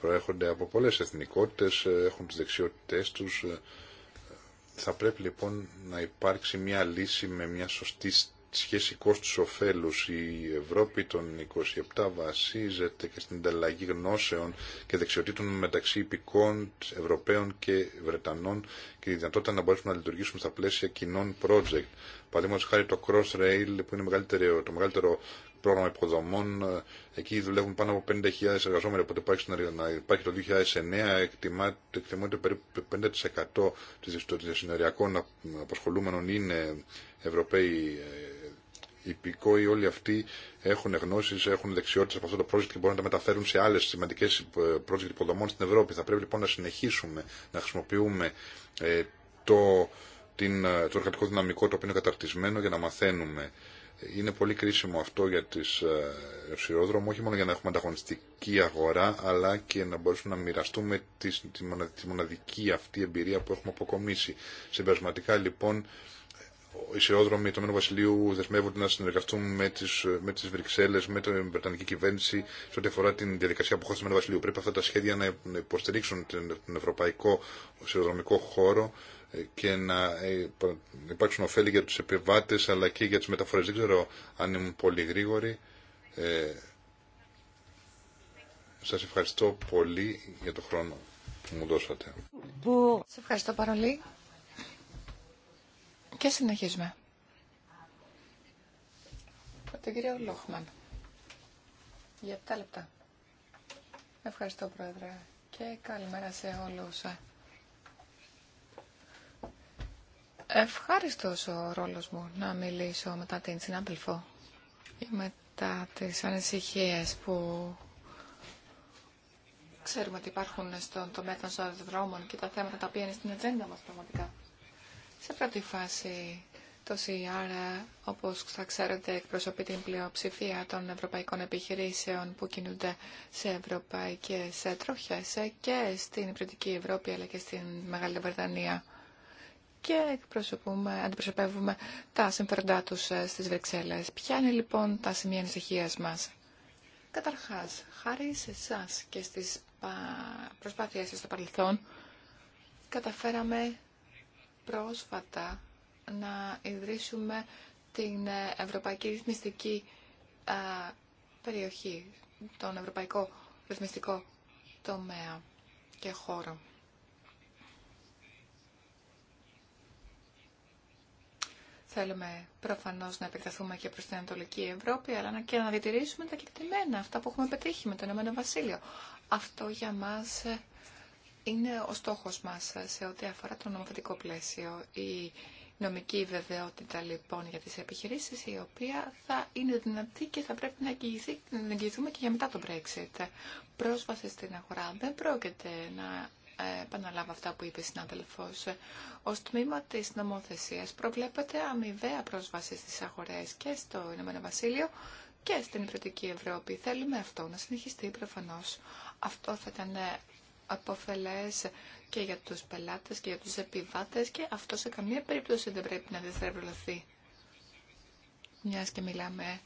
προέρχονται από πολλές εθνικότητες, έχουν τις δεξιότητές τους. Θα πρέπει λοιπόν να υπάρξει μια λύση με μια σωστή σχέση κόστους ωφέλους η Ευρώπη των 27 βασίζεται και στην ανταλλαγή γνώσεων και δεξιοτήτων μεταξύ υπηκών Ευρωπαίων και Βρετανών και τη δυνατότητα να μπορέσουμε να λειτουργήσουμε στα πλαίσια κοινών project. Παραδείγματο χάρη το Crossrail που είναι το μεγαλύτερο πρόγραμμα υποδομών. Εκεί δουλεύουν πάνω από 50.000 εργαζόμενοι, οπότε υπάρχει, να υπάρχει το 2009, εκτιμά, περίπου 5% των συνεργειακών αποσχολούμενων είναι Ευρωπαίοι ε, υπηκόοι όλοι αυτοί έχουν γνώσει, έχουν δεξιότητε από αυτό το project και μπορούν να τα μεταφέρουν σε άλλε σημαντικέ ε, project υποδομών στην Ευρώπη. Θα πρέπει λοιπόν να συνεχίσουμε να χρησιμοποιούμε ε, το, την, ε, το εργατικό δυναμικό το οποίο είναι καταρτισμένο για να μαθαίνουμε. Είναι πολύ κρίσιμο αυτό για τις σιρόδρομο, όχι μόνο για να έχουμε ανταγωνιστική αγορά, αλλά και να μπορούμε να μοιραστούμε τη, τη, μοναδική αυτή εμπειρία που έχουμε αποκομίσει. Συμπερασματικά λοιπόν, οι σειρόδρομοι του Μένου Βασιλείου δεσμεύονται να συνεργαστούν με τι με τις Βρυξέλλε, με την Βρετανική κυβέρνηση, σε ό,τι αφορά την διαδικασία αποχώρηση του Μένου Βασιλείου. Πρέπει αυτά τα σχέδια να υποστηρίξουν τον ευρωπαϊκό Σειροδρομικό χώρο ε, και ε, να υπάρξουν ωφέλη για του επιβάτε αλλά και για τι μεταφορέ. Δεν ξέρω αν ήμουν πολύ γρήγορη. Ε, σας ευχαριστώ πολύ για το χρόνο που μου δώσατε. ευχαριστώ πολύ. Και συνεχίζουμε. Με τον Λόχμαν. Για 7 λεπτά. Ευχαριστώ, Πρόεδρε. Και καλημέρα σε όλους. Ευχαριστώ ο ρόλος μου να μιλήσω μετά την συνάδελφο ή μετά τις ανησυχίες που ξέρουμε ότι υπάρχουν στον τομέα των δρόμων και τα θέματα τα οποία είναι στην ατζέντα μας πραγματικά. Σε πρώτη φάση, το CR, όπως θα ξέρετε, εκπροσωπεί την πλειοψηφία των ευρωπαϊκών επιχειρήσεων που κινούνται σε ευρωπαϊκές τροχές και στην Υπηρετική Ευρώπη αλλά και στην Μεγάλη Βρετανία και εκπροσωπούμε, αντιπροσωπεύουμε τα συμφέροντά του ε, στι Βρυξέλλε. Ποια είναι λοιπόν τα σημεία ανησυχία μα, Καταρχά, χάρη σε εσά και στι προσπάθειέ σα στο παρελθόν, καταφέραμε πρόσφατα να ιδρύσουμε την Ευρωπαϊκή Ρυθμιστική Περιοχή, τον Ευρωπαϊκό Ρυθμιστικό Τομέα και Χώρο. Θέλουμε προφανώς, να επεκταθούμε και προς την Ανατολική Ευρώπη, αλλά και να διατηρήσουμε τα κεκτημένα, αυτά που έχουμε πετύχει με το Ηνωμένο Βασίλειο. Αυτό για μας... Ε, είναι ο στόχος μας σε ό,τι αφορά το νομοθετικό πλαίσιο. Η νομική βεβαιότητα λοιπόν για τις επιχειρήσεις η οποία θα είναι δυνατή και θα πρέπει να, εγγυηθούμε και για μετά το Brexit. Πρόσβαση στην αγορά δεν πρόκειται να ε, επαναλάβω αυτά που είπε η συνάδελφο. Ω τμήμα τη νομοθεσία προβλέπεται αμοιβαία πρόσβαση στι αγορέ και στο Ηνωμένο Βασίλειο και στην Υπηρετική Ευρώπη. Θέλουμε αυτό να συνεχιστεί προφανώ. Αυτό θα ήταν αποφελές και για τους πελάτες και για τους επιβάτες και αυτό σε καμία περίπτωση δεν πρέπει να δευτερευρωθεί. Μιας και μιλάμε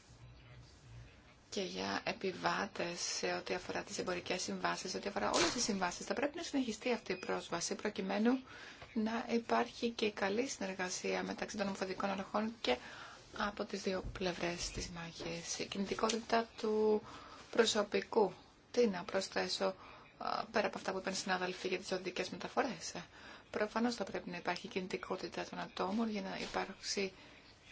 και για επιβάτες σε ό,τι αφορά τις εμπορικές συμβάσεις, σε ό,τι αφορά όλες τις συμβάσεις. Θα πρέπει να συνεχιστεί αυτή η πρόσβαση προκειμένου να υπάρχει και καλή συνεργασία μεταξύ των ομοφοδικών αρχών και από τις δύο πλευρές της μάχης. Η κινητικότητα του προσωπικού. Τι να προσθέσω πέρα από αυτά που είπαν συνάδελφοι για τις οδικέ μεταφορές. Ε, προφανώς θα πρέπει να υπάρχει κινητικότητα των ατόμων για να υπάρξει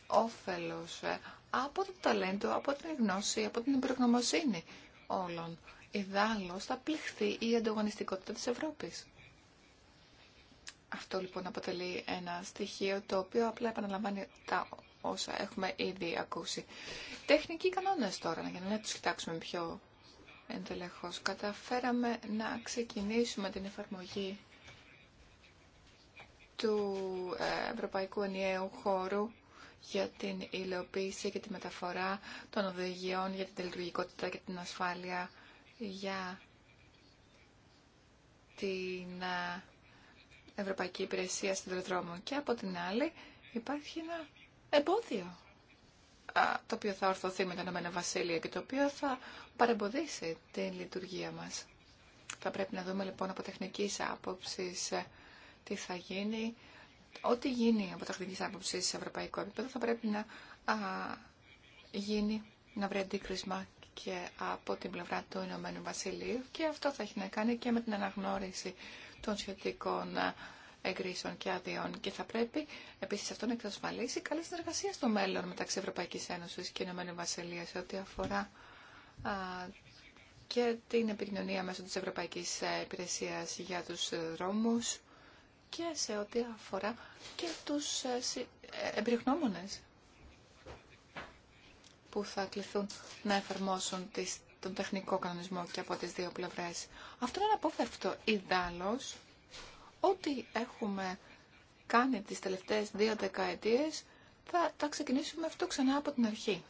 όφελος ε, από το ταλέντο, από την γνώση, από την προγνωμοσύνη όλων. Ιδάλλως θα πληχθεί η ανταγωνιστικότητα της Ευρώπης. Αυτό λοιπόν αποτελεί ένα στοιχείο το οποίο απλά επαναλαμβάνει τα όσα έχουμε ήδη ακούσει. Τεχνικοί κανόνες τώρα, για να τους κοιτάξουμε πιο εντελεχώς. Καταφέραμε να ξεκινήσουμε την εφαρμογή του ε, Ευρωπαϊκού Ενιαίου Χώρου για την υλοποίηση και τη μεταφορά των οδηγιών για την λειτουργικότητα και την ασφάλεια για την ε, Ευρωπαϊκή Υπηρεσία Συνδροδρόμων. Και από την άλλη υπάρχει ένα εμπόδιο το οποίο θα ορθωθεί με το Ηνωμένο Βασίλειο και το οποίο θα παρεμποδίσει την λειτουργία μας. Θα πρέπει να δούμε λοιπόν από τεχνική άποψη ε, τι θα γίνει. Ό,τι γίνει από τεχνική άποψη σε ευρωπαϊκό επίπεδο θα πρέπει να γίνει, να βρει αντίκρισμα και από την πλευρά του Ηνωμένου Βασιλείου και αυτό θα έχει να κάνει και με την αναγνώριση των σχετικών ε, εγκρίσεων και αδειών και θα πρέπει επίση αυτό να εξασφαλίσει καλή συνεργασία στο μέλλον μεταξύ Ευρωπαϊκή Ένωση και Ηνωμένου Βασιλεία σε ό,τι αφορά α, και την επικοινωνία μέσω τη Ευρωπαϊκή ε, Υπηρεσία για του δρόμου και σε ό,τι αφορά και του ε, ε, εμπειρογνώμονε που θα κληθούν να εφαρμόσουν τις τον τεχνικό κανονισμό και από τις δύο πλευρές. Αυτό είναι απόφευκτο. Ιδάλλως, ό,τι έχουμε κάνει τις τελευταίες δύο δεκαετίες θα τα ξεκινήσουμε αυτό ξανά από την αρχή.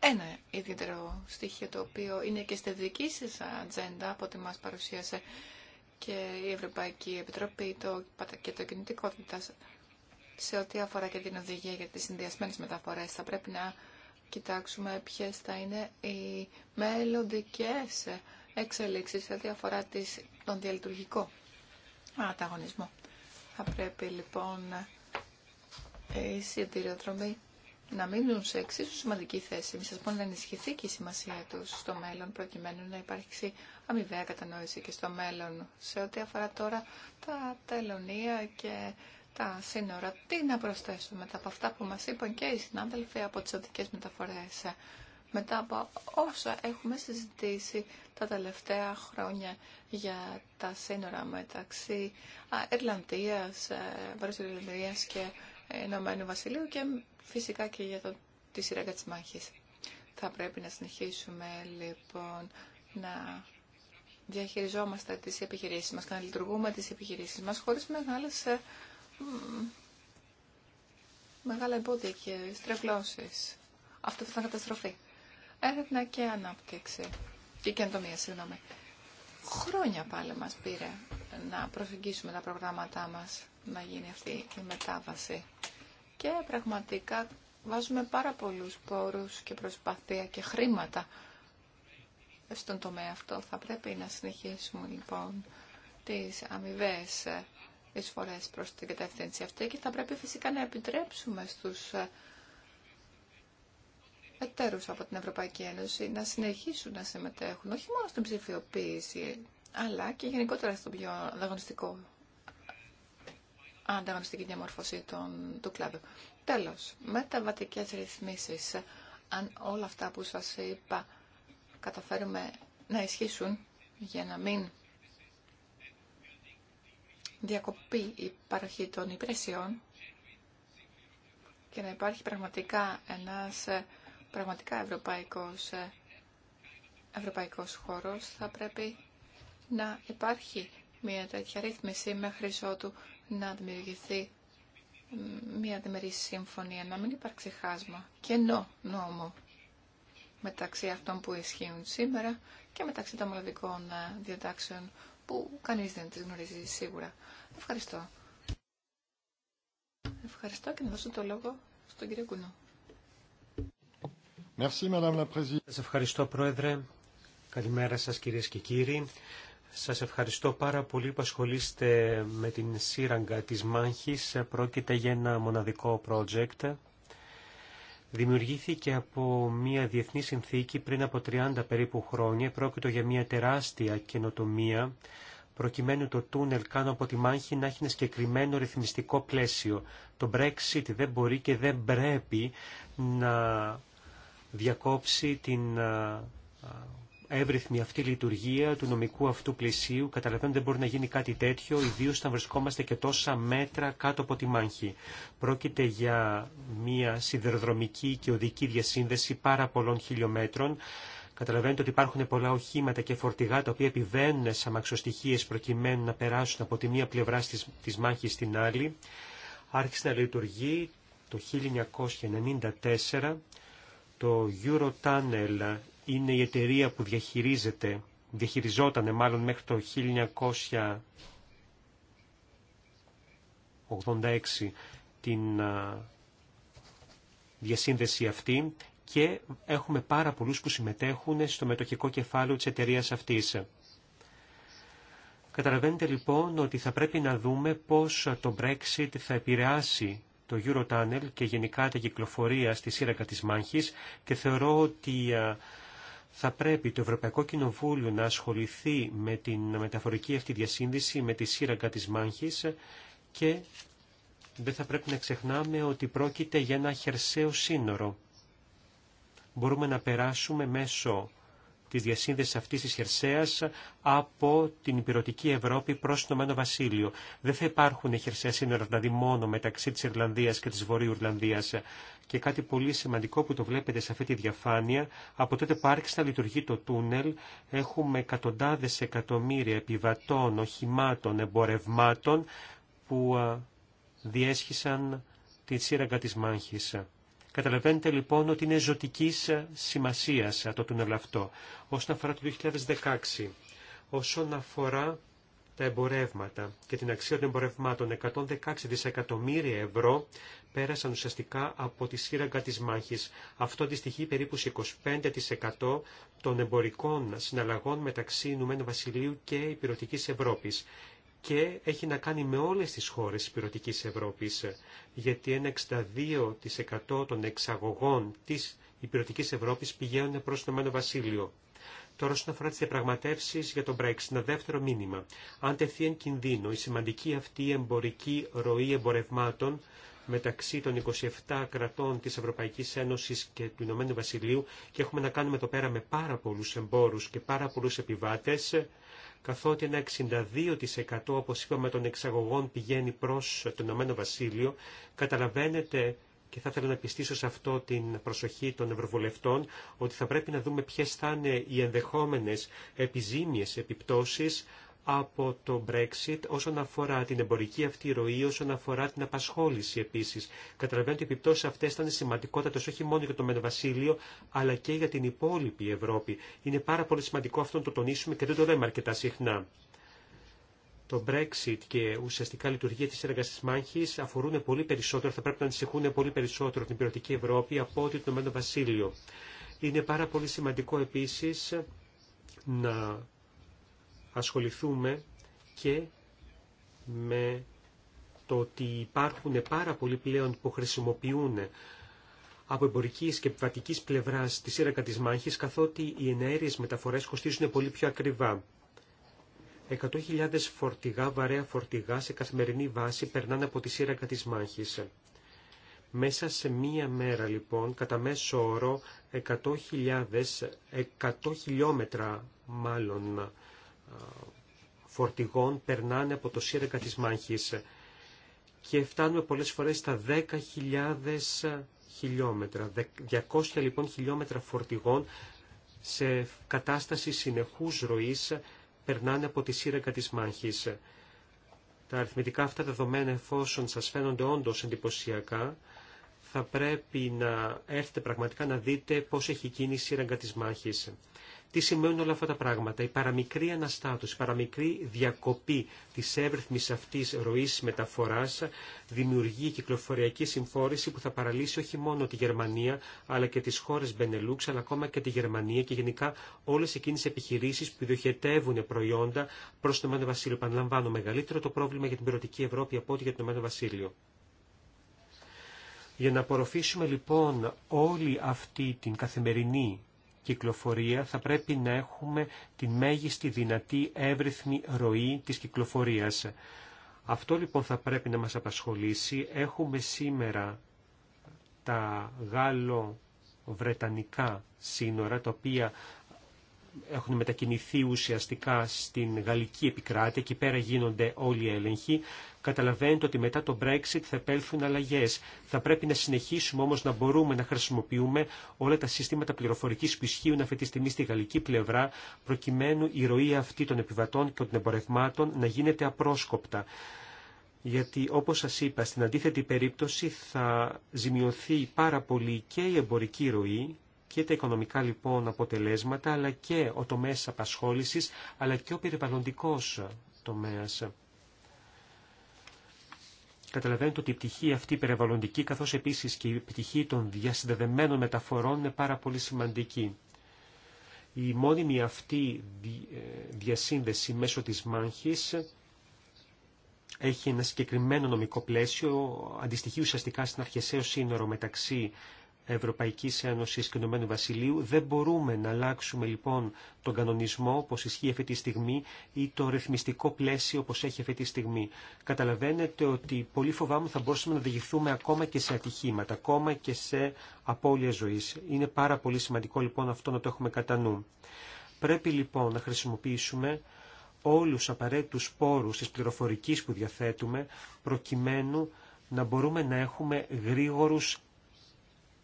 Ένα ιδιαίτερο στοιχείο το οποίο είναι και στη δική σας ατζέντα από ό,τι μας παρουσίασε και η Ευρωπαϊκή Επιτροπή το, και το κινητικότητα σε ό,τι αφορά και την οδηγία για τις συνδυασμένες μεταφορές θα πρέπει να κοιτάξουμε ποιες θα είναι οι μελλοντικέ εξελίξεις σε ό,τι αφορά τον διαλειτουργικό ανταγωνισμό. Θα πρέπει λοιπόν οι σιδηροδρομοί να μείνουν σε εξίσου σημαντική θέση. Μη σα πω να ενισχυθεί και η σημασία του στο μέλλον, προκειμένου να υπάρξει αμοιβαία κατανόηση και στο μέλλον. Σε ό,τι αφορά τώρα τα τελωνία και τα σύνορα, τι να προσθέσουμε από αυτά που μα είπαν και οι συνάδελφοι από τι οδικέ μεταφορέ μετά από όσα έχουμε συζητήσει τα τελευταία χρόνια για τα σύνορα μεταξύ Ιρλανδίας, ε, Βρεσιλανδίας και Ηνωμένου Βασιλείου και φυσικά και για το, τη σειρά της μάχης. Θα πρέπει να συνεχίσουμε λοιπόν να διαχειριζόμαστε τις επιχειρήσεις μας και να λειτουργούμε τις επιχειρήσεις μας χωρίς μεγάλες ε, εμπόδια και στρεβλώσεις. Αυτό θα ήταν καταστροφή έρευνα και ανάπτυξη. Και καινοτομία, συγγνώμη. Χρόνια πάλι μας πήρε να προσεγγίσουμε τα προγράμματά μας να γίνει αυτή η μετάβαση. Και πραγματικά βάζουμε πάρα πολλούς πόρους και προσπαθία και χρήματα στον τομέα αυτό. Θα πρέπει να συνεχίσουμε λοιπόν τις αμοιβέ εισφορές προς την κατεύθυνση αυτή και θα πρέπει φυσικά να επιτρέψουμε στους εταίρους από την Ευρωπαϊκή Ένωση να συνεχίσουν να συμμετέχουν όχι μόνο στην ψηφιοποίηση, αλλά και γενικότερα στον πιο ανταγωνιστικό ανταγωνιστική διαμορφωσή των, του κλάδου. Τέλος, βατικές ρυθμίσεις. Αν όλα αυτά που σας είπα καταφέρουμε να ισχύσουν για να μην διακοπεί η παροχή των υπηρεσιών και να υπάρχει πραγματικά ένας πραγματικά ευρωπαϊκός, ε, ευρωπαϊκός χώρος, θα πρέπει να υπάρχει μια τέτοια ρύθμιση μέχρι ότου να δημιουργηθεί μια δημιουργή συμφωνία, να μην υπάρξει χάσμα, κενό νόμο μεταξύ αυτών που ισχύουν σήμερα και μεταξύ των μελλοντικών ε, διατάξεων που κανείς δεν τις γνωρίζει σίγουρα. Ευχαριστώ. Ευχαριστώ και να δώσω το λόγο στον κύριο Κουνού. Σας ευχαριστώ Πρόεδρε. Καλημέρα σας κυρίες και κύριοι. Σας ευχαριστώ πάρα πολύ που ασχολείστε με την σύραγγα της μάχης. Πρόκειται για ένα μοναδικό project. Δημιουργήθηκε από μια διεθνή συνθήκη πριν από 30 περίπου χρόνια. Πρόκειται για μια τεράστια καινοτομία προκειμένου το τούνελ κάνω από τη μάχη να έχει ένα συγκεκριμένο ρυθμιστικό πλαίσιο. Το Brexit δεν μπορεί και δεν πρέπει να διακόψει την εύρυθμη αυτή λειτουργία του νομικού αυτού πλησίου. Καταλαβαίνετε δεν μπορεί να γίνει κάτι τέτοιο, ιδίως όταν βρισκόμαστε και τόσα μέτρα κάτω από τη μάχη. Πρόκειται για μια σιδεροδρομική και οδική διασύνδεση πάρα πολλών χιλιόμετρων. Καταλαβαίνετε ότι υπάρχουν πολλά οχήματα και φορτηγά τα οποία επιβαίνουν σε αμαξοστοιχίες προκειμένου να περάσουν από τη μία πλευρά της, μάχη μάχης στην άλλη. Άρχισε να λειτουργεί το 1994 το Eurotunnel είναι η εταιρεία που διαχειρίζεται, διαχειριζόταν μάλλον μέχρι το 1986 την διασύνδεση αυτή και έχουμε πάρα πολλούς που συμμετέχουν στο μετοχικό κεφάλαιο της εταιρείας αυτής. Καταλαβαίνετε λοιπόν ότι θα πρέπει να δούμε πώς το Brexit θα επηρεάσει το Eurotunnel και γενικά τα κυκλοφορία στη σύραγγα της Μάνχης και θεωρώ ότι θα πρέπει το Ευρωπαϊκό Κοινοβούλιο να ασχοληθεί με την μεταφορική αυτή διασύνδεση με τη σύραγγα της Μάνχης και δεν θα πρέπει να ξεχνάμε ότι πρόκειται για ένα χερσαίο σύνορο. Μπορούμε να περάσουμε μέσω τη διασύνδεση αυτή τη χερσαίας από την υπηρετική Ευρώπη προς το Μένο Βασίλειο. Δεν θα υπάρχουν χερσαία σύνορα δηλαδή μόνο μεταξύ τη Ιρλανδία και της Βορείου Ιρλανδία. Και κάτι πολύ σημαντικό που το βλέπετε σε αυτή τη διαφάνεια, από τότε που άρχισε να λειτουργεί το τούνελ, έχουμε εκατοντάδε εκατομμύρια επιβατών, οχημάτων, εμπορευμάτων που διέσχισαν τη σύραγγα της μάχης. Καταλαβαίνετε λοιπόν ότι είναι ζωτική σημασία το τούνελ αυτό. Όσον αφορά το 2016, όσον αφορά τα εμπορεύματα και την αξία των εμπορευμάτων 116 δισεκατομμύρια ευρώ πέρασαν ουσιαστικά από τη σύραγγα της μάχης. Αυτό αντιστοιχεί περίπου 25% των εμπορικών συναλλαγών μεταξύ Ηνωμένου Βασιλείου και Υπηρετικής Ευρώπης και έχει να κάνει με όλες τις χώρες της πυρωτικής Ευρώπης, γιατί ένα 62% των εξαγωγών της υπηρετικής Ευρώπης πηγαίνουν προς το Ηνωμένο Βασίλειο. Τώρα, όσον αφορά τι διαπραγματεύσει για τον Brexit, ένα δεύτερο μήνυμα. Αν τεθεί εν κινδύνο η σημαντική αυτή εμπορική ροή εμπορευμάτων μεταξύ των 27 κρατών της Ευρωπαϊκής Ένωσης και του Ηνωμένου Βασιλείου και έχουμε να κάνουμε εδώ πέρα με πάρα πολλούς εμπόρους και πάρα πολλού επιβάτες, καθότι ένα 62% όπως είπαμε των εξαγωγών πηγαίνει προς το Ηνωμένο Βασίλειο. Καταλαβαίνετε και θα ήθελα να πιστήσω σε αυτό την προσοχή των ευρωβουλευτών ότι θα πρέπει να δούμε ποιες θα είναι οι ενδεχόμενες επιζήμιες επιπτώσεις από το Brexit όσον αφορά την εμπορική αυτή ροή, όσον αφορά την απασχόληση επίση. Καταλαβαίνω ότι οι επιπτώσει αυτέ ήταν σημαντικότατε όχι μόνο για το Βασίλειο αλλά και για την υπόλοιπη Ευρώπη. Είναι πάρα πολύ σημαντικό αυτό να το τονίσουμε και δεν το λέμε αρκετά συχνά. Το Brexit και ουσιαστικά η λειτουργία τη έργα τη μάχη αφορούν πολύ περισσότερο, θα πρέπει να ανησυχούν πολύ περισσότερο την πυροτική Ευρώπη από ότι το Βασίλειο. Είναι πάρα πολύ σημαντικό επίση να ασχοληθούμε και με το ότι υπάρχουν πάρα πολλοί πλέον που χρησιμοποιούν από εμπορική και επιβατική πλευρά τη σύραγγα τη μάχη, καθότι οι ενέργειε μεταφορέ κοστίζουν πολύ πιο ακριβά. 100.000 φορτηγά, βαρέα φορτηγά σε καθημερινή βάση περνάνε από τη σύραγγα τη μάχη. Μέσα σε μία μέρα λοιπόν, κατά μέσο όρο, 100.000, 100 χιλιόμετρα μάλλον φορτηγών περνάνε από το σύρεκα της μάχης και φτάνουμε πολλές φορές στα 10.000 χιλιόμετρα, 200 λοιπόν χιλιόμετρα φορτηγών σε κατάσταση συνεχούς ροής περνάνε από τη σύρεκα της μάχης. Τα αριθμητικά αυτά δεδομένα εφόσον σας φαίνονται όντως εντυπωσιακά, θα πρέπει να έρθετε πραγματικά να δείτε πώς έχει γίνει η σύραγγα της μάχης. Τι σημαίνουν όλα αυτά τα πράγματα. Η παραμικρή αναστάτωση, η παραμικρή διακοπή της εύρυθμης αυτής ροής μεταφοράς δημιουργεί κυκλοφοριακή συμφόρηση που θα παραλύσει όχι μόνο τη Γερμανία αλλά και τις χώρες Μπενελούξ αλλά ακόμα και τη Γερμανία και γενικά όλες εκείνες οι επιχειρήσεις που διοχετεύουν προϊόντα προς το Νομένο Βασίλειο. Παναλαμβάνω μεγαλύτερο το πρόβλημα για την πυρωτική Ευρώπη από ό,τι για το Ηνωμένο Βασίλειο. Για να απορροφήσουμε λοιπόν όλη αυτή την καθημερινή κυκλοφορία θα πρέπει να έχουμε τη μέγιστη δυνατή εύρυθμη ροή της κυκλοφορίας. Αυτό λοιπόν θα πρέπει να μας απασχολήσει. Έχουμε σήμερα τα Γάλλο-Βρετανικά σύνορα, τα οποία έχουν μετακινηθεί ουσιαστικά στην γαλλική επικράτεια και πέρα γίνονται όλοι οι έλεγχοι, καταλαβαίνετε ότι μετά το Brexit θα επέλθουν αλλαγέ. Θα πρέπει να συνεχίσουμε όμω να μπορούμε να χρησιμοποιούμε όλα τα συστήματα πληροφορική που ισχύουν αυτή τη στιγμή στη γαλλική πλευρά, προκειμένου η ροή αυτή των επιβατών και των εμπορευμάτων να γίνεται απρόσκοπτα γιατί όπως σας είπα στην αντίθετη περίπτωση θα ζημιωθεί πάρα πολύ και η εμπορική ροή και τα οικονομικά λοιπόν αποτελέσματα, αλλά και ο τομέας απασχόλησης, αλλά και ο περιβαλλοντικός τομέας. Καταλαβαίνετε ότι η πτυχή αυτή περιβαλλοντική, καθώς επίσης και η πτυχή των διασυνδεδεμένων μεταφορών είναι πάρα πολύ σημαντική. Η μόνιμη αυτή ε, διασύνδεση μέσω της μάχης έχει ένα συγκεκριμένο νομικό πλαίσιο, αντιστοιχεί ουσιαστικά στην αρχαισαίο σύνορο μεταξύ Ευρωπαϊκής Ένωσης και Ηνωμένου Βασιλείου. Δεν μπορούμε να αλλάξουμε λοιπόν τον κανονισμό όπως ισχύει αυτή τη στιγμή ή το ρυθμιστικό πλαίσιο όπως έχει αυτή τη στιγμή. Καταλαβαίνετε ότι πολύ φοβάμαι θα μπορούσαμε να διηγηθούμε ακόμα και σε ατυχήματα, ακόμα και σε απώλεια ζωής. Είναι πάρα πολύ σημαντικό λοιπόν αυτό να το έχουμε κατά νου. Πρέπει λοιπόν να χρησιμοποιήσουμε όλους τους απαραίτητους πόρους της πληροφορικής που διαθέτουμε προκειμένου να μπορούμε να έχουμε γρήγορους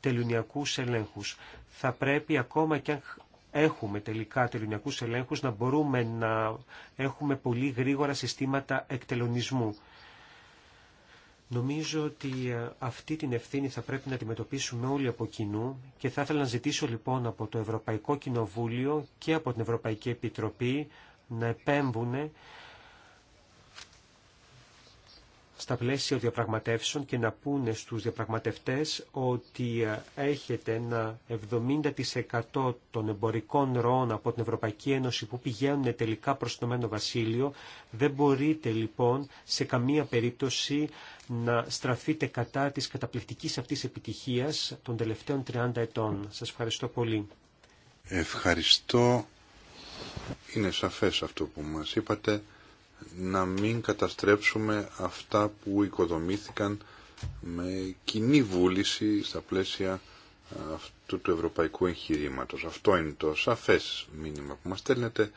τελωνιακούς ελέγχους. Θα πρέπει ακόμα και αν έχουμε τελικά τελωνιακούς ελέγχους να μπορούμε να έχουμε πολύ γρήγορα συστήματα εκτελονισμού. Νομίζω ότι ε, αυτή την ευθύνη θα πρέπει να αντιμετωπίσουμε όλοι από κοινού και θα ήθελα να ζητήσω λοιπόν από το Ευρωπαϊκό Κοινοβούλιο και από την Ευρωπαϊκή Επιτροπή να επέμβουν στα πλαίσια διαπραγματεύσεων και να πούνε στους διαπραγματευτές ότι ε, έχετε ένα 70% των εμπορικών ροών από την Ευρωπαϊκή Ένωση που πηγαίνουν τελικά προς το Μένο Βασίλειο. Δεν μπορείτε λοιπόν σε καμία περίπτωση να στραφείτε κατά της καταπληκτικής αυτής επιτυχίας των τελευταίων 30 ετών. Σας ευχαριστώ πολύ. Ευχαριστώ. Είναι σαφές αυτό που μας είπατε να μην καταστρέψουμε αυτά που οικοδομήθηκαν με κοινή βούληση στα πλαίσια αυτού του ευρωπαϊκού εγχειρήματο. Αυτό είναι το σαφές μήνυμα που μας στέλνετε.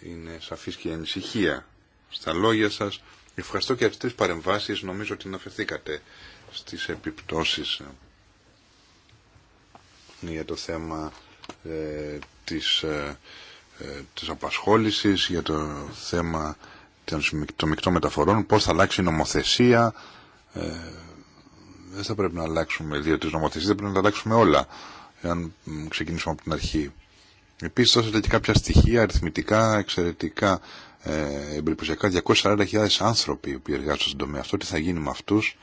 Είναι σαφής και η ανησυχία στα λόγια σας. Ευχαριστώ και από τις τρεις παρεμβάσεις. Νομίζω ότι αναφερθήκατε στις επιπτώσεις ε, για το θέμα ε, της ε, ε, της απασχόλησης, για το θέμα των μεικτών μεταφορών, πώς θα αλλάξει η νομοθεσία. Ε, δεν θα πρέπει να αλλάξουμε δύο τις νομοθεσίες, δεν πρέπει να τα αλλάξουμε όλα, εάν ξεκινήσουμε από την αρχή. Επίσης δώσατε και κάποια στοιχεία αριθμητικά, εξαιρετικά, ε, εμπεριπωσιακά, 240.000 άνθρωποι που εργάζονται στον τομέα αυτό, τι θα γίνει με αυτούς.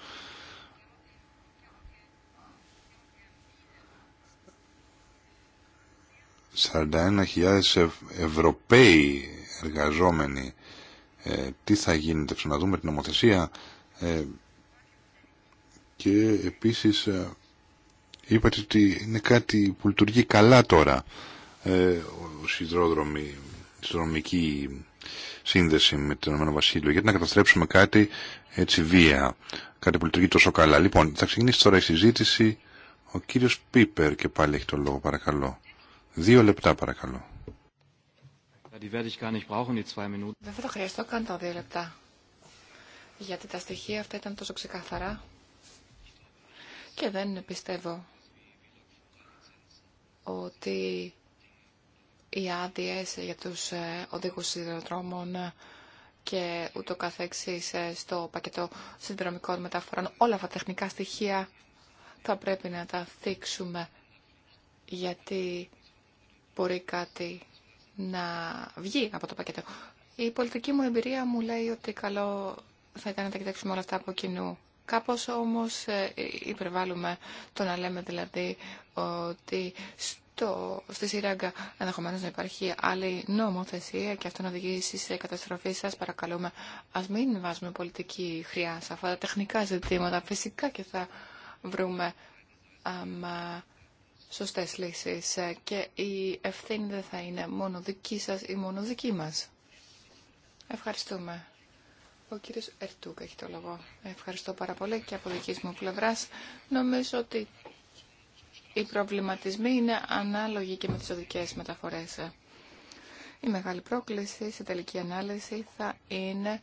41.000 Ευρωπαίοι εργαζόμενοι ε, τι θα γίνεται, ξαναδούμε την νομοθεσία ε, και επίσης ε, είπατε ότι είναι κάτι που λειτουργεί καλά τώρα ε, ο σύνδεση με τον Ηνωμένο Βασίλειο γιατί να καταστρέψουμε κάτι έτσι βία, κάτι που λειτουργεί τόσο καλά. Λοιπόν, θα ξεκινήσει τώρα η συζήτηση ο κύριος Πίπερ και πάλι έχει το λόγο παρακαλώ. Δύο λεπτά παρακαλώ. Δεν θα χρειαστώ καν τα δύο λεπτά. Γιατί τα στοιχεία αυτά ήταν τόσο ξεκαθαρά. Και δεν πιστεύω ότι οι άδειε για τους ε, οδηγούς σιδηροδρόμων και ούτω καθεξής ε, στο πακετό συνδρομικών μεταφορών. Όλα αυτά τα τεχνικά στοιχεία θα πρέπει να τα θίξουμε γιατί μπορεί κάτι να βγει από το πακέτο. Η πολιτική μου εμπειρία μου λέει ότι καλό θα ήταν να τα κοιτάξουμε όλα αυτά από κοινού. Κάπως όμως ε, υπερβάλλουμε το να λέμε δηλαδή ότι στο, στη Σιράγκα ενδεχομένω να υπάρχει άλλη νομοθεσία και αυτό να οδηγήσει σε καταστροφή. Σας παρακαλούμε ας μην βάζουμε πολιτική χρειά σε αυτά τα τεχνικά ζητήματα. Φυσικά και θα βρούμε σωστές λύσεις ε, και η ευθύνη δεν θα είναι μόνο δική σας ή μόνο δική μας. Ευχαριστούμε. Ο κύριος Ερτούκ έχει το λόγο. Ευχαριστώ πάρα πολύ και από δική μου πλευράς. Νομίζω ότι οι προβληματισμοί είναι ανάλογοι και με τις οδικές μεταφορές. Η μεγάλη πρόκληση σε τελική ανάλυση θα είναι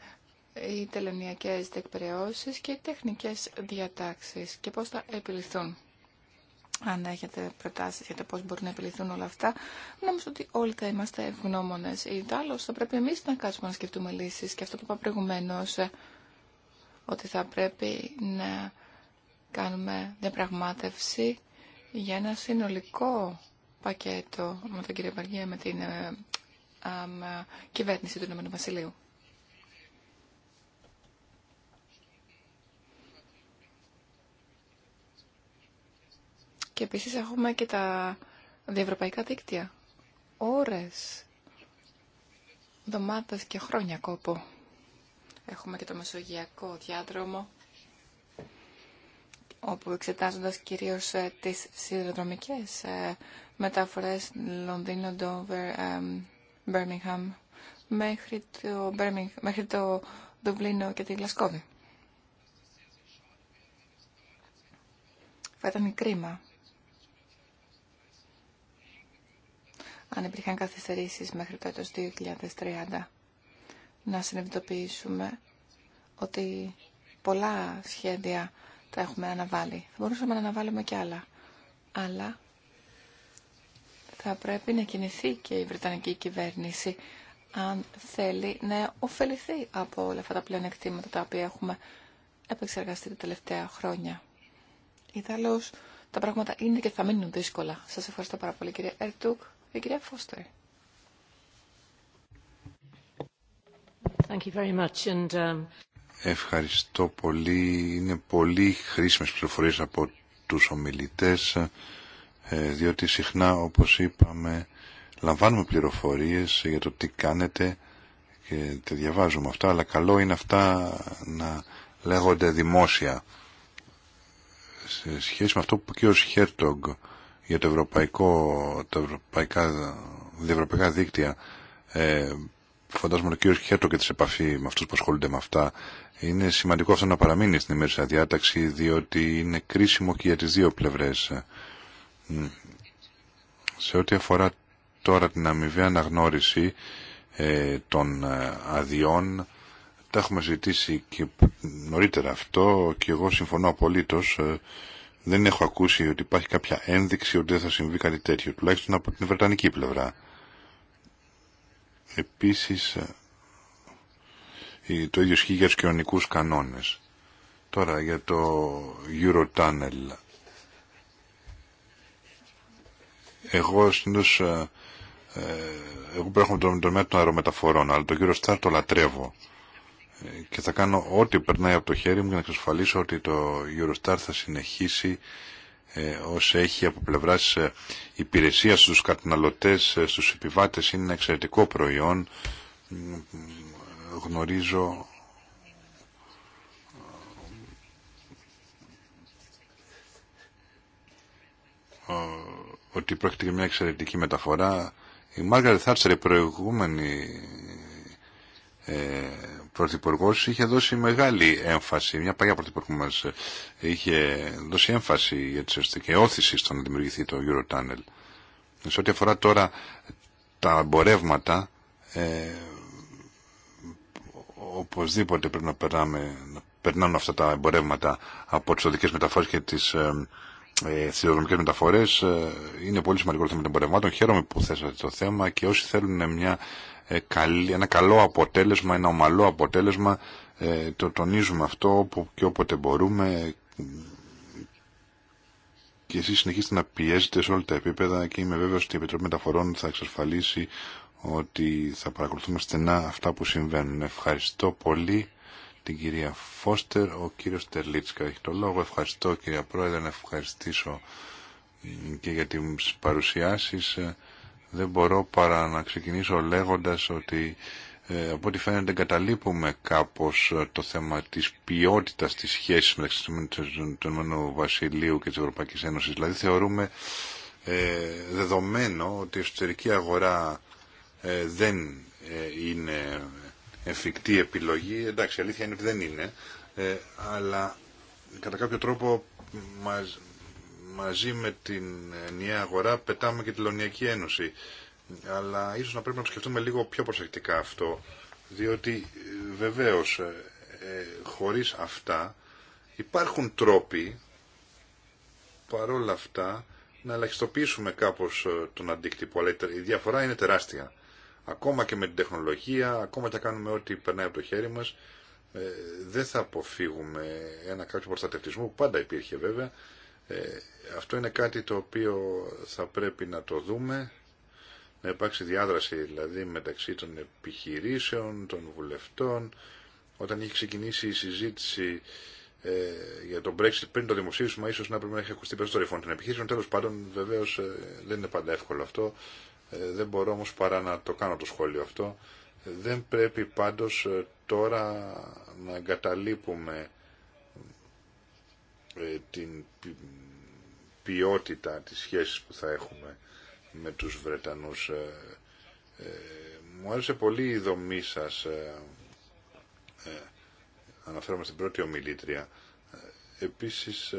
οι τελωνιακές δεκπαιρεώσεις και οι τεχνικές διατάξεις και πώς θα επιληθούν αν έχετε προτάσεις για το πώς μπορούν να επιληθούν όλα αυτά, νομίζω ότι όλοι θα είμαστε ευγνώμονες. Ή άλλο, θα πρέπει εμείς να κάτσουμε να σκεφτούμε λύσεις και αυτό που είπα προηγουμένως, ότι θα πρέπει να κάνουμε διαπραγμάτευση για ένα συνολικό πακέτο με τον κύριο με την ε, κυβέρνηση του Ηνωμένου Βασιλείου. Και επίσης έχουμε και τα διευρωπαϊκά δίκτυα. Ώρες, εβδομάδες και χρόνια κόπο. Έχουμε και το μεσογειακό διάδρομο, όπου εξετάζοντας κυρίως ε, τις σιδηροδρομικές ε, μεταφορές Λονδίνο, Ντόβερ, Μπέρμιγχαμ, μέχρι το, Birmingham, μέχρι το Δουβλίνο και τη Γλασκόβη. Θα ήταν κρίμα αν υπήρχαν καθυστερήσεις μέχρι το έτος 2030. Να συνειδητοποιήσουμε ότι πολλά σχέδια τα έχουμε αναβάλει. Θα μπορούσαμε να αναβάλουμε και άλλα. Αλλά θα πρέπει να κινηθεί και η Βρετανική κυβέρνηση αν θέλει να ωφεληθεί από όλα αυτά τα πλεονεκτήματα τα οποία έχουμε επεξεργαστεί τα τελευταία χρόνια. Ιδάλλως, τα πράγματα είναι και θα μείνουν δύσκολα. Σας ευχαριστώ πάρα πολύ κύριε Ερτούκ. Um, Ευχαριστώ πολύ. Είναι πολύ χρήσιμες πληροφορίες από τους ομιλητές, ε, διότι συχνά, όπως είπαμε, λαμβάνουμε πληροφορίες για το τι κάνετε και τα διαβάζουμε αυτά, αλλά καλό είναι αυτά να λέγονται δημόσια. Σε σχέση με αυτό που και ο Σχέρτογκ για το ευρωπαϊκό, τα ευρωπαϊκά, διευρωπαϊκά δίκτυα. Ε, φαντάζομαι ο κύριο Χέρτο και τη επαφή με αυτού που ασχολούνται με αυτά. Είναι σημαντικό αυτό να παραμείνει στην ημέρα διάταξη, διότι είναι κρίσιμο και για τι δύο πλευρέ. Ε, σε ό,τι αφορά τώρα την αμοιβαία αναγνώριση ε, των ε, αδειών, τα έχουμε ζητήσει και νωρίτερα αυτό και εγώ συμφωνώ απολύτως. Ε, δεν έχω ακούσει ότι υπάρχει κάποια ένδειξη ότι δεν θα συμβεί κάτι τέτοιο, τουλάχιστον από την Βρετανική πλευρά. Επίσης, ε, το ίδιο ισχύει για τους κοινωνικούς κανόνες. Τώρα για το Eurotunnel. Εγώ συνήθως, ε, ε, εγώ να τον τομέα των αερομεταφορών, αλλά το Eurostar το λατρεύω και θα κάνω ό,τι περνάει από το χέρι μου για να εξασφαλίσω ότι το Eurostar θα συνεχίσει ε, έχει από πλευράς ε, υπηρεσία στους καταναλωτές, ε, στους επιβάτες είναι ένα εξαιρετικό προϊόν γνωρίζω ε, ότι πρόκειται για μια εξαιρετική μεταφορά η Μάργαρη Θάτσερ η προηγούμενη Πρωθυπουργό είχε δώσει μεγάλη έμφαση, μια παλιά πρωθυπουργό μα ε, είχε δώσει έμφαση για τη και όθηση στο να δημιουργηθεί το Eurotunnel. Σε ό,τι αφορά τώρα τα εμπορεύματα, ε, οπωσδήποτε πρέπει να, περνάμε, να περνάμε αυτά τα εμπορεύματα από τι οδικέ μεταφορέ και τι ε, ε μεταφορέ. Ε, είναι πολύ σημαντικό το θέμα των εμπορευμάτων. Χαίρομαι που θέσατε το θέμα και όσοι θέλουν μια ε, ένα καλό αποτέλεσμα, ένα ομαλό αποτέλεσμα. Ε, το τονίζουμε αυτό όπου και όποτε μπορούμε και εσείς συνεχίστε να πιέζετε σε όλα τα επίπεδα και είμαι βέβαιος ότι η Επιτροπή Μεταφορών θα εξασφαλίσει ότι θα παρακολουθούμε στενά αυτά που συμβαίνουν. Ευχαριστώ πολύ την κυρία Φώστερ, ο κύριος Τερλίτσκα έχει το λόγο. Ευχαριστώ κυρία Πρόεδρε, να ευχαριστήσω και για τις παρουσιάσεις δεν μπορώ παρά να ξεκινήσω λέγοντας ότι ε, από ό,τι φαίνεται καταλείπουμε κάπως ε, το θέμα της ποιότητας της σχέσης μεταξύ του Ηνωμένου Βασιλείου και της Ευρωπαϊκής Ένωσης. Δηλαδή θεωρούμε ε, δεδομένο ότι η εσωτερική αγορά ε, δεν είναι εφικτή επιλογή. Εντάξει, αλήθεια είναι ότι δεν είναι. αλλά κατά κάποιο τρόπο μας, μαζί με την νέα αγορά πετάμε και τη Λονιακή Ένωση. Αλλά ίσως να πρέπει να το σκεφτούμε λίγο πιο προσεκτικά αυτό, διότι ε, βεβαίως ε, ε, χωρίς αυτά υπάρχουν τρόποι παρόλα αυτά να ελαχιστοποιήσουμε κάπως ε, τον αντίκτυπο, η διαφορά είναι τεράστια. Ακόμα και με την τεχνολογία, ακόμα και κάνουμε ό,τι περνάει από το χέρι μας, δεν θα αποφύγουμε ένα κάποιο προστατευτισμό που πάντα υπήρχε βέβαια ε, αυτό είναι κάτι το οποίο θα πρέπει να το δούμε, να υπάρξει διάδραση δηλαδή μεταξύ των επιχειρήσεων, των βουλευτών. Όταν έχει ξεκινήσει η συζήτηση ε, για τον Brexit πριν το δημοσίευμα, ίσως να πρέπει να έχει ακουστεί περισσότερο φωνή των επιχειρήσεων. τέλο πάντων, βεβαίω ε, δεν είναι πάντα εύκολο αυτό. δεν μπορώ όμω παρά να το κάνω το σχόλιο αυτό. Δεν πρέπει πάντως τώρα να εγκαταλείπουμε ε, την ποιότητα της σχέσης που θα έχουμε με τους Βρετανούς. Ε, ε, μου άρεσε πολύ η δομή σας, αναφέρομαι στην πρώτη ομιλήτρια. Επίσης,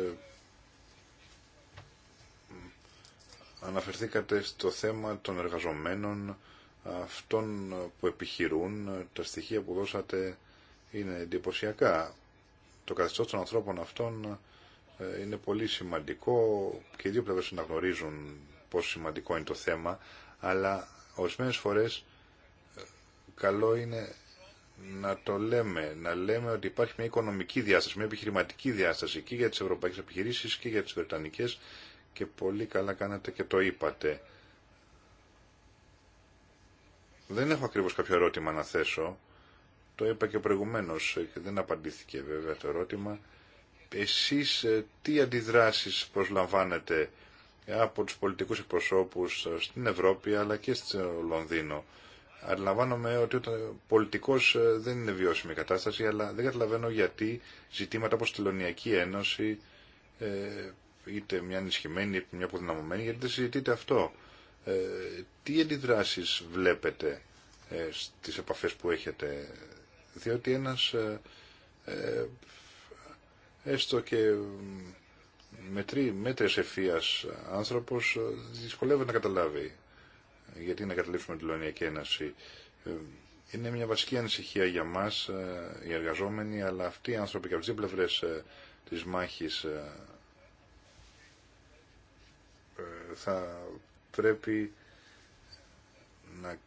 αναφερθήκατε στο θέμα των εργαζομένων, αυτών που επιχειρούν, τα στοιχεία που δώσατε είναι εντυπωσιακά. Το καθεστώς των ανθρώπων αυτών ε, είναι πολύ σημαντικό και οι δύο πλευρές γνωρίζουν πόσο σημαντικό είναι το θέμα, αλλά ορισμένες φορές ε, καλό είναι να το λέμε, να λέμε ότι υπάρχει μια οικονομική διάσταση, μια επιχειρηματική διάσταση και για τις ευρωπαϊκές επιχειρήσεις και για τις βρετανικές και πολύ καλά κάνατε και το είπατε. Δεν έχω ακριβώς κάποιο ερώτημα να θέσω. Το είπα και προηγουμένως και δεν απαντήθηκε βέβαια το ερώτημα. Εσείς ε, τι αντιδράσεις προσλαμβάνετε από τους πολιτικούς εκπροσώπους ε, στην Ευρώπη αλλά και στο Λονδίνο. Αντιλαμβάνομαι ότι ο πολιτικός ε, δεν είναι βιώσιμη η κατάσταση, αλλά δεν καταλαβαίνω γιατί ζητήματα όπως Λωνιακή Ένωση, είτε μια ενισχυμένη είτε μια αποδυναμωμένη, γιατί δεν συζητείτε αυτό. τι αντιδράσεις βλέπετε στις επαφές που έχετε, διότι ένας έστω και μετρή, μέτρες ευθείας άνθρωπος ε, δυσκολεύεται να καταλάβει γιατί να καταλήψουμε την Λονιακή Ένωση. Ε, είναι μια βασική ανησυχία για μας ε, οι εργαζόμενοι, αλλά αυτοί οι άνθρωποι και από τις πλευρές της μάχης θα πρέπει να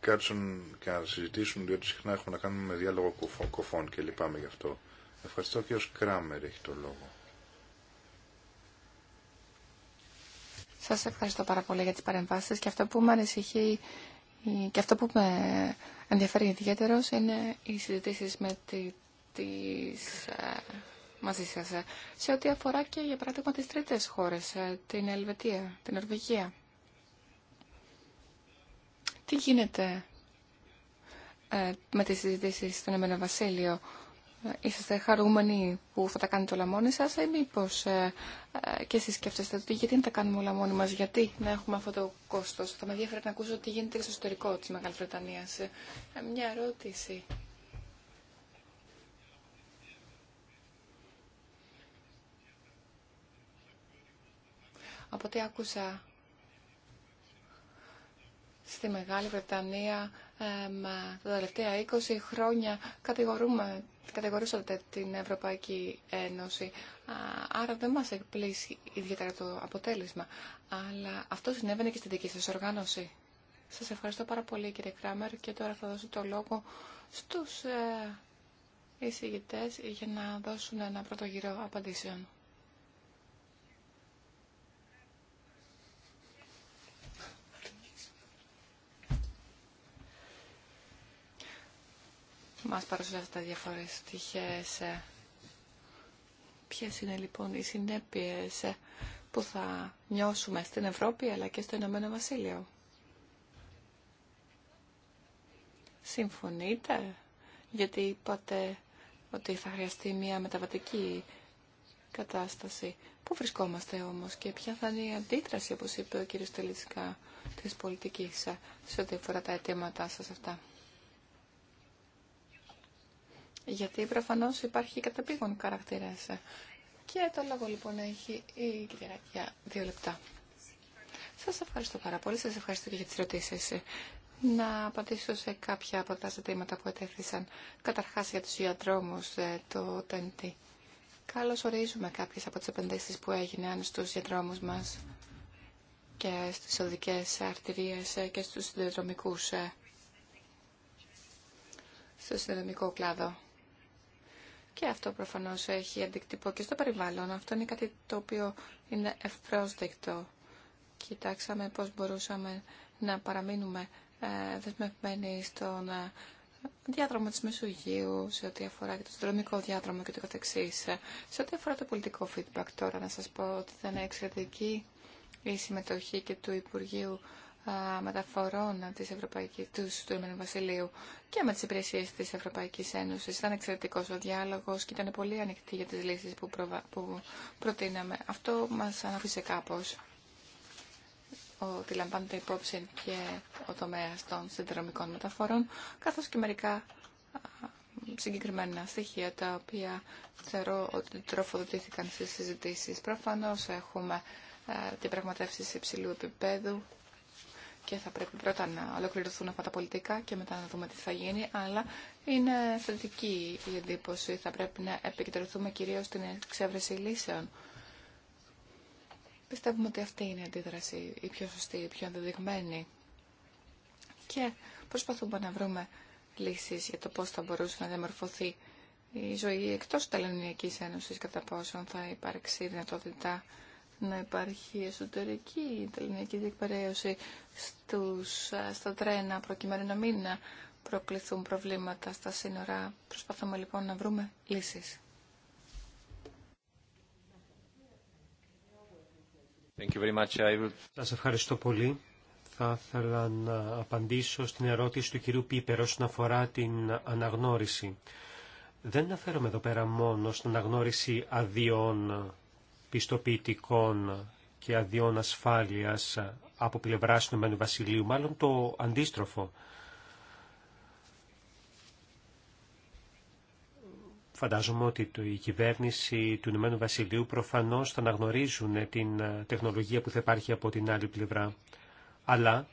κάτσουν και να συζητήσουν, διότι συχνά έχουμε να κάνουμε διάλογο κοφών και λυπάμαι γι' αυτό. Ευχαριστώ και ο Κράμερ έχει το λόγο. Σας ευχαριστώ πάρα πολύ για τι παρεμβάσεις και αυτό που με ανησυχεί και αυτό που με ενδιαφέρει ιδιαίτερο είναι οι συζητήσει με τη, ε, μαζί σας ε, σε ό,τι αφορά και για παράδειγμα τις τρίτες χώρες, ε, την Ελβετία, την Νορβηγία. Τι γίνεται με τις συζητήσεις στον Εμένο Βασίλειο είσαστε χαρούμενοι που θα τα κάνετε όλα μόνοι σας ή μήπως ε, ε, και εσείς σκέφτεστε ότι γιατί να τα κάνουμε όλα μόνοι μας, γιατί να έχουμε αυτό το κόστος. Θα με ενδιαφέρει να ακούσω τι γίνεται στο εσωτερικό της Μεγάλης Βρετανίας. Ε, μια ερώτηση. Από τι άκουσα στη Μεγάλη Βρετανία τα τελευταία 20 χρόνια κατηγορούμε, κατηγορούσατε την Ευρωπαϊκή Ένωση. Άρα δεν μας εκπλήσει ιδιαίτερα το αποτέλεσμα. Αλλά αυτό συνέβαινε και στη δική σας οργάνωση. Σας ευχαριστώ πάρα πολύ κύριε Κράμερ και τώρα θα δώσω το λόγο στους ε, εισηγητές για να δώσουν ένα πρώτο γύρο απαντήσεων. μας παρουσιάζει τα διάφορες ε, Ποιες είναι λοιπόν οι συνέπειες ε, που θα νιώσουμε στην Ευρώπη αλλά και στο Ηνωμένο Βασίλειο. Συμφωνείτε, γιατί είπατε ότι θα χρειαστεί μια μεταβατική κατάσταση. Πού βρισκόμαστε όμως και ποια θα είναι η αντίδραση, όπως είπε ο κ. Τελιτσικά, της πολιτικής ε, σε ό,τι αφορά τα αιτήματά σας αυτά. Γιατί προφανώς υπάρχει καταπήγον χαρακτήρας. Και το λόγο λοιπόν έχει η κυρία για δύο λεπτά. Σας ευχαριστώ πάρα πολύ. Σας ευχαριστώ και για τις ερωτήσει Να απαντήσω σε κάποια από τα ζητήματα που ετέθησαν. Καταρχάς για τους διαδρόμου ε, το TNT. Καλώς ορίζουμε κάποιες από τις επενδύσεις που έγιναν στους διαδρόμου μας και στις οδικές αρτηρίες ε, και στους συνδεδρομικούς, ε, στο συνδεδρομικό κλάδο. Και αυτό προφανώς έχει αντικτυπώ και στο περιβάλλον. Αυτό είναι κάτι το οποίο είναι ευπρόσδεκτο. Κοιτάξαμε πώς μπορούσαμε να παραμείνουμε ε, δεσμευμένοι στον ε, διάδρομο της Μεσογείου, σε ό,τι αφορά και το συνδρομικό διάδρομο και το καθεξής. Σε ό,τι αφορά το πολιτικό feedback τώρα, να σας πω ότι ήταν εξαιρετική η συμμετοχή και του Υπουργείου μεταφορών της Ευρωπαϊκής, του, του Βασιλείου και με τις υπηρεσίες της Ευρωπαϊκής Ένωσης. Ήταν εξαιρετικός ο διάλογος και ήταν πολύ ανοιχτή για τις λύσεις που, προβα... που προτείναμε. Αυτό μας αναφύσε κάπως ότι λαμβάνεται υπόψη και ο τομέας των συνδρομικών μεταφορών, καθώς και μερικά συγκεκριμένα στοιχεία τα οποία θεωρώ ότι τροφοδοτήθηκαν στις συζητήσεις. Προφανώς έχουμε διαπραγματεύσεις υψηλού επίπεδου και θα πρέπει πρώτα να ολοκληρωθούν αυτά τα πολιτικά και μετά να δούμε τι θα γίνει, αλλά είναι θετική η εντύπωση. Θα πρέπει να επικεντρωθούμε κυρίως στην εξέβρεση λύσεων. Πιστεύουμε ότι αυτή είναι η αντίδραση η πιο σωστή, η πιο ενδεδειγμένη. Και προσπαθούμε να βρούμε λύσεις για το πώς θα μπορούσε να διαμορφωθεί η ζωή εκτός της Ελληνικής Ένωσης, κατά πόσον θα υπάρξει δυνατότητα να υπάρχει εσωτερική ελληνική διεκπαιρέωση στους, ε, στα τρένα προκειμένου να μην προκληθούν προβλήματα στα σύνορα. Προσπαθούμε λοιπόν να βρούμε λύσεις. Thank Σας ευχαριστώ πολύ. Θα ήθελα να απαντήσω στην ερώτηση του κυρίου Πίπερ όσον αφορά την αναγνώριση. Δεν αναφέρομαι εδώ πέρα μόνο στην αναγνώριση αδειών πιστοποιητικών και αδειών ασφάλειας από πλευρά του Ηνωμένου Βασιλείου, μάλλον το αντίστροφο. Φαντάζομαι ότι η κυβέρνηση του Ηνωμένου Βασιλείου προφανώς θα αναγνωρίζουν την ε, τεχνολογία που θα υπάρχει από την άλλη πλευρά. Αλλά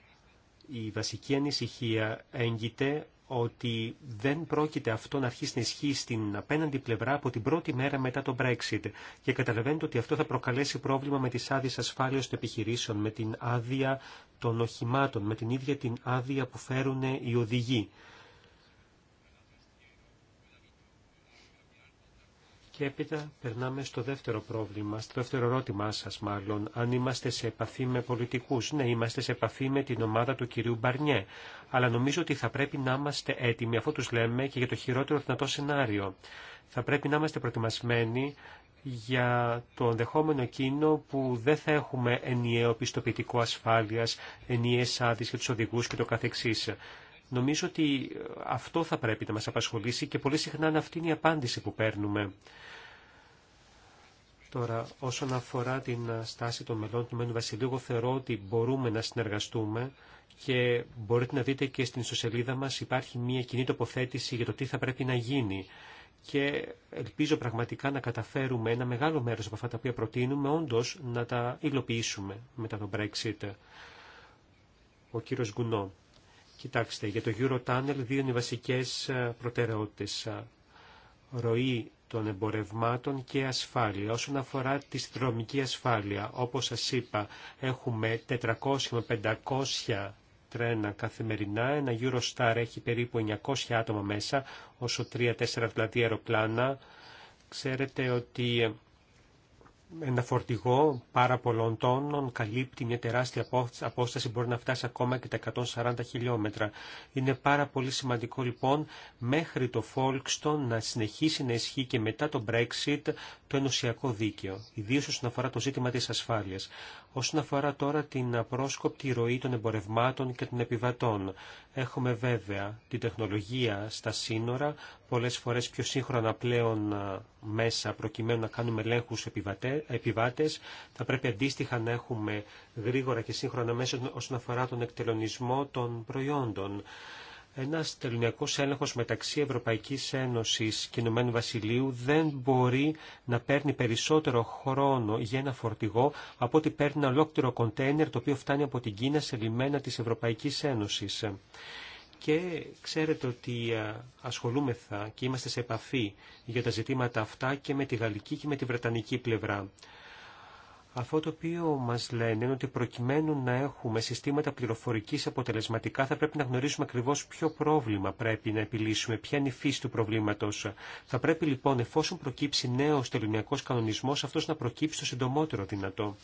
η βασική ανησυχία έγκυται ότι δεν πρόκειται αυτό να αρχίσει να ισχύει στην απέναντι πλευρά από την πρώτη μέρα μετά το Brexit. Και καταλαβαίνετε ότι αυτό θα προκαλέσει πρόβλημα με τις άδειες ασφάλειας των επιχειρήσεων, με την άδεια των οχημάτων, με την ίδια την άδεια που φέρουν οι οδηγοί. Και έπειτα περνάμε στο δεύτερο πρόβλημα, στο δεύτερο ερώτημά σας μάλλον, αν είμαστε σε επαφή με πολιτικούς. Ναι, είμαστε σε επαφή με την ομάδα του κυρίου Μπαρνιέ, αλλά νομίζω ότι θα πρέπει να είμαστε έτοιμοι, αφού τους λέμε, και για το χειρότερο δυνατό σενάριο. Θα πρέπει να είμαστε προετοιμασμένοι για το ενδεχόμενο εκείνο που δεν θα έχουμε ενιαίο πιστοποιητικό ασφάλειας, ενιαίες άδειες για τους οδηγούς και το καθεξής. Νομίζω ότι αυτό θα πρέπει να μα απασχολήσει και πολύ συχνά αυτή είναι η απάντηση που παίρνουμε. Τώρα, όσον αφορά την ε, στάση των μελών του Μένου Βασιλείου, εγώ θεωρώ ότι μπορούμε να συνεργαστούμε και μπορείτε να δείτε και στην ιστοσελίδα μας υπάρχει μια κοινή τοποθέτηση για το τι θα πρέπει να γίνει και ελπίζω πραγματικά να καταφέρουμε ένα μεγάλο μέρος από αυτά τα οποία προτείνουμε όντως να τα υλοποιήσουμε μετά τον Brexit. Ο κύριος Γκουνό. Κοιτάξτε, για το Eurotunnel δύο είναι οι βασικές ε, προτεραιότητες. Ροή των εμπορευμάτων και ασφάλεια. Όσον αφορά τη συνδρομική ασφάλεια, όπως σας είπα, έχουμε 400 με 500 τρένα καθημερινά. Ένα Eurostar έχει περίπου 900 άτομα μέσα, όσο 3-4 δηλαδή αεροπλάνα. Ξέρετε ότι ένα φορτηγό πάρα πολλών τόνων καλύπτει μια τεράστια απόσταση, μπορεί να φτάσει ακόμα και τα 140 χιλιόμετρα. Είναι πάρα πολύ σημαντικό λοιπόν μέχρι το Folkestone να συνεχίσει να ισχύει και μετά το Brexit το ενωσιακό δίκαιο, ιδίως όσον αφορά το ζήτημα της ασφάλειας. Όσον αφορά τώρα την απρόσκοπτη ροή των εμπορευμάτων και των επιβατών, έχουμε βέβαια την τεχνολογία στα σύνορα, πολλές φορές πιο σύγχρονα πλέον μέσα προκειμένου να κάνουμε ελέγχου επιβάτες. Θα πρέπει αντίστοιχα να έχουμε γρήγορα και σύγχρονα μέσα όσον αφορά τον εκτελονισμό των προϊόντων ένας τελωνιακός έλεγχος μεταξύ Ευρωπαϊκής Ένωσης και Ηνωμένου Βασιλείου δεν μπορεί να παίρνει περισσότερο χρόνο για ένα φορτηγό από ότι παίρνει ένα ολόκληρο κοντέινερ το οποίο φτάνει από την Κίνα σε λιμένα της Ευρωπαϊκής Ένωσης. Και ξέρετε ότι ασχολούμεθα και είμαστε σε επαφή για τα ζητήματα αυτά και με τη γαλλική και με τη βρετανική πλευρά. Αυτό το οποίο μας λένε είναι ότι προκειμένου να έχουμε συστήματα πληροφορικής αποτελεσματικά θα πρέπει να γνωρίσουμε ακριβώς ποιο πρόβλημα πρέπει να επιλύσουμε, ποια είναι η φύση του προβλήματος. Θα πρέπει λοιπόν εφόσον προκύψει νέος τελωνιακός κανονισμός αυτός να προκύψει το συντομότερο δυνατό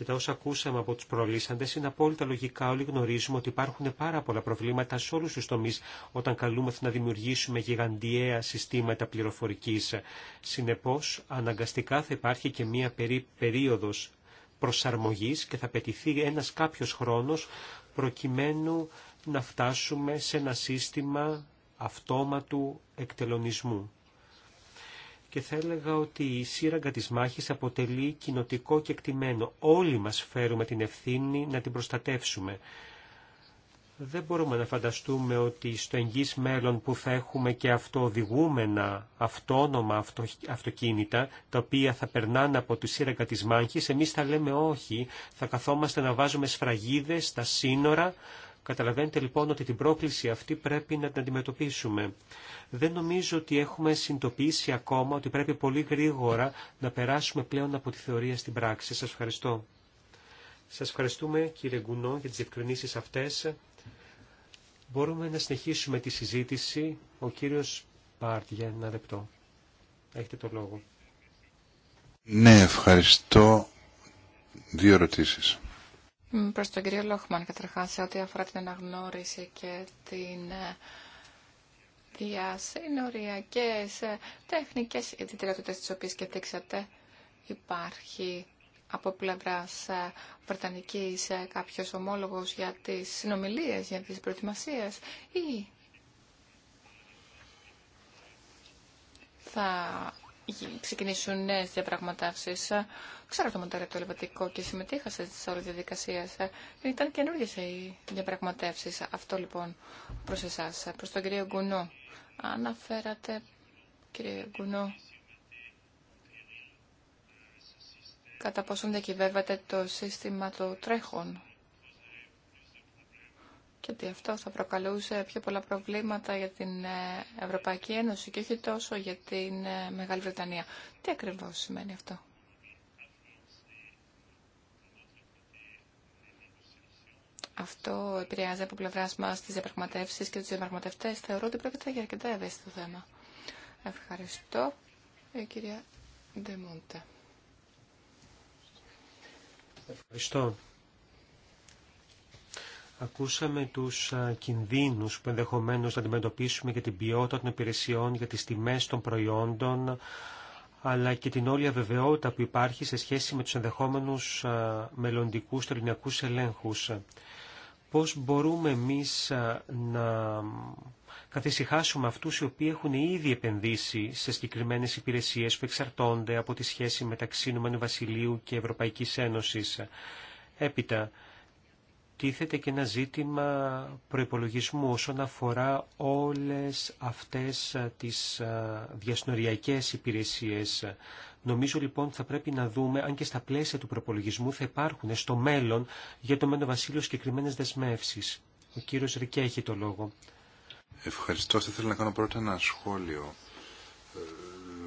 και τα όσα ακούσαμε από τους προλύσαντες είναι απόλυτα λογικά. Όλοι γνωρίζουμε ότι υπάρχουν πάρα πολλά προβλήματα σε όλους τους τομείς όταν καλούμεθα να δημιουργήσουμε γιγαντιαία συστήματα πληροφορικής. Συνεπώς, αναγκαστικά θα υπάρχει και μία περί, περίοδος προσαρμογής και θα πετηθεί ένας κάποιος χρόνος προκειμένου να φτάσουμε σε ένα σύστημα αυτόματου εκτελονισμού και θα έλεγα ότι η σύραγγα της μάχης αποτελεί κοινοτικό και εκτιμένο. Όλοι μας φέρουμε την ευθύνη να την προστατεύσουμε. Δεν μπορούμε να φανταστούμε ότι στο εγγύς μέλλον που θα έχουμε και αυτοοδηγούμενα, αυτόνομα αυτο, αυτοκίνητα, τα οποία θα περνάνε από τη σύραγγα της μάχης, εμείς θα λέμε όχι, θα καθόμαστε να βάζουμε σφραγίδες στα σύνορα, Καταλαβαίνετε λοιπόν ότι την πρόκληση αυτή πρέπει να την αντιμετωπίσουμε. Δεν νομίζω ότι έχουμε συνειδητοποιήσει ακόμα ότι πρέπει πολύ γρήγορα να περάσουμε πλέον από τη θεωρία στην πράξη. Σας ευχαριστώ. Σας ευχαριστούμε κύριε Γκουνό για τις διευκρινήσεις αυτές. Μπορούμε να συνεχίσουμε τη συζήτηση. Ο κύριος Πάρτ για ένα λεπτό. Έχετε το λόγο. Ναι, ευχαριστώ. Δύο ερωτήσεις. Προς τον κύριο Λόχμαν, καταρχάς, σε ό,τι αφορά την αναγνώριση και την ε, διασυνοριακές ε, τεχνικές ιδιαιτερότητες τις οποίες σκεφτήξατε, υπάρχει από πλευράς ε, Βρετανικής κάποιος ομόλογος για τις συνομιλίε, για τις προετοιμασίε, ή θα ξεκινήσουν νέε διαπραγματεύσει. Ξέρω το μοντέλο το Λεβατικό και συμμετείχα σε όλη τη διαδικασία. Ήταν καινούργιε οι διαπραγματεύσει. Αυτό λοιπόν προ εσά, προ τον κύριο Γκουνό. Αναφέρατε, κύριε Γκουνό, κατά πόσον διακυβεύεται το σύστημα των τρέχων και ότι αυτό θα προκαλούσε πιο πολλά προβλήματα για την ε, Ευρωπαϊκή Ένωση και όχι τόσο για την ε, Μεγάλη Βρετανία. Τι ακριβώς σημαίνει αυτό. Αυτό επηρεάζει από πλευρά μα τι διαπραγματεύσει και του διαπραγματευτέ. Θεωρώ ότι πρόκειται για αρκετά ευαίσθητο θέμα. Ευχαριστώ. Η ε, κυρία Ντεμόντε. Ευχαριστώ. Ακούσαμε τους κινδύνους που ενδεχομένως να αντιμετωπίσουμε για την ποιότητα των υπηρεσιών, για τις τιμές των προϊόντων, αλλά και την όλη αβεβαιότητα που υπάρχει σε σχέση με τους ενδεχόμενους μελλοντικούς τελωνιακούς ελέγχους. Πώς μπορούμε εμείς να καθησυχάσουμε αυτούς οι οποίοι έχουν ήδη επενδύσει σε συγκεκριμένε υπηρεσίες που εξαρτώνται από τη σχέση μεταξύ Νομένου Βασιλείου και Ευρωπαϊκής Ένωσης. Έπειτα, τίθεται και ένα ζήτημα προϋπολογισμού όσον αφορά όλες αυτές ε, τις ε, διασνοριακές υπηρεσίες. Νομίζω λοιπόν θα πρέπει να δούμε αν και στα πλαίσια του προπολογισμού θα υπάρχουν στο μέλλον για το Μένο Βασίλειο συγκεκριμένε δεσμεύσει. Ο κύριος Ρικέ έχει το λόγο. Ευχαριστώ. Θα ήθελα να κάνω πρώτα ένα σχόλιο. Ε,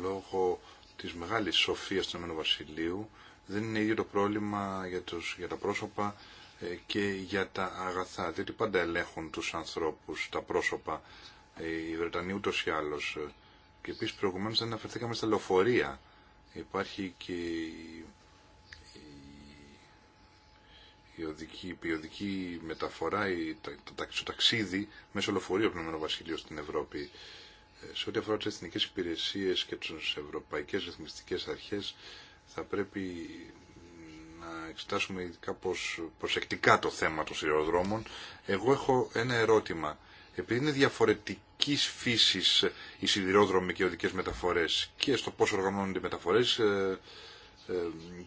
λόγω της μεγάλης σοφίας του Μένο Βασιλείου δεν είναι ίδιο το πρόβλημα για, τους, για τα πρόσωπα και για τα αγαθά, διότι πάντα ελέγχουν τους ανθρώπους, τα πρόσωπα, ε, οι Βρετανοί ούτως ή άλλως. Και επίσης προηγουμένως δεν αναφερθήκαμε στα λεωφορεία. Υπάρχει και η, οδική, μεταφορά, η, το, ταξίδι μέσω λεωφορείου από το Βασίλειο στην Ευρώπη. Ε, σε ό,τι αφορά τις εθνικές υπηρεσίες και τις ευρωπαϊκές ρυθμιστικές αρχές, θα πρέπει να εξετάσουμε κάπως προσεκτικά το θέμα των σιδηροδρόμων. Εγώ έχω ένα ερώτημα. Επειδή είναι διαφορετική φύση οι σιδηρόδρομοι και οι οδικέ μεταφορέ και στο πώ οργανώνονται οι μεταφορέ ε, ε,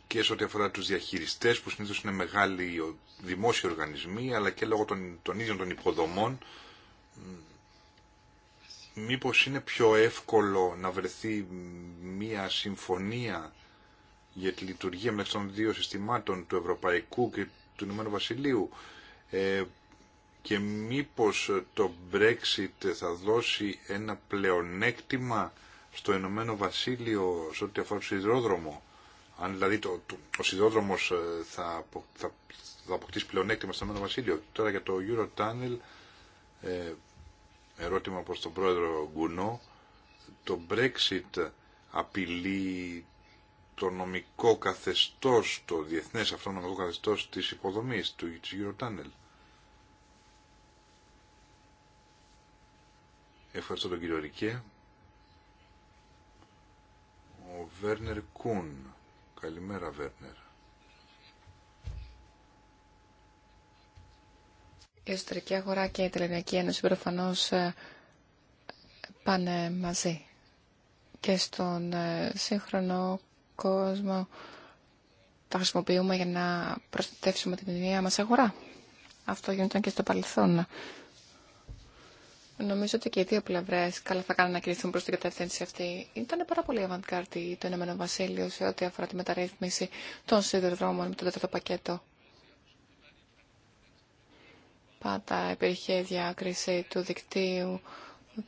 και σε ό,τι αφορά του διαχειριστέ που συνήθω είναι μεγάλοι δημόσιοι οργανισμοί αλλά και λόγω των, των ίδιων των υποδομών, μήπω είναι πιο εύκολο να βρεθεί μία συμφωνία για τη λειτουργία μεταξύ των δύο συστημάτων του Ευρωπαϊκού και του Ηνωμένου Βασιλείου ε, και μήπως το Brexit θα δώσει ένα πλεονέκτημα στο Ηνωμένο Βασίλειο σε ό,τι αφορά το σιδηρόδρομο. Αν δηλαδή το, ο σιδηρόδρομος ε, θα, θα, θα αποκτήσει πλεονέκτημα στο Ηνωμένο Βασίλειο. Τώρα για το Eurotunnel, ε, ερώτημα προς τον πρόεδρο Γκουνό, το Brexit απειλεί το νομικό καθεστώς, το διεθνές αυτό νομικό καθεστώς της υποδομής του Eurotunnel. Ευχαριστώ τον κύριο Ρικέ. Ο Βέρνερ Κούν. Καλημέρα Βέρνερ. Η εσωτερική αγορά και η Τελεμιακή Ένωση προφανώς ε, πάνε μαζί και στον ε, σύγχρονο κόσμο τα χρησιμοποιούμε για να προστατεύσουμε την ενιαία μας αγορά. Αυτό γινόταν και στο παρελθόν. Νομίζω ότι και οι δύο πλευρέ καλά θα κάνουν να κινηθούν προ την κατεύθυνση αυτή. Ήταν πάρα πολύ αβαντκάρτη το Ηνωμένο Βασίλειο σε ό,τι αφορά τη μεταρρύθμιση των σιδηροδρόμων με το τέταρτο πακέτο. Πάντα υπήρχε διάκριση του δικτύου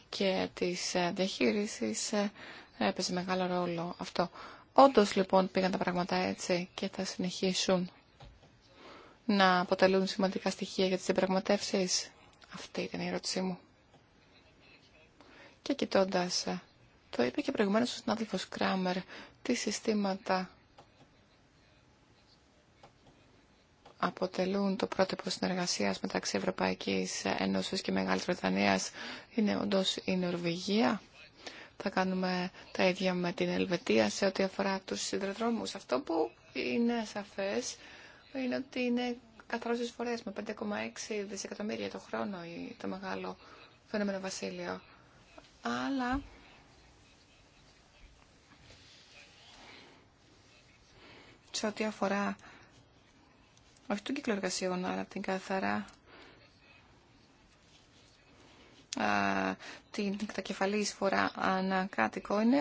και τη ε, διαχείριση. Ε, Έπαιζε μεγάλο ρόλο αυτό. Όντω λοιπόν πήγαν τα πράγματα έτσι και θα συνεχίσουν να αποτελούν σημαντικά στοιχεία για τις διαπραγματεύσει. Αυτή ήταν η ερώτησή μου. Και κοιτώντα, ε, το είπε και προηγουμένω ο συνάδελφο Κράμερ, τι συστήματα αποτελούν το πρότυπο συνεργασία μεταξύ Ευρωπαϊκή Ένωση και Μεγάλη Βρετανία είναι όντω η Νορβηγία θα κάνουμε τα ίδια με την Ελβετία σε ό,τι αφορά τους σιδηροδρόμους. Αυτό που είναι σαφές είναι ότι είναι καθαρός φορές, με 5,6 δισεκατομμύρια το χρόνο το μεγάλο φαινόμενο βασίλειο. Αλλά σε ό,τι αφορά όχι του κύκλου εργασιών, αλλά την καθαρά την εκτακεφαλή εισφορά ανακάτοικο είναι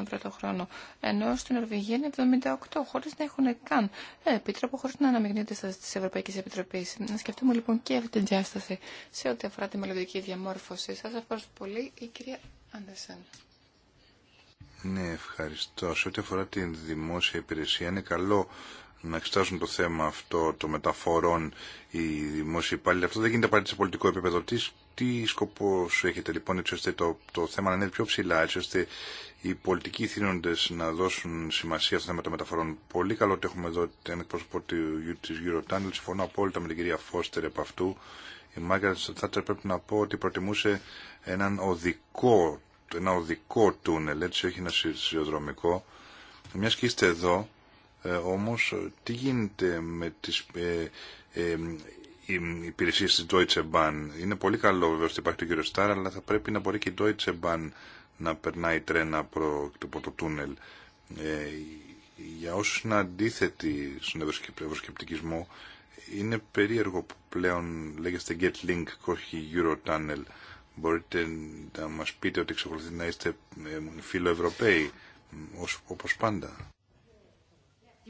89 ευρώ το χρόνο, ενώ στην Ορβηγία είναι 78, χωρί να έχουν καν επίτροπο, χωρί να αναμειγνύονται στι Ευρωπαϊκές Επιτροπές. Να σκεφτούμε λοιπόν και αυτή την διάσταση σε ό,τι αφορά τη μελλοντική διαμόρφωση. Σα ευχαριστώ πολύ, η κυρία Άντερσεν. Ναι, ευχαριστώ. Σε ό,τι αφορά την δημόσια υπηρεσία, είναι καλό να εξετάσουν το θέμα αυτό των μεταφορών οι δημόσιοι υπάλληλοι. Αυτό δεν γίνεται απαραίτητα σε πολιτικό επίπεδο. Τι, σκοπό σου έχετε λοιπόν έτσι ώστε το, το θέμα να είναι πιο ψηλά, έτσι ώστε οι πολιτικοί θύνοντε να δώσουν σημασία στο θέμα των μεταφορών. Πολύ καλό ότι έχουμε εδώ ένα εκπρόσωπο τη Eurotunnel. Συμφωνώ απόλυτα με την κυρία Φώστερ από αυτού. Η Μάγκρα θα πρέπει να πω ότι προτιμούσε έναν οδικό, ένα οδικό τούνελ, έτσι όχι ένα σιδηροδρομικό. Μια και εδώ, ε, όμως, τι γίνεται με τις ε, ε, υπηρεσίες της Deutsche Bahn. Είναι πολύ καλό βέβαια ότι υπάρχει το κύριο Στάρα, αλλά θα πρέπει να μπορεί και η Deutsche Bahn να περνάει τρένα από το, το τούνελ. Ε, για όσου είναι αντίθετοι στον ευρωσκεπτικισμό, είναι περίεργο που πλέον λέγεστε Get Link και όχι Eurotunnel. Μπορείτε να μας πείτε ότι εξακολουθείτε να είστε ε, φιλοευρωπαίοι, όπως πάντα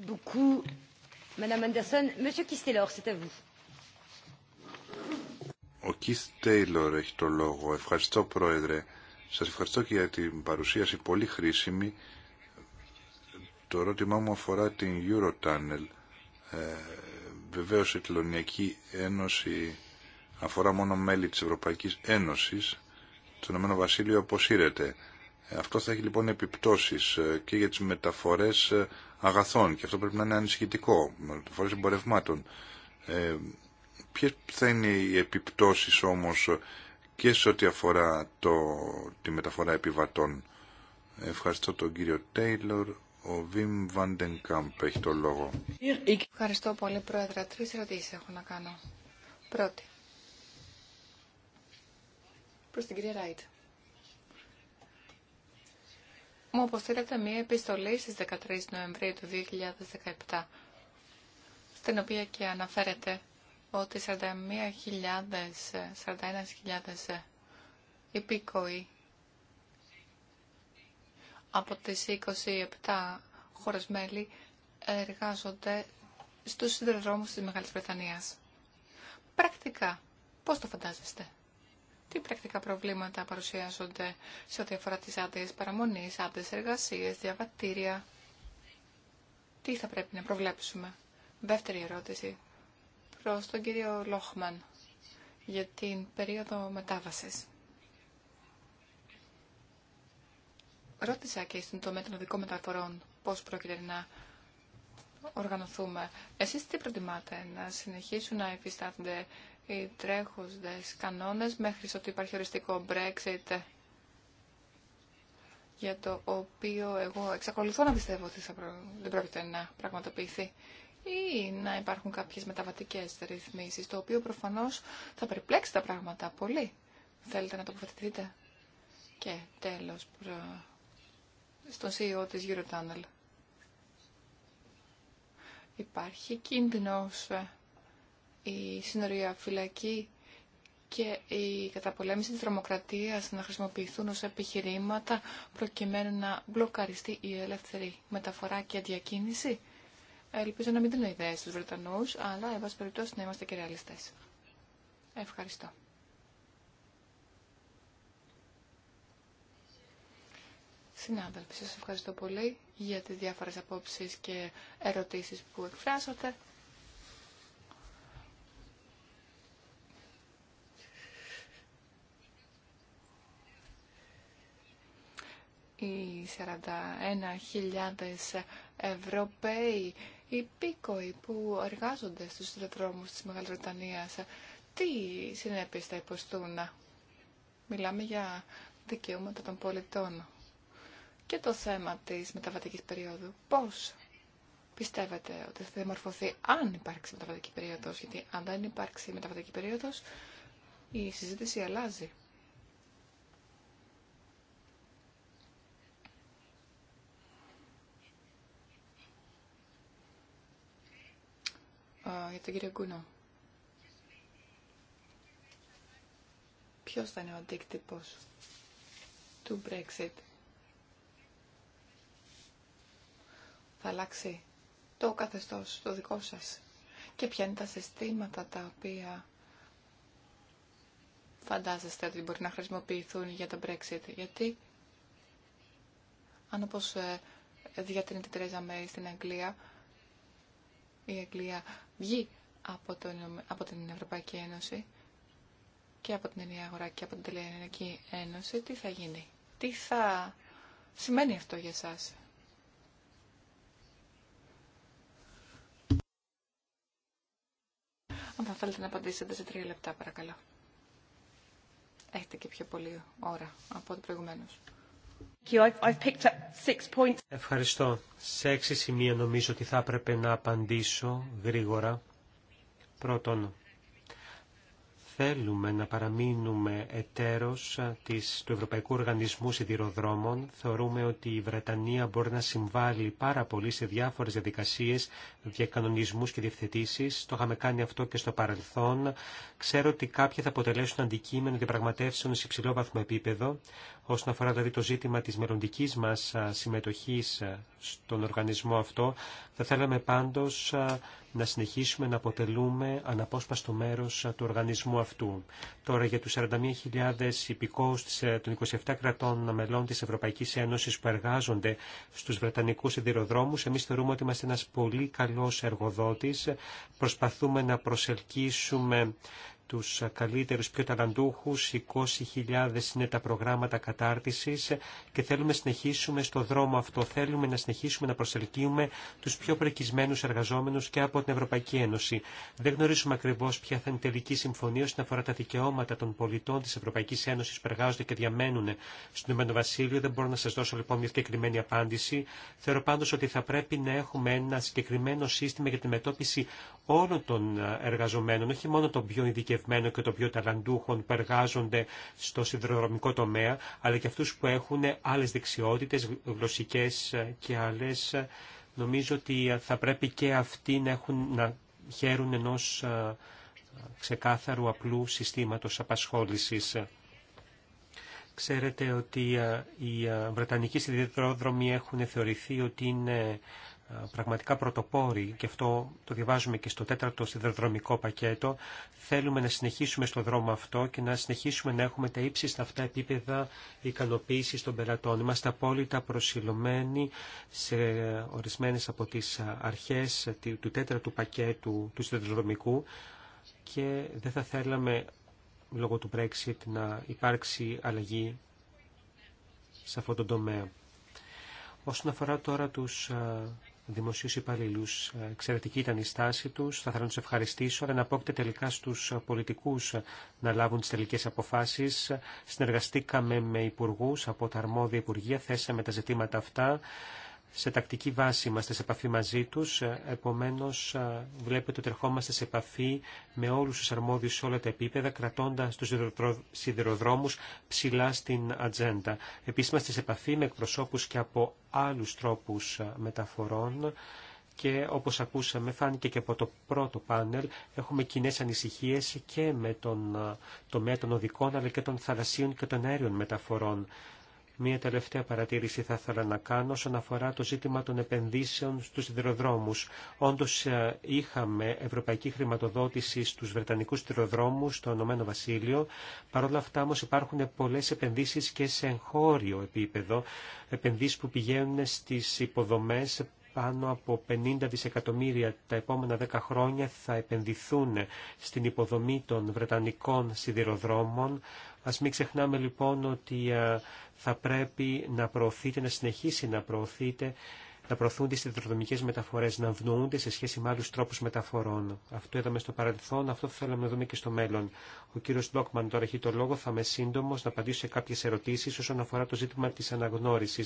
beaucoup, Madame Anderson. Monsieur c'est à vous. Ο Κι Τέιλορ έχει το λόγο. Ευχαριστώ, Πρόεδρε. Σα ευχαριστώ και για την παρουσίαση πολύ χρήσιμη. Το ερώτημά μου αφορά την Eurotunnel. Ε, βεβαίως η Τελωνιακή Ένωση αφορά μόνο μέλη της Ευρωπαϊκής Ένωσης. Το Ηνωμένο Βασίλειο αποσύρεται. Ε, αυτό θα έχει λοιπόν επιπτώσεις ε, και για τις μεταφορές ε, αγαθών και αυτό πρέπει να είναι ανησυχητικό, μεταφορές εμπορευμάτων. Ε, ποιες θα είναι οι επιπτώσεις όμως και σε ό,τι αφορά το, τη μεταφορά επιβατών. Ευχαριστώ τον κύριο Τέιλορ. Ο Βιμ Βαντενκάμπ έχει το λόγο. Ευχαριστώ πολύ, Πρόεδρε. Τρει ερωτήσει έχω να κάνω. Πρώτη. Προ την κυρία Ράιτ μου αποστήλατε μία επιστολή στις 13 Νοεμβρίου του 2017, στην οποία και αναφέρεται ότι 41.000, υπήκοοι από τις 27 χώρες μέλη εργάζονται στους συνδρομού της Μεγάλης Βρετανίας. Πρακτικά, πώς το φαντάζεστε τι πρακτικά προβλήματα παρουσιάζονται σε ό,τι αφορά τις άδειες παραμονής, άδειες εργασίες, διαβατήρια. Τι θα πρέπει να προβλέψουμε. Δεύτερη ερώτηση προς τον κύριο Λόχμαν για την περίοδο μετάβασης. Ρώτησα και στον τομέα των οδικών μεταφορών πώς πρόκειται να οργανωθούμε. Εσείς τι προτιμάτε, να συνεχίσουν να υφιστάνονται οι τρέχοντες κανόνες μέχρι ότι υπάρχει οριστικό Brexit για το οποίο εγώ εξακολουθώ να πιστεύω ότι δεν πρόκειται να πραγματοποιηθεί ή να υπάρχουν κάποιες μεταβατικές ρυθμίσεις, το οποίο προφανώς θα περιπλέξει τα πράγματα πολύ. Θέλετε να το τοποθετηθείτε. Και τέλος, προ... στον CEO της Eurotunnel. Υπάρχει κίνδυνος ε, η συνοριοφυλακή φυλακή και η καταπολέμηση της τρομοκρατίας να χρησιμοποιηθούν ως επιχειρήματα προκειμένου να μπλοκαριστεί η ελεύθερη μεταφορά και διακίνηση. Ελπίζω να μην δίνω ιδέες στους Βρετανούς, αλλά εν πάση περιπτώσει να είμαστε και ρεαλιστές. Ευχαριστώ. Συνάδελφοι, σας ευχαριστώ πολύ για τις διάφορες απόψεις και ερωτήσεις που εκφράσατε. οι 41.000 Ευρωπαίοι υπήκοοι που εργάζονται στους δρόμους της Μεγάλης Βρετανίας, τι συνέπειες θα υποστούν. Μιλάμε για δικαιώματα των πολιτών. Και το θέμα της μεταβατικής περίοδου. Πώς πιστεύετε ότι θα διαμορφωθεί αν υπάρξει μεταβατική περίοδος, γιατί αν δεν υπάρξει μεταβατική περίοδος, η συζήτηση αλλάζει. για τον κύριο Κούνο. Ποιος θα είναι ο αντίκτυπος του Brexit. Θα αλλάξει το καθεστώς, το δικό σας. Και ποια είναι τα συστήματα τα οποία φαντάζεστε ότι μπορεί να χρησιμοποιηθούν για το Brexit. Γιατί αν όπως ε, διατείνεται η Τρέζα στην Αγγλία, η Αγγλία βγει από, τον, από την Ευρωπαϊκή Ένωση και από την Ενιαία Αγορά και από την Τελεανική Ένωση, τι θα γίνει. Τι θα σημαίνει αυτό για σας. Αν θα θέλετε να απαντήσετε σε τρία λεπτά, παρακαλώ. Έχετε και πιο πολύ ώρα από ό,τι προηγουμένως. Ευχαριστώ. Σε έξι σημεία νομίζω ότι θα έπρεπε να απαντήσω γρήγορα. Πρώτον, θέλουμε να παραμείνουμε εταίρος της, του Ευρωπαϊκού Οργανισμού Σιδηροδρόμων. Θεωρούμε ότι η Βρετανία μπορεί να συμβάλλει πάρα πολύ σε διάφορες διαδικασίες, διακανονισμούς και διευθετήσεις. Το είχαμε κάνει αυτό και στο παρελθόν. Ξέρω ότι κάποιοι θα αποτελέσουν αντικείμενο διαπραγματεύσεων σε υψηλό βαθμό επίπεδο, όσον αφορά δηλαδή το ζήτημα της μελλοντική μας συμμετοχής στον οργανισμό αυτό. Θα θέλαμε πάντως να συνεχίσουμε να αποτελούμε αναπόσπαστο μέρος του οργανισμού αυτού. Τώρα για τους 41.000 υπηκόους ε, των 27 κρατών μελών της Ευρωπαϊκής Ένωσης που εργάζονται στους Βρετανικούς σιδηροδρόμους, εμείς θεωρούμε ότι είμαστε ένας πολύ καλός εργοδότης. Προσπαθούμε να προσελκύσουμε τους καλύτερους, πιο ταλαντούχους, 20.000 είναι τα προγράμματα κατάρτισης και θέλουμε να συνεχίσουμε στο δρόμο αυτό, θέλουμε να συνεχίσουμε να προσελκύουμε τους πιο προκισμένους εργαζόμενους και από την Ευρωπαϊκή Ένωση. Δεν γνωρίζουμε ακριβώς ποια θα είναι η τελική συμφωνία όσον αφορά τα δικαιώματα των πολιτών της Ευρωπαϊκής Ένωσης που εργάζονται και διαμένουν στον Ηνωμένο Βασίλειο. Δεν μπορώ να σας δώσω λοιπόν μια συγκεκριμένη απάντηση. Θεωρώ πάντως ότι θα πρέπει να έχουμε ένα συγκεκριμένο σύστημα για τη μετώπιση όλων των εργαζομένων, όχι μόνο των πιο ειδικευμένων εκπαιδευμένων και το πιο ταλαντούχων που εργάζονται στο σιδηροδρομικό τομέα, αλλά και αυτούς που έχουν άλλες δεξιότητες, γλωσσικές και άλλες. Νομίζω ότι θα πρέπει και αυτοί να, έχουν, να χαίρουν ενός ε, ξεκάθαρου απλού συστήματος απασχόλησης. Ξέρετε ότι ε, οι ε, Βρετανικοί σιδηροδρόμοι έχουν θεωρηθεί ότι είναι πραγματικά πρωτοπόροι, και αυτό το διαβάζουμε και στο τέταρτο σιδεροδρομικό πακέτο, θέλουμε να συνεχίσουμε στο δρόμο αυτό και να συνεχίσουμε να έχουμε τα ύψιστα αυτά επίπεδα ικανοποίηση των πελατών. Είμαστε απόλυτα προσιλωμένοι σε ορισμένες από τις αρχές του τέταρτου πακέτου του σιδεροδρομικού και δεν θα θέλαμε λόγω του Brexit να υπάρξει αλλαγή σε αυτόν τον τομέα. Όσον αφορά τώρα τους Δημοσίου υπαλλήλου. Ε, εξαιρετική ήταν η στάση του. θα ήθελα να του ευχαριστήσω, αλλά να απόκειται τελικά στου πολιτικού ε, να λάβουν τι τελικέ αποφάσει. Συνεργαστήκαμε με υπουργού από τα αρμόδια υπουργεία, θέσαμε τα ζητήματα αυτά σε τακτική βάση είμαστε σε επαφή μαζί τους, ε, επομένως ε, βλέπετε ότι ερχόμαστε σε επαφή με όλους τους αρμόδιους σε όλα τα επίπεδα, κρατώντας τους σιδηροδρόμους ψηλά στην ατζέντα. Επίσης είμαστε σε επαφή με εκπροσώπους και από άλλους τρόπους ε, μεταφορών και όπως ακούσαμε φάνηκε και από το πρώτο πάνελ έχουμε κοινέ ανησυχίες και με τον τομέα των οδικών αλλά και των θαλασσίων και των αέριων μεταφορών. Μία τελευταία παρατήρηση θα ήθελα να κάνω όσον αφορά το ζήτημα των επενδύσεων στους σιδηροδρόμους. Όντως ε, είχαμε ευρωπαϊκή χρηματοδότηση στους Βρετανικούς σιδηροδρόμους στο Ηνωμένο Βασίλειο. Παρ' όλα αυτά όμως υπάρχουν πολλές επενδύσεις και σε εγχώριο επίπεδο. Επενδύσεις που πηγαίνουν στις υποδομές πάνω από 50 δισεκατομμύρια τα επόμενα 10 χρόνια θα επενδυθούν στην υποδομή των Βρετανικών σιδηροδρόμων. Ας μην ξεχνάμε λοιπόν ότι ε, θα πρέπει να προωθείτε, να συνεχίσει να προωθείτε να προωθούνται οι σιδηροδρομικέ μεταφορέ, να βνοούνται σε σχέση με άλλου τρόπου μεταφορών. Αυτό είδαμε στο παρελθόν, αυτό θέλαμε να δούμε και στο μέλλον. Ο κύριο Μπλόκμαν τώρα έχει το λόγο, θα είμαι σύντομο να απαντήσω σε κάποιε ερωτήσει όσον αφορά το ζήτημα τη αναγνώριση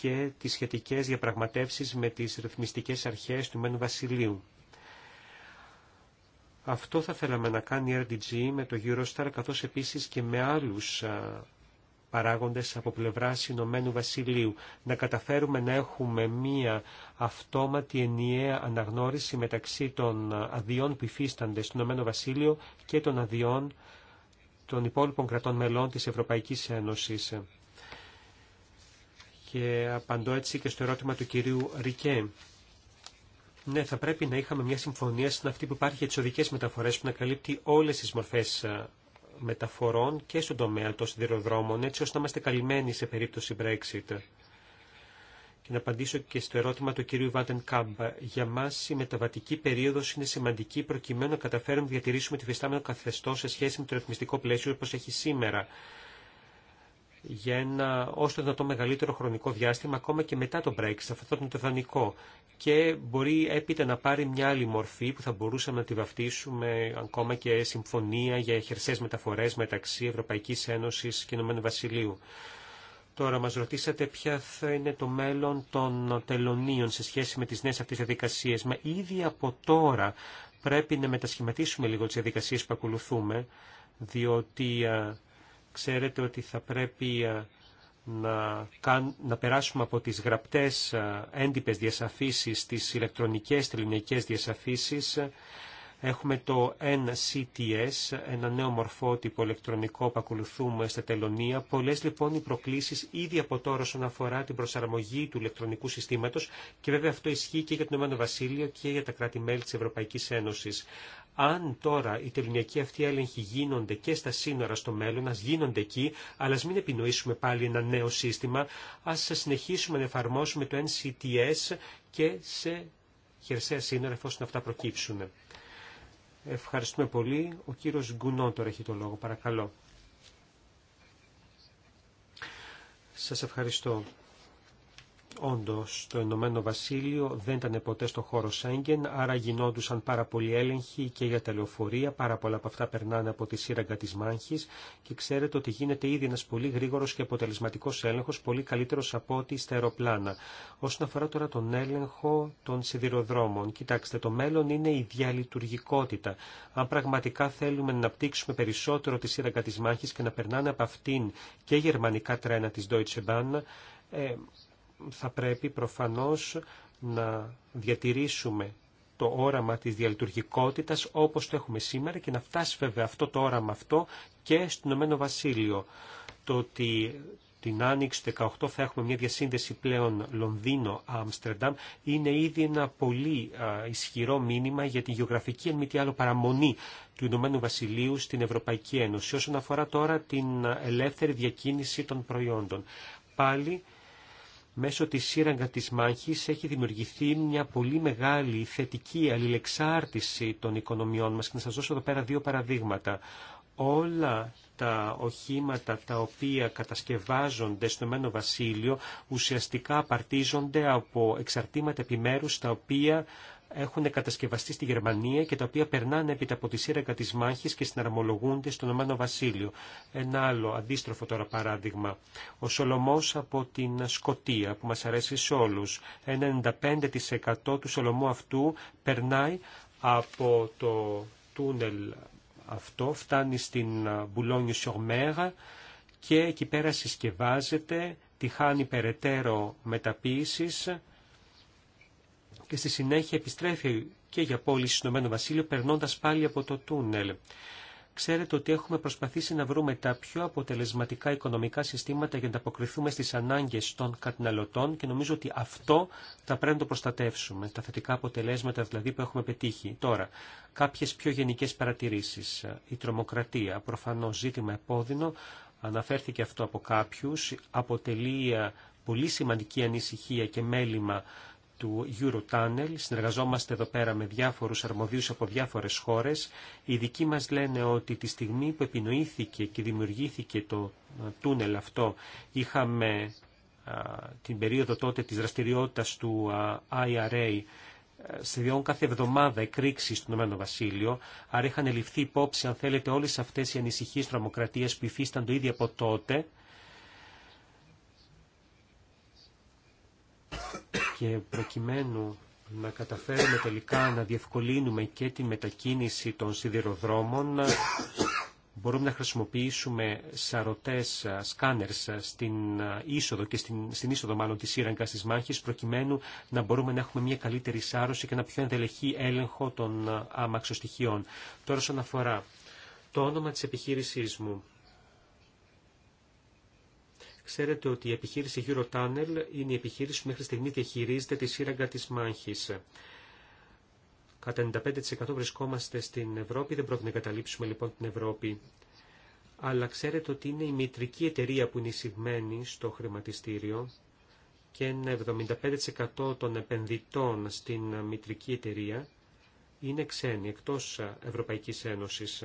και τις σχετικές διαπραγματεύσεις με τις ρυθμιστικές αρχές του Μένου Βασιλείου. Αυτό θα θέλαμε να κάνει η RDG με το Eurostar καθώς επίσης και με άλλους παράγοντες από πλευράς Ηνωμένου Βασιλείου. Να καταφέρουμε να έχουμε μία αυτόματη ενιαία αναγνώριση μεταξύ των αδειών που υφίστανται στο Ηνωμένο Βασίλειο και των αδειών των υπόλοιπων κρατών μελών της Ευρωπαϊκής Ένωσης και απαντώ έτσι και στο ερώτημα του κυρίου Ρικέ. Ναι, θα πρέπει να είχαμε μια συμφωνία στην αυτή που υπάρχει για τις οδικές μεταφορές που να καλύπτει όλες τις μορφές ε, μεταφορών και στον τομέα των σιδηροδρόμων, έτσι ώστε να είμαστε καλυμμένοι σε περίπτωση Brexit. Και να απαντήσω και στο ερώτημα του κυρίου Βάντεν Κάμπ. Για μα η μεταβατική περίοδο είναι σημαντική προκειμένου να καταφέρουμε να διατηρήσουμε τη φυστάμενο καθεστώ σε σχέση με το ρυθμιστικό πλαίσιο όπω έχει σήμερα για ένα όσο το μεγαλύτερο χρονικό διάστημα, ακόμα και μετά το Brexit. Αυτό το δανεικό Και μπορεί έπειτα να πάρει μια άλλη μορφή που θα μπορούσαμε να τη βαφτίσουμε ακόμα και συμφωνία για χερσαίες μεταφορές μεταξύ Ευρωπαϊκής Ένωσης και Ηνωμένου Βασιλείου. Τώρα μας ρωτήσατε ποια θα είναι το μέλλον των τελωνίων σε σχέση με τις νέες αυτές διαδικασίε, Μα ήδη από τώρα πρέπει να μετασχηματίσουμε λίγο τις διαδικασίε που ακολουθούμε, διότι Ξέρετε ότι θα πρέπει ε, να, να περάσουμε από τις γραπτές ε, έντυπες διασαφήσεις στις ηλεκτρονικές τελεινικές διασαφήσεις. Έχουμε το NCTS, ένα νέο μορφότυπο ηλεκτρονικό που ακολουθούμε στα τελωνία. Πολλές λοιπόν οι προκλήσεις ήδη από τώρα όσον αφορά την προσαρμογή του ηλεκτρονικού συστήματος και βέβαια αυτό ισχύει και για το Ηνωμένο Βασίλειο και για τα κράτη-μέλη της Ευρωπαϊκής Ένωσης. Αν τώρα οι τελεινιακοί αυτοί έλεγχοι γίνονται και στα σύνορα στο μέλλον, α γίνονται εκεί, αλλά α μην επινοήσουμε πάλι ένα νέο σύστημα, α συνεχίσουμε να εφαρμόσουμε το NCTS και σε χερσαία σύνορα εφόσον αυτά προκύψουν. Ευχαριστούμε πολύ. Ο κύριος Γκουνό τώρα έχει το λόγο. Παρακαλώ. Σας ευχαριστώ. Όντως, το Ενωμένο Βασίλειο δεν ήταν ποτέ στο χώρο Σέγγεν, άρα γινόντουσαν πάρα πολλοί έλεγχοι και για τα λεωφορεία, πάρα πολλά από αυτά περνάνε από τη σύραγγα της μάχης και ξέρετε ότι γίνεται ήδη ένας πολύ γρήγορος και αποτελεσματικός έλεγχος, πολύ καλύτερος από ό,τι στα αεροπλάνα. Όσον αφορά τώρα τον έλεγχο των σιδηροδρόμων, κοιτάξτε, το μέλλον είναι η διαλειτουργικότητα. Αν πραγματικά θέλουμε να αναπτύξουμε περισσότερο τη σύραγγα τη μάχη και να περνάνε από αυτήν και γερμανικά τρένα τη Deutsche Bahn, ε, θα πρέπει προφανώς να διατηρήσουμε το όραμα της διαλειτουργικότητας όπως το έχουμε σήμερα και να φτάσει βέβαια αυτό το όραμα αυτό και στο Ηνωμένο Βασίλειο. Το ότι την Άνοιξη του 18 θα έχουμε μια διασύνδεση πλέον Λονδίνο-Άμστερνταμ είναι ήδη ένα πολύ ισχυρό μήνυμα για τη γεωγραφική εν μη τι άλλο παραμονή του Ηνωμένου Βασιλείου στην Ευρωπαϊκή Ένωση όσον αφορά τώρα την ελεύθερη διακίνηση των προϊόντων. Πάλι μέσω της σύραγγα της μάχης έχει δημιουργηθεί μια πολύ μεγάλη θετική αλληλεξάρτηση των οικονομιών μας και να σας δώσω εδώ πέρα δύο παραδείγματα. Όλα τα οχήματα τα οποία κατασκευάζονται στο Μένο Βασίλειο ουσιαστικά απαρτίζονται από εξαρτήματα επιμέρους τα οποία έχουν κατασκευαστεί στη Γερμανία και τα οποία περνάνε επί από τη σύραγγα της μάχης και συναρμολογούνται στον Ηνωμένο Βασίλειο. Ένα άλλο αντίστροφο τώρα παράδειγμα. Ο Σολομός από την Σκοτία που μας αρέσει σε όλους. Ένα 95% του Σολομού αυτού περνάει από το τούνελ αυτό, φτάνει στην Μπουλόνιου Σιωμέρα και εκεί πέρα συσκευάζεται, τη χάνει περαιτέρω μεταποίησης και στη συνέχεια επιστρέφει και για πόλη... στο Ηνωμένο Βασίλειο περνώντας πάλι από το τούνελ. Ξέρετε ότι έχουμε προσπαθήσει να βρούμε τα πιο αποτελεσματικά οικονομικά συστήματα για να αποκριθούμε στις ανάγκες των καταναλωτών και νομίζω ότι αυτό θα πρέπει να το προστατεύσουμε, τα θετικά αποτελέσματα δηλαδή που έχουμε πετύχει. Τώρα, κάποιες πιο γενικές παρατηρήσεις. Η τρομοκρατία, προφανώς ζήτημα επώδυνο, αναφέρθηκε αυτό από κάποιου. αποτελεί ε, πολύ σημαντική ανησυχία και μέλημα του Eurotunnel. Συνεργαζόμαστε εδώ πέρα με διάφορους αρμοδίους από διάφορες χώρες. Οι ειδικοί μας λένε ότι τη στιγμή που επινοήθηκε και δημιουργήθηκε το ε, τούνελ αυτό, είχαμε την περίοδο τότε της δραστηριότητας του IRA IRA ε, σχεδόν κάθε εβδομάδα εκρήξει του Ηνωμένο Βασίλειο, άρα είχαν ληφθεί υπόψη, αν θέλετε, όλες αυτές οι ανησυχίες τρομοκρατία που υφίστανται ήδη από τότε και προκειμένου να καταφέρουμε τελικά να διευκολύνουμε και τη μετακίνηση των σιδηροδρόμων μπορούμε να χρησιμοποιήσουμε σαρωτές, σκάνερς στην είσοδο και στην, στην είσοδο μάλλον της σύραγγας της μάχης προκειμένου να μπορούμε να έχουμε μια καλύτερη σάρωση και ένα πιο ενδελεχή έλεγχο των άμαξοστοιχειών. Τώρα όσον αφορά το όνομα της επιχείρησής μου Ξέρετε ότι η επιχείρηση Eurotunnel είναι η επιχείρηση που μέχρι στιγμή διαχειρίζεται τη σύραγγα της μάχης. Κατά 95% βρισκόμαστε στην Ευρώπη, δεν πρόκειται να καταλήψουμε λοιπόν την Ευρώπη. Αλλά ξέρετε ότι είναι η μητρική εταιρεία που είναι εισηγμένη στο χρηματιστήριο και ένα 75% των επενδυτών στην μητρική εταιρεία είναι ξένοι εκτός Ευρωπαϊκής Ένωσης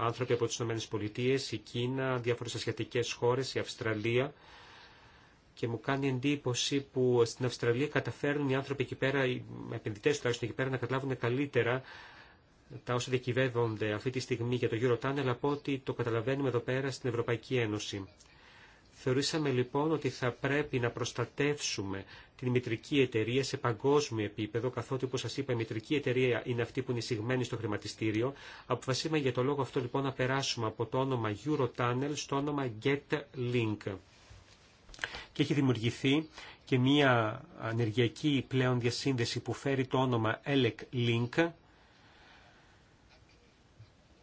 άνθρωποι από τις ΗΠΑ, η Κίνα, διάφορες ασιατικές χώρες, η Αυστραλία και μου κάνει εντύπωση που στην Αυστραλία καταφέρνουν οι άνθρωποι εκεί πέρα, οι επενδυτέ τουλάχιστον εκεί πέρα, να καταλάβουν καλύτερα τα όσα διακυβεύονται αυτή τη στιγμή για το Eurotunnel από ό,τι το καταλαβαίνουμε εδώ πέρα στην Ευρωπαϊκή Ένωση. Θεωρήσαμε λοιπόν ότι θα πρέπει να προστατεύσουμε την μητρική εταιρεία σε παγκόσμιο επίπεδο, καθότι όπως σας είπα η μητρική εταιρεία είναι αυτή που είναι εισηγμένη στο χρηματιστήριο. Αποφασίσαμε για το λόγο αυτό λοιπόν να περάσουμε από το όνομα Eurotunnel στο όνομα GetLink. Και έχει δημιουργηθεί και μια ανεργειακή πλέον διασύνδεση που φέρει το όνομα ELEC Link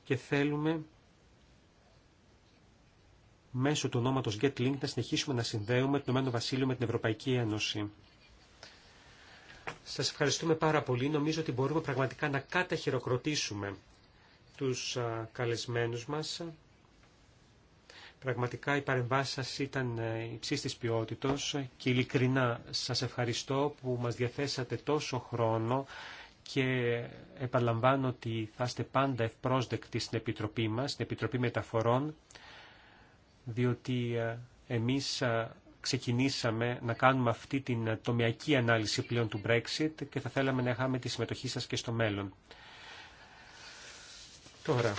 και θέλουμε μέσω του ονόματος GetLink να συνεχίσουμε να συνδέουμε το Νομένο Βασίλειο με την Ευρωπαϊκή Ένωση. Σας ευχαριστούμε πάρα πολύ. Νομίζω ότι μπορούμε πραγματικά να καταχειροκροτήσουμε τους καλεσμένους μας. Πραγματικά η παρεμβάση σας ήταν ε, υψή τη ποιότητος και ειλικρινά σας ευχαριστώ που μας διαθέσατε τόσο χρόνο και επαναλαμβάνω ότι θα είστε πάντα ευπρόσδεκτοι στην Επιτροπή μας, στην Επιτροπή Μεταφορών διότι ε, εμείς ε, ξεκινήσαμε να κάνουμε αυτή την ε, τομιακή ανάλυση πλέον του Brexit και θα θέλαμε να είχαμε τη συμμετοχή σας και στο μέλλον. Τώρα,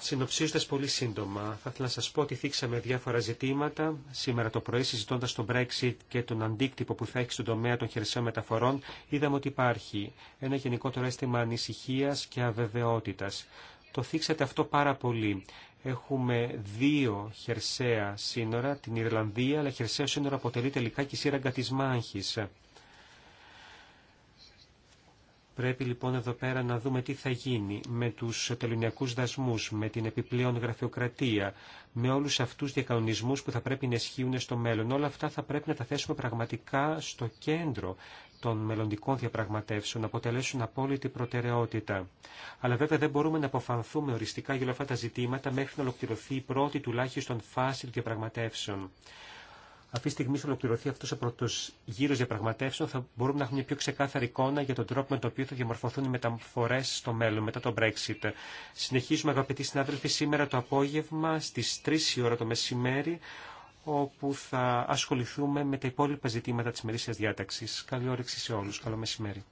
συνοψίζοντας πολύ σύντομα, θα ήθελα να σας πω ότι θίξαμε διάφορα ζητήματα σήμερα το πρωί συζητώντας τον Brexit και τον αντίκτυπο που θα έχει στον τομέα των χερσαίων μεταφορών, είδαμε ότι υπάρχει ένα γενικότερο αίσθημα ανησυχίας και αβεβαιότητας. Το θίξατε αυτό πάρα πολύ. Έχουμε δύο χερσαία σύνορα, την Ιρλανδία, αλλά χερσαίο σύνορα αποτελεί τελικά και σύραγγα της μάχης. Πρέπει λοιπόν εδώ πέρα να δούμε τι θα γίνει με τους τελωνιακούς δασμούς, με την επιπλέον γραφειοκρατία, με όλους αυτούς διακανονισμούς που θα πρέπει να ισχύουν στο μέλλον. Όλα αυτά θα πρέπει να τα θέσουμε πραγματικά στο κέντρο των μελλοντικών διαπραγματεύσεων αποτελέσουν απόλυτη προτεραιότητα. Αλλά βέβαια δεν μπορούμε να αποφανθούμε οριστικά για όλα αυτά τα ζητήματα μέχρι να ολοκληρωθεί η πρώτη τουλάχιστον φάση των διαπραγματεύσεων. Αυτή τη στιγμή ολοκληρωθεί αυτό ο πρώτο γύρο διαπραγματεύσεων, θα μπορούμε να έχουμε μια πιο ξεκάθαρη εικόνα για τον τρόπο με τον οποίο θα διαμορφωθούν οι μεταφορέ στο μέλλον μετά το Brexit. Συνεχίζουμε, αγαπητοί συνάδελφοι, σήμερα το απόγευμα στι 3 η ώρα το μεσημέρι όπου θα ασχοληθούμε με τα υπόλοιπα ζητήματα της μερίσιας διάταξης. Καλή όρεξη σε όλους. Καλό μεσημέρι.